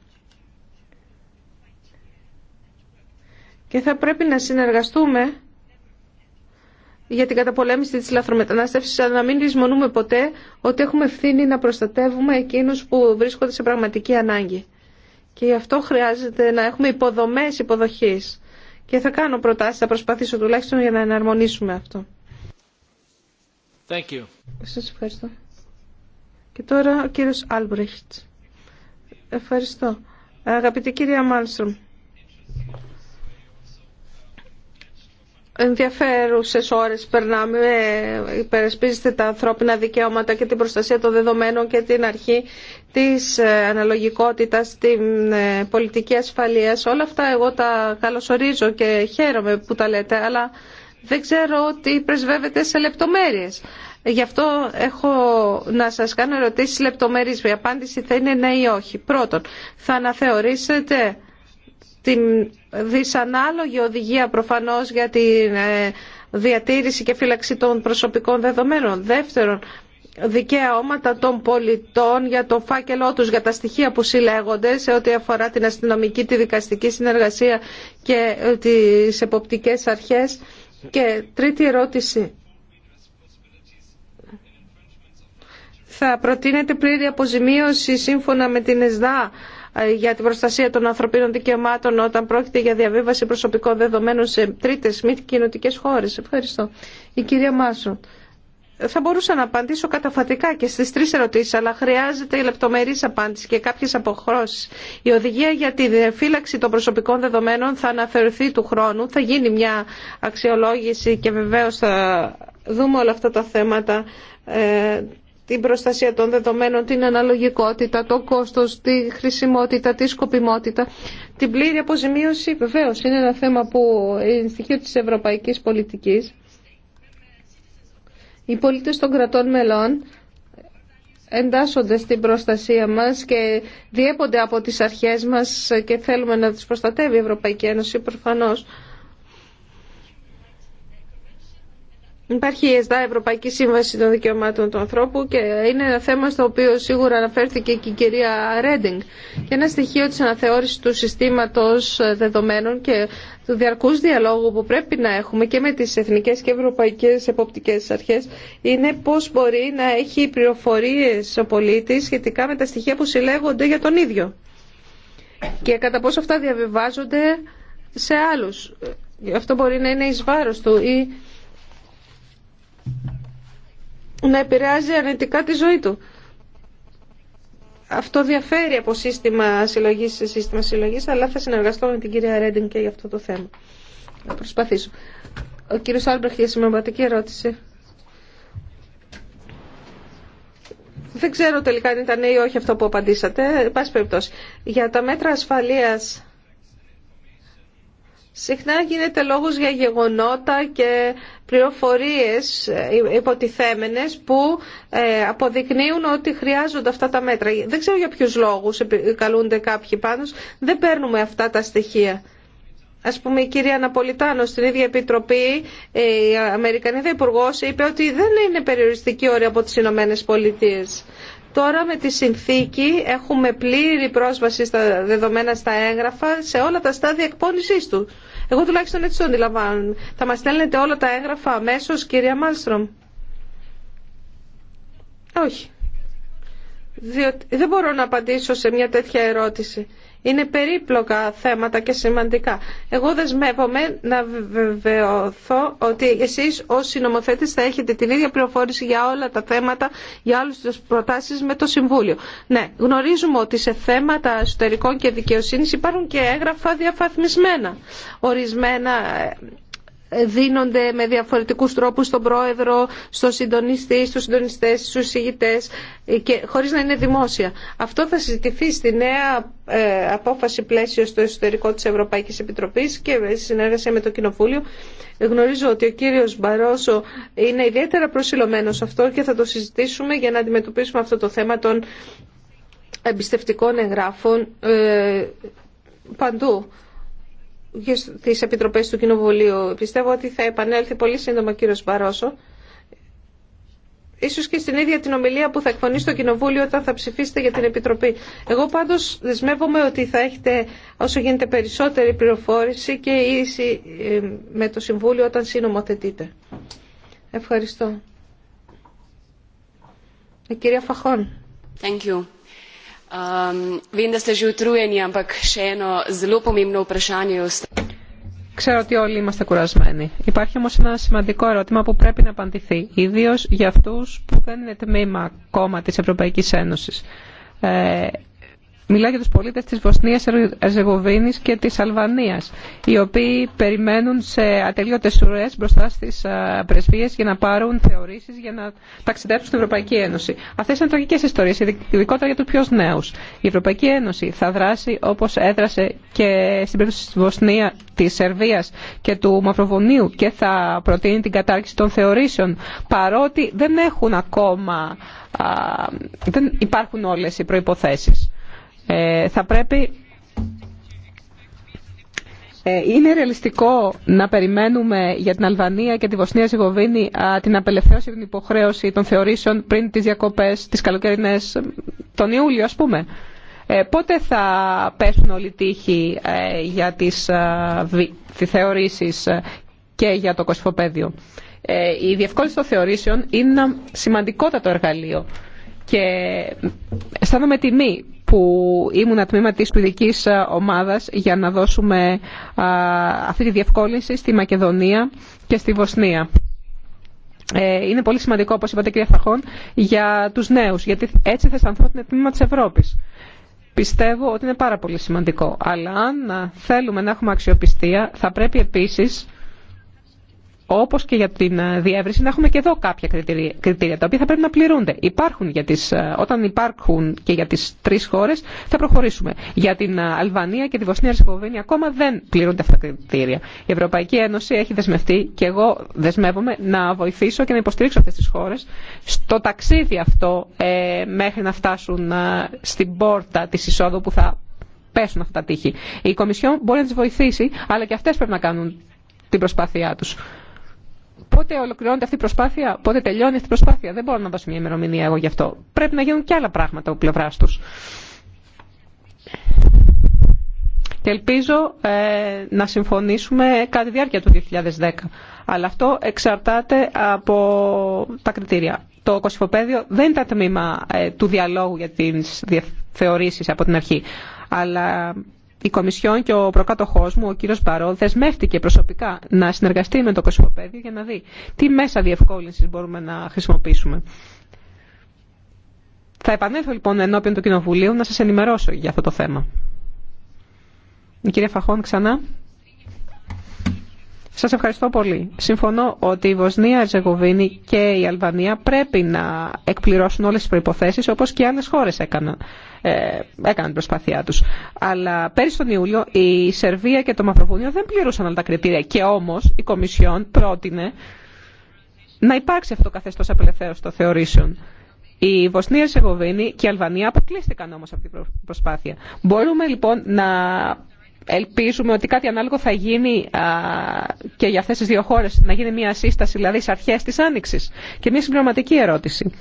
και θα πρέπει να συνεργαστούμε για την καταπολέμηση της λαθρομετανάστευσης, αλλά να μην δυσμονούμε ποτέ ότι έχουμε ευθύνη να προστατεύουμε εκείνους που βρίσκονται σε πραγματική ανάγκη. Και γι' αυτό χρειάζεται να έχουμε υποδομές υποδοχής. Και θα κάνω προτάσεις, θα προσπαθήσω τουλάχιστον για να εναρμονίσουμε αυτό. Thank you. Σας ευχαριστώ. Και τώρα ο κύριος Άλμπρεχτ. Ευχαριστώ. Αγαπητή κυρία Μάλστρομ, ενδιαφέρουσες ώρες περνάμε, υπερασπίζεται τα ανθρώπινα δικαιώματα και την προστασία των δεδομένων και την αρχή της ε, αναλογικότητας την ε, πολιτική ασφαλείας. Όλα αυτά εγώ τα καλωσορίζω και χαίρομαι που τα λέτε, αλλά δεν ξέρω ότι πρεσβεύεται σε λεπτομέρειες. Γι' αυτό έχω να σας κάνω ερωτήσεις λεπτομέρειες. Η απάντηση θα είναι ναι ή όχι. Πρώτον, θα αναθεωρήσετε την δυσανάλογη οδηγία προφανώς για τη ε, διατήρηση και φύλαξη των προσωπικών δεδομένων. Δεύτερον, δικαίωματα των πολιτών για το φάκελό τους, για τα στοιχεία που συλλέγονται σε ό,τι αφορά την αστυνομική, τη δικαστική συνεργασία και ε, τις εποπτικές αρχές. Και τρίτη ερώτηση. Θα προτείνετε πλήρη αποζημίωση σύμφωνα με την ΕΣΔΑ ε, για την προστασία των ανθρωπίνων δικαιωμάτων όταν πρόκειται για διαβίβαση προσωπικών δεδομένων σε τρίτες μη κοινωτικές χώρες. Ευχαριστώ. Η κυρία Μάσο. Θα μπορούσα να απαντήσω καταφατικά και στι τρει ερωτήσει, αλλά χρειάζεται λεπτομερής απάντηση και κάποιε αποχρώσεις. Η οδηγία για τη φύλαξη των προσωπικών δεδομένων θα αναφερθεί του χρόνου. Θα γίνει μια αξιολόγηση και βεβαίω θα δούμε όλα αυτά τα θέματα ε, την προστασία των δεδομένων, την αναλογικότητα, το κόστος, τη χρησιμότητα, τη σκοπιμότητα. Την πλήρη αποζημίωση βεβαίω είναι ένα θέμα που είναι στοιχείο της ευρωπαϊκής πολιτικής. Οι πολίτες των κρατών μελών εντάσσονται στην προστασία μας και διέπονται από τις αρχές μας και θέλουμε να τις προστατεύει η Ευρωπαϊκή Ένωση προφανώς. Υπάρχει η ΕΣΔΑ, Ευρωπαϊκή Σύμβαση των Δικαιωμάτων του Ανθρώπου και είναι ένα θέμα στο οποίο σίγουρα αναφέρθηκε και η κυρία Ρέντινγκ. Και ένα στοιχείο της αναθεώρησης του συστήματος δεδομένων και του διαρκούς διαλόγου που πρέπει να έχουμε και με τις εθνικές και ευρωπαϊκές εποπτικές αρχές είναι πώς μπορεί να έχει πληροφορίες ο πολίτης σχετικά με τα στοιχεία που συλλέγονται για τον ίδιο και κατά πόσο αυτά διαβιβάζονται σε άλλους. Αυτό μπορεί να είναι εις βάρος του να επηρεάζει αρνητικά τη ζωή του. Αυτό διαφέρει από σύστημα συλλογή σε σύστημα συλλογή, αλλά θα συνεργαστώ με την κυρία Ρέντινγκ και για αυτό το θέμα. Θα προσπαθήσω. Ο κύριο Άλμπρεχτ για σημαντική ερώτηση. Δεν ξέρω τελικά αν ήταν ή όχι αυτό που απαντήσατε. πάση περιπτώσει. Για τα μέτρα ασφαλείας Συχνά γίνεται λόγος για γεγονότα και πληροφορίες υποτιθέμενες που ε, αποδεικνύουν ότι χρειάζονται αυτά τα μέτρα. Δεν ξέρω για ποιους λόγους καλούνται κάποιοι πάνω. Δεν παίρνουμε αυτά τα στοιχεία. Ας πούμε η κυρία Αναπολιτάνο, στην ίδια επιτροπή, η Αμερικανίδα υπουργό είπε ότι δεν είναι περιοριστική όρια από τις Ηνωμένε Πολιτείε. Τώρα με τη συνθήκη έχουμε πλήρη πρόσβαση στα δεδομένα στα έγγραφα σε όλα τα στάδια εκπόνησής του. Εγώ τουλάχιστον έτσι το αντιλαμβάνομαι. Θα μας στέλνετε όλα τα έγγραφα αμέσω, κυρία Μάλστρομ. Όχι. Διότι δεν μπορώ να απαντήσω σε μια τέτοια ερώτηση. Είναι περίπλοκα θέματα και σημαντικά. Εγώ δεσμεύομαι να βεβαιωθώ ότι εσείς ως συνομοθέτης θα έχετε την ίδια πληροφόρηση για όλα τα θέματα, για όλες τις προτάσεις με το Συμβούλιο. Ναι, γνωρίζουμε ότι σε θέματα εσωτερικών και δικαιοσύνης υπάρχουν και έγγραφα διαφαθμισμένα. Ορισμένα δίνονται με διαφορετικούς τρόπους στον πρόεδρο, στον συντονιστή, στους συντονιστές, στους ηγητές και χωρίς να είναι δημόσια. Αυτό θα συζητηθεί στη νέα ε, απόφαση πλαίσιο στο εσωτερικό της Ευρωπαϊκής Επιτροπής και στη συνεργασία με το Κοινοβούλιο. Γνωρίζω ότι ο κύριος Μπαρόσο είναι ιδιαίτερα προσιλωμένος σε αυτό και θα το συζητήσουμε για να αντιμετωπίσουμε αυτό το θέμα των εμπιστευτικών εγγράφων ε, παντού για τις επιτροπές του Κοινοβουλίου. Πιστεύω ότι θα επανέλθει πολύ σύντομα ο κύριο Μπαρόσο. Ίσως και στην ίδια την ομιλία που θα εκφωνεί στο Κοινοβούλιο όταν θα ψηφίσετε για την Επιτροπή. Εγώ πάντως δεσμεύομαι ότι θα έχετε όσο γίνεται περισσότερη πληροφόρηση και ίση ε, με το Συμβούλιο όταν συνομοθετείτε. Ευχαριστώ. Η ε, κυρία Φαχών. Thank Ξέρω ότι όλοι είμαστε κουρασμένοι. Υπάρχει όμως ένα σημαντικό ερώτημα που πρέπει να απαντηθεί, ιδίως για αυτούς που δεν είναι τμήμα κόμμα της Ευρωπαϊκής Ένωσης. Ε, Μιλάει για τους πολίτες της Βοσνίας, Ερζεγοβίνης και της Αλβανίας, οι οποίοι περιμένουν σε ατελείωτες ουρές μπροστά στις πρεσβείες για να πάρουν θεωρήσεις για να ταξιδέψουν στην Ευρωπαϊκή Ένωση. Αυτές είναι τραγικές ιστορίες, ειδικότερα για τους πιο νέους. Η Ευρωπαϊκή Ένωση θα δράσει όπως έδρασε και στην περίπτωση της Βοσνία, της Σερβίας και του Μαυροβουνίου και θα προτείνει την κατάργηση των θεωρήσεων, παρότι δεν έχουν ακόμα, δεν υπάρχουν όλες οι προϋποθέσεις. Ε, θα πρέπει ε, είναι ρεαλιστικό να περιμένουμε για την Αλβανία και τη Βοσνία ζηγοβίνη την απελευθέρωση την υποχρέωση των θεωρήσεων πριν τις διακοπές, τις καλοκαιρινές, τον Ιούλιο ας πούμε. Ε, πότε θα πέσουν όλοι οι τύχοι για τις ε, θεωρήσεις και για το κοσφοπέδιο. Η διευκόλυνση των θεωρήσεων είναι ένα σημαντικότατο εργαλείο και αισθάνομαι τιμή που ήμουν τμήμα της σπουδικής ε, ομάδας για να δώσουμε αυτή τη διευκόλυνση στη Μακεδονία και στη Βοσνία. Ε, είναι πολύ σημαντικό, όπως είπατε κυρία Φαχών, για τους νέους, γιατί έτσι θα σανθρώ την τμήμα της Ευρώπης. Πιστεύω ότι είναι πάρα πολύ σημαντικό. Αλλά αν θέλουμε να έχουμε αξιοπιστία, θα πρέπει επίσης όπως και για την ε, διεύρυνση, να έχουμε και εδώ κάποια κριτήρια, τα οποία θα πρέπει να πληρούνται. Υπάρχουν για τις, ε, όταν υπάρχουν και για τις τρεις χώρες, θα προχωρήσουμε. Για την ε, Αλβανία και τη Βοσνία Ερσεγοβίνη ακόμα δεν πληρούνται αυτά τα κριτήρια. Η Ευρωπαϊκή Ένωση έχει δεσμευτεί και εγώ δεσμεύομαι να βοηθήσω και να υποστηρίξω αυτές τις χώρες στο ταξίδι αυτό μέχρι να φτάσουν ε, στην πόρτα της εισόδου που θα πέσουν αυτά τα τείχη. Η Κομισιόν μπορεί να τι βοηθήσει, αλλά και αυτές πρέπει να κάνουν την προσπάθειά τους. Πότε ολοκληρώνεται αυτή η προσπάθεια, πότε τελειώνει αυτή η προσπάθεια. Δεν μπορώ να δώσω μια ημερομηνία εγώ γι' αυτό. Πρέπει να γίνουν και άλλα πράγματα από πλευρά του. Και ελπίζω ε, να συμφωνήσουμε κατά τη διάρκεια του 2010. Αλλά αυτό εξαρτάται από τα κριτήρια. Το κοσυφοπαίδιο δεν ήταν τμήμα ε, του διαλόγου για τις θεωρήσεις από την αρχή. Αλλά η Κομισιόν και ο προκάτοχό μου, ο κύριο Παρό, δεσμεύτηκε προσωπικά να συνεργαστεί με το Κοσμοπέδιο για να δει τι μέσα διευκόλυνση μπορούμε να χρησιμοποιήσουμε. Θα επανέλθω λοιπόν ενώπιον του Κοινοβουλίου να σα ενημερώσω για αυτό το θέμα. Η κυρία Φαχών ξανά. Σας ευχαριστώ πολύ. Συμφωνώ ότι η Βοσνία, η Ζεγοβίνη και η Αλβανία πρέπει να εκπληρώσουν όλες τις προϋποθέσεις όπως και άλλες χώρες έκαναν, ε, έκαναν προσπαθειά τους. Αλλά πέρυσι τον Ιούλιο η Σερβία και το Μαυροβούνιο δεν πληρούσαν όλα τα κριτήρια και όμως η Κομισιόν πρότεινε να υπάρξει αυτό το καθεστώς απελευθέρωση των θεωρήσεων. Η Βοσνία, η Ζεγοβίνη και η Αλβανία αποκλείστηκαν όμως από την προσπάθεια. Μπορούμε λοιπόν να ελπίζουμε ότι κάτι ανάλογο θα γίνει και για αυτές τις δύο χώρες, να γίνει μια σύσταση δηλαδή στις αρχές της Άνοιξης. Και μια συμπληρωματική ερώτηση.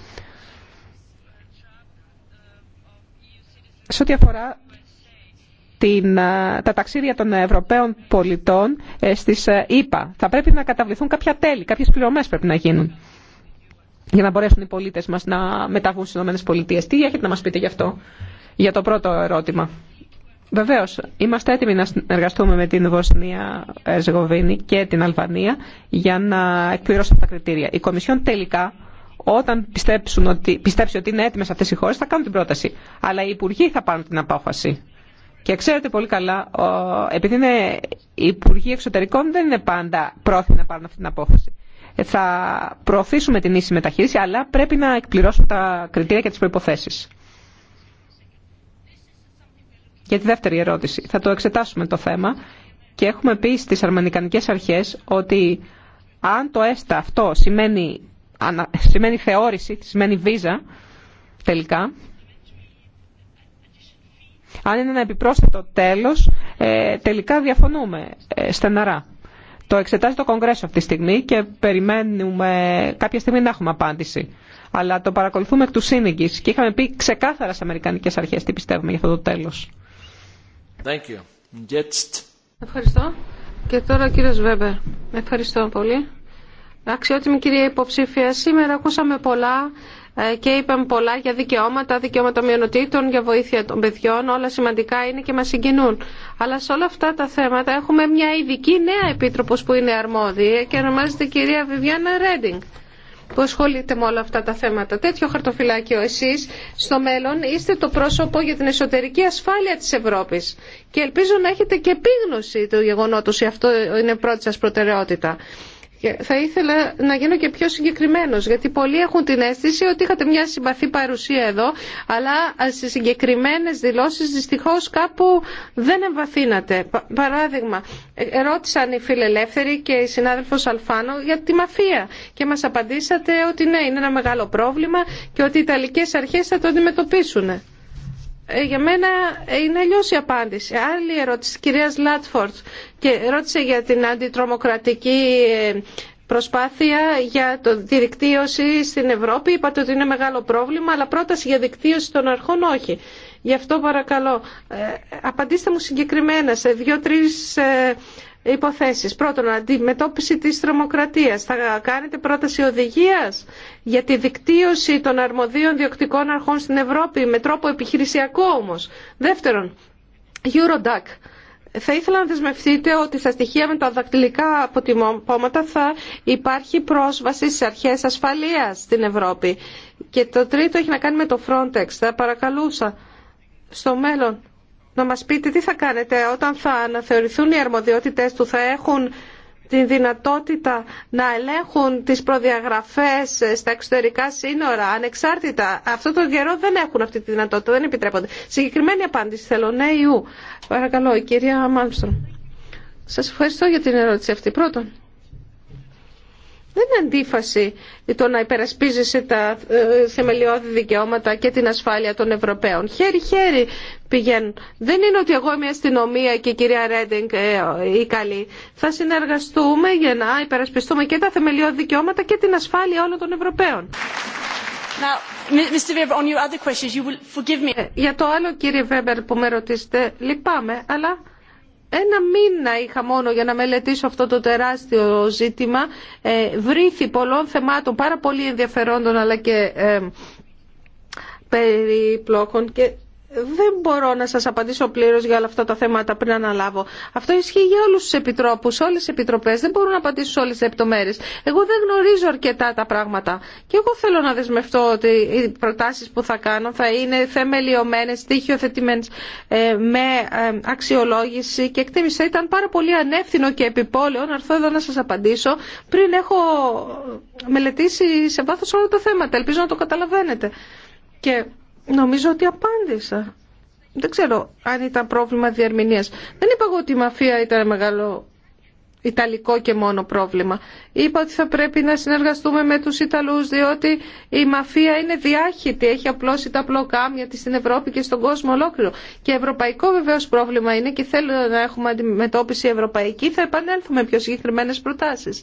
Σε ό,τι αφορά την, τα ταξίδια των Ευρωπαίων πολιτών ε, στις ε, ΗΠΑ, θα πρέπει να καταβληθούν κάποια τέλη, κάποιες πληρωμές πρέπει να γίνουν για να μπορέσουν οι πολίτες μας να μεταβούν στις ΗΠΑ. Τι έχετε να μας πείτε γι' αυτό, για το πρώτο ερώτημα. Βεβαίω, είμαστε έτοιμοι να συνεργαστούμε με την Βοσνία, ε, Ζεγοβίνη και την Αλβανία για να εκπληρώσουν αυτά τα κριτήρια. Η Κομισιόν τελικά, όταν πιστέψουν ότι, πιστέψει ότι είναι έτοιμε αυτέ οι χώρε, θα κάνουν την πρόταση. Αλλά οι υπουργοί θα πάρουν την απόφαση. Και ξέρετε πολύ καλά, επειδή είναι υπουργοί εξωτερικών, δεν είναι πάντα πρόθυμοι να πάρουν αυτή την απόφαση. Ε, θα προωθήσουμε την ίση μεταχείριση, αλλά πρέπει να εκπληρώσουν τα κριτήρια και τι προποθέσει για τη δεύτερη ερώτηση. Θα το εξετάσουμε το θέμα και έχουμε πει στις αρμανικανικές αρχές ότι αν το έστα αυτό σημαίνει, σημαίνει θεώρηση, σημαίνει βίζα τελικά, αν είναι ένα επιπρόσθετο τέλος, ε, τελικά διαφωνούμε ε, στεναρά. Το εξετάζει το Κογκρέσο αυτή τη στιγμή και περιμένουμε κάποια στιγμή να έχουμε απάντηση. Αλλά το παρακολουθούμε εκ του και είχαμε πει ξεκάθαρα στι αμερικανικές αρχές τι πιστεύουμε για αυτό το τέλος. Ευχαριστώ. Και τώρα ο κύριος Βέμπερ. Ευχαριστώ πολύ. Αξιότιμη κυρία υποψήφια, σήμερα ακούσαμε πολλά ε, και είπαμε πολλά για δικαιώματα, δικαιώματα μειονοτήτων, για βοήθεια των παιδιών, όλα σημαντικά είναι και μας συγκινούν. Αλλά σε όλα αυτά τα θέματα έχουμε μια ειδική νέα επίτροπος που είναι αρμόδια και ονομάζεται κυρία Βιβιάννα Ρέντινγκ που ασχολείται με όλα αυτά τα θέματα. Τέτοιο χαρτοφυλάκιο εσείς στο μέλλον είστε το πρόσωπο για την εσωτερική ασφάλεια της Ευρώπης και ελπίζω να έχετε και επίγνωση του γεγονότος ότι αυτό είναι πρώτη σας προτεραιότητα. Θα ήθελα να γίνω και πιο συγκεκριμένος, γιατί πολλοί έχουν την αίσθηση ότι είχατε μια συμπαθή παρουσία εδώ, αλλά σε συγκεκριμένες δηλώσεις δυστυχώς κάπου δεν εμβαθύνατε. Παράδειγμα, ε, ρώτησαν οι φιλελεύθεροι και η συνάδελφος Αλφάνο για τη μαφία και μας απαντήσατε ότι ναι, είναι ένα μεγάλο πρόβλημα και ότι οι Ιταλικές αρχές θα το αντιμετωπίσουν. Ε, για μένα είναι αλλιώ η απάντηση. Άλλη ερώτηση τη κυρία Λάτφορτ και ρώτησε για την αντιτρομοκρατική ε, προσπάθεια για το, τη δικτύωση στην Ευρώπη. Είπατε ότι είναι μεγάλο πρόβλημα, αλλά πρόταση για δικτύωση των αρχών όχι. Γι' αυτό παρακαλώ, ε, απαντήστε μου συγκεκριμένα σε δύο-τρεις ε, υποθέσεις. Πρώτον, αντιμετώπιση της τρομοκρατίας. Θα κάνετε πρόταση οδηγίας για τη δικτύωση των αρμοδίων διοκτικών αρχών στην Ευρώπη με τρόπο επιχειρησιακό όμως. Δεύτερον, Eurodac. Θα ήθελα να δεσμευτείτε ότι στα στοιχεία με τα δακτυλικά αποτυπώματα θα υπάρχει πρόσβαση σε αρχές ασφαλείας στην Ευρώπη. Και το τρίτο έχει να κάνει με το Frontex. Θα παρακαλούσα στο μέλλον να μας πείτε τι θα κάνετε όταν θα αναθεωρηθούν οι αρμοδιότητες του, θα έχουν την δυνατότητα να ελέγχουν τις προδιαγραφές στα εξωτερικά σύνορα ανεξάρτητα. Αυτό τον καιρό δεν έχουν αυτή τη δυνατότητα, δεν επιτρέπονται. Συγκεκριμένη απάντηση θέλω, ναι ή ου. Παρακαλώ, η κυρία Μάλμστρομ. Σας ευχαριστώ για την ερώτηση αυτή. Πρώτον, δεν είναι αντίφαση το να υπερασπίζεσαι τα ε, θεμελιώδη δικαιώματα και την ασφάλεια των Ευρωπαίων. Χέρι-χέρι πηγαίνουν. Δεν είναι ότι εγώ είμαι αστυνομία και η κυρία Ρέντινγκ ε, η καλή. Θα συνεργαστούμε για να υπερασπιστούμε και τα θεμελιώδη δικαιώματα και την ασφάλεια όλων των Ευρωπαίων. Για το άλλο κύριε Βέμπερ που με ρωτήσετε, λυπάμαι, αλλά ένα μήνα είχα μόνο για να μελετήσω αυτό το τεράστιο ζήτημα. Ε, βρήθη πολλών θεμάτων πάρα πολύ ενδιαφερόντων αλλά και ε, περιπλόκων δεν μπορώ να σας απαντήσω πλήρως για όλα αυτά τα θέματα πριν αναλάβω. Αυτό ισχύει για όλους τους επιτρόπους, όλες τις επιτροπές. Δεν μπορούν να απαντήσουν σε όλες τις λεπτομέρειες. Εγώ δεν γνωρίζω αρκετά τα πράγματα. Και εγώ θέλω να δεσμευτώ ότι οι προτάσεις που θα κάνω θα είναι θεμελιωμένες, στοιχειοθετημένες ε, με ε, αξιολόγηση και εκτίμηση. ήταν πάρα πολύ ανεύθυνο και επιπόλαιο να έρθω εδώ να σας απαντήσω πριν έχω μελετήσει σε βάθος όλα τα θέματα. Ελπίζω να το καταλαβαίνετε. Και Νομίζω ότι απάντησα. Δεν ξέρω αν ήταν πρόβλημα διερμηνία. Δεν είπα εγώ ότι η μαφία ήταν μεγάλο Ιταλικό και μόνο πρόβλημα. Είπα ότι θα πρέπει να συνεργαστούμε με τους Ιταλούς διότι η μαφία είναι διάχυτη, έχει απλώσει τα πλοκάμια της στην Ευρώπη και στον κόσμο ολόκληρο. Και ευρωπαϊκό βεβαίως πρόβλημα είναι και θέλω να έχουμε αντιμετώπιση ευρωπαϊκή, θα επανέλθουμε πιο συγκεκριμένε προτάσεις.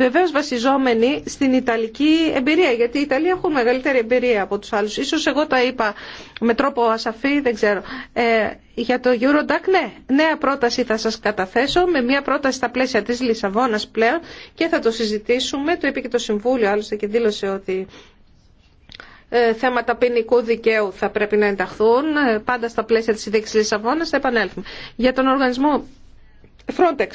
Βεβαίω βασιζόμενοι στην Ιταλική εμπειρία, γιατί οι Ιταλοί έχουν μεγαλύτερη εμπειρία από του άλλου. σω εγώ τα είπα με τρόπο ασαφή, δεν ξέρω. Ε, για το Eurodac, ναι, νέα πρόταση θα σα καταθέσω, με μια πρόταση στα πλαίσια τη Λισαβόνα πλέον και θα το συζητήσουμε. Το είπε και το Συμβούλιο, άλλωστε και δήλωσε ότι ε, θέματα ποινικού δικαίου θα πρέπει να ενταχθούν ε, πάντα στα πλαίσια της συνδέξης Λισαβόνας θα επανέλθουμε. Για τον οργανισμό Frontex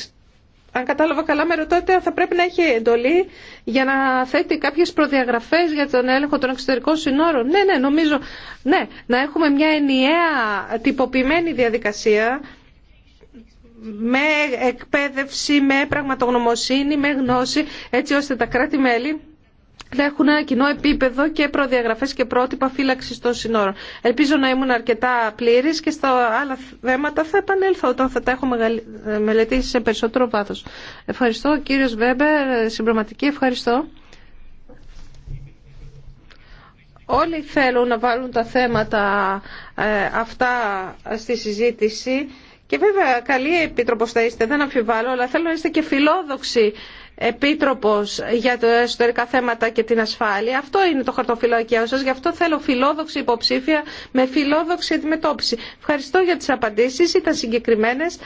αν κατάλαβα καλά, με ρωτάτε θα πρέπει να έχει εντολή για να θέτει κάποιες προδιαγραφές για τον έλεγχο των εξωτερικών συνόρων. Ναι, ναι, νομίζω, ναι, να έχουμε μια ενιαία τυποποιημένη διαδικασία με εκπαίδευση, με πραγματογνωμοσύνη, με γνώση, έτσι ώστε τα κράτη-μέλη έχουν ένα κοινό επίπεδο και προδιαγραφές και πρότυπα φύλαξη των συνόρων. Ελπίζω να ήμουν αρκετά πλήρης και στα άλλα θέματα θα επανέλθω όταν θα τα έχω μελετήσει σε περισσότερο βάθος. Ευχαριστώ κύριος Βέμπερ, συμπροματική ευχαριστώ. Όλοι θέλουν να βάλουν τα θέματα ε, αυτά στη συζήτηση και βέβαια καλή επίτροπος θα είστε, δεν αμφιβάλλω, αλλά θέλω να είστε και φιλόδοξοι επίτροπος για τα εσωτερικά θέματα και την ασφάλεια. Αυτό είναι το χαρτοφυλάκιο σας, γι' αυτό θέλω φιλόδοξη υποψήφια με φιλόδοξη αντιμετώπιση. Ευχαριστώ για τις απαντήσεις, ήταν συγκεκριμένες.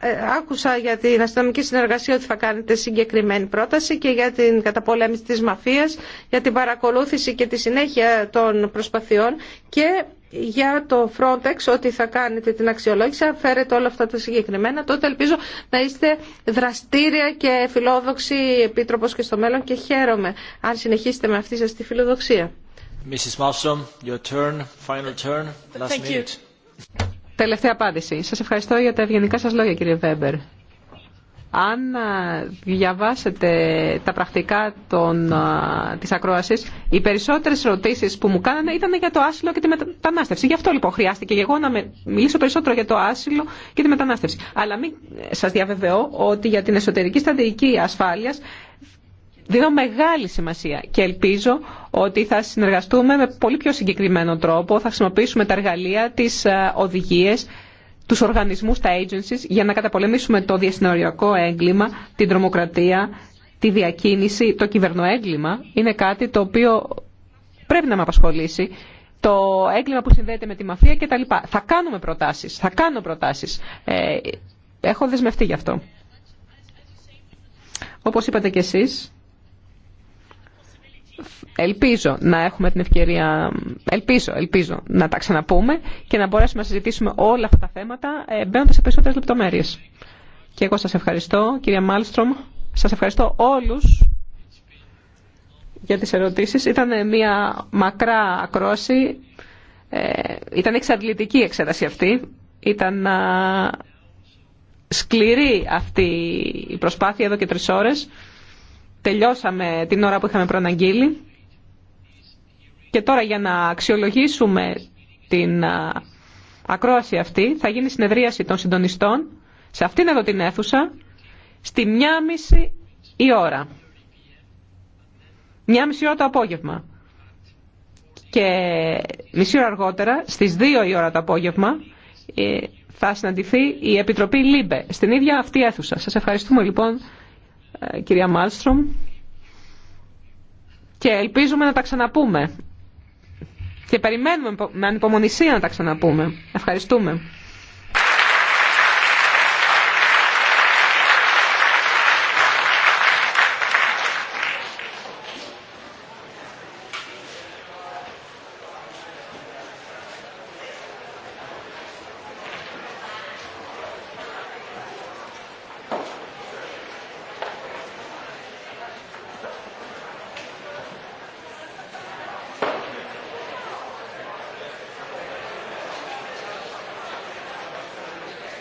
Ε, άκουσα για την αστυνομική συνεργασία ότι θα κάνετε συγκεκριμένη πρόταση και για την καταπολέμηση της μαφίας, για την παρακολούθηση και τη συνέχεια των προσπαθειών και για το Frontex ότι θα κάνετε την αξιολόγηση, αν φέρετε όλα αυτά τα συγκεκριμένα, τότε ελπίζω να είστε δραστήρια και φιλόδοξοι επίτροπος και στο μέλλον και χαίρομαι αν συνεχίσετε με αυτή σας τη φιλοδοξία. Mrs. Malmström, your turn, final turn, last Thank you. Τελευταία απάντηση. Σας ευχαριστώ για τα ευγενικά σας λόγια κύριε Βέμπερ. Αν διαβάσετε τα πρακτικά των, της ακρόασης, οι περισσότερες ερωτήσεις που μου κάνανε ήταν για το άσυλο και τη μετανάστευση. Γι' αυτό λοιπόν χρειάστηκε και εγώ να μιλήσω περισσότερο για το άσυλο και τη μετανάστευση. Αλλά μην ε, σας διαβεβαιώ ότι για την εσωτερική στρατηγική ασφάλειας δίνω μεγάλη σημασία και ελπίζω ότι θα συνεργαστούμε με πολύ πιο συγκεκριμένο τρόπο, θα χρησιμοποιήσουμε τα εργαλεία, τις ε, οδηγίες τους οργανισμούς, τα agencies, για να καταπολεμήσουμε το διασυνοριακό έγκλημα, την τρομοκρατία, τη διακίνηση, το κυβερνοέγκλημα. Είναι κάτι το οποίο πρέπει να με απασχολήσει. Το έγκλημα που συνδέεται με τη μαφία κτλ. Θα κάνουμε προτάσεις, θα κάνω προτάσεις. Ε, έχω δεσμευτεί γι' αυτό. Όπως είπατε κι εσείς, Ελπίζω να έχουμε την ευκαιρία, ελπίζω, ελπίζω να τα ξαναπούμε και να μπορέσουμε να συζητήσουμε όλα αυτά τα θέματα ε, μπαίνοντα σε περισσότερε λεπτομέρειε. Και εγώ σας ευχαριστώ, κυρία Μάλστρομ, σας ευχαριστώ όλους για τις ερωτήσεις. Ήταν μια μακρά ακρόση, ε, ήταν εξαντλητική η εξέταση αυτή, ήταν σκληρή αυτή η προσπάθεια εδώ και τρει ώρες τελειώσαμε την ώρα που είχαμε προαναγγείλει και τώρα για να αξιολογήσουμε την ακρόαση αυτή θα γίνει συνεδρίαση των συντονιστών σε αυτήν εδώ την αίθουσα στη 1.30 η ώρα. 1.30 ώρα το απόγευμα. Και μισή ώρα αργότερα, στις δύο η ώρα το απόγευμα, ε, θα συναντηθεί η Επιτροπή ΛΥΜΠΕ στην ίδια αυτή αίθουσα. Σας ευχαριστούμε λοιπόν. Ε, κυρία Μάλστρομ και ελπίζουμε να τα ξαναπούμε και περιμένουμε με ανυπομονησία να τα ξαναπούμε. Ευχαριστούμε.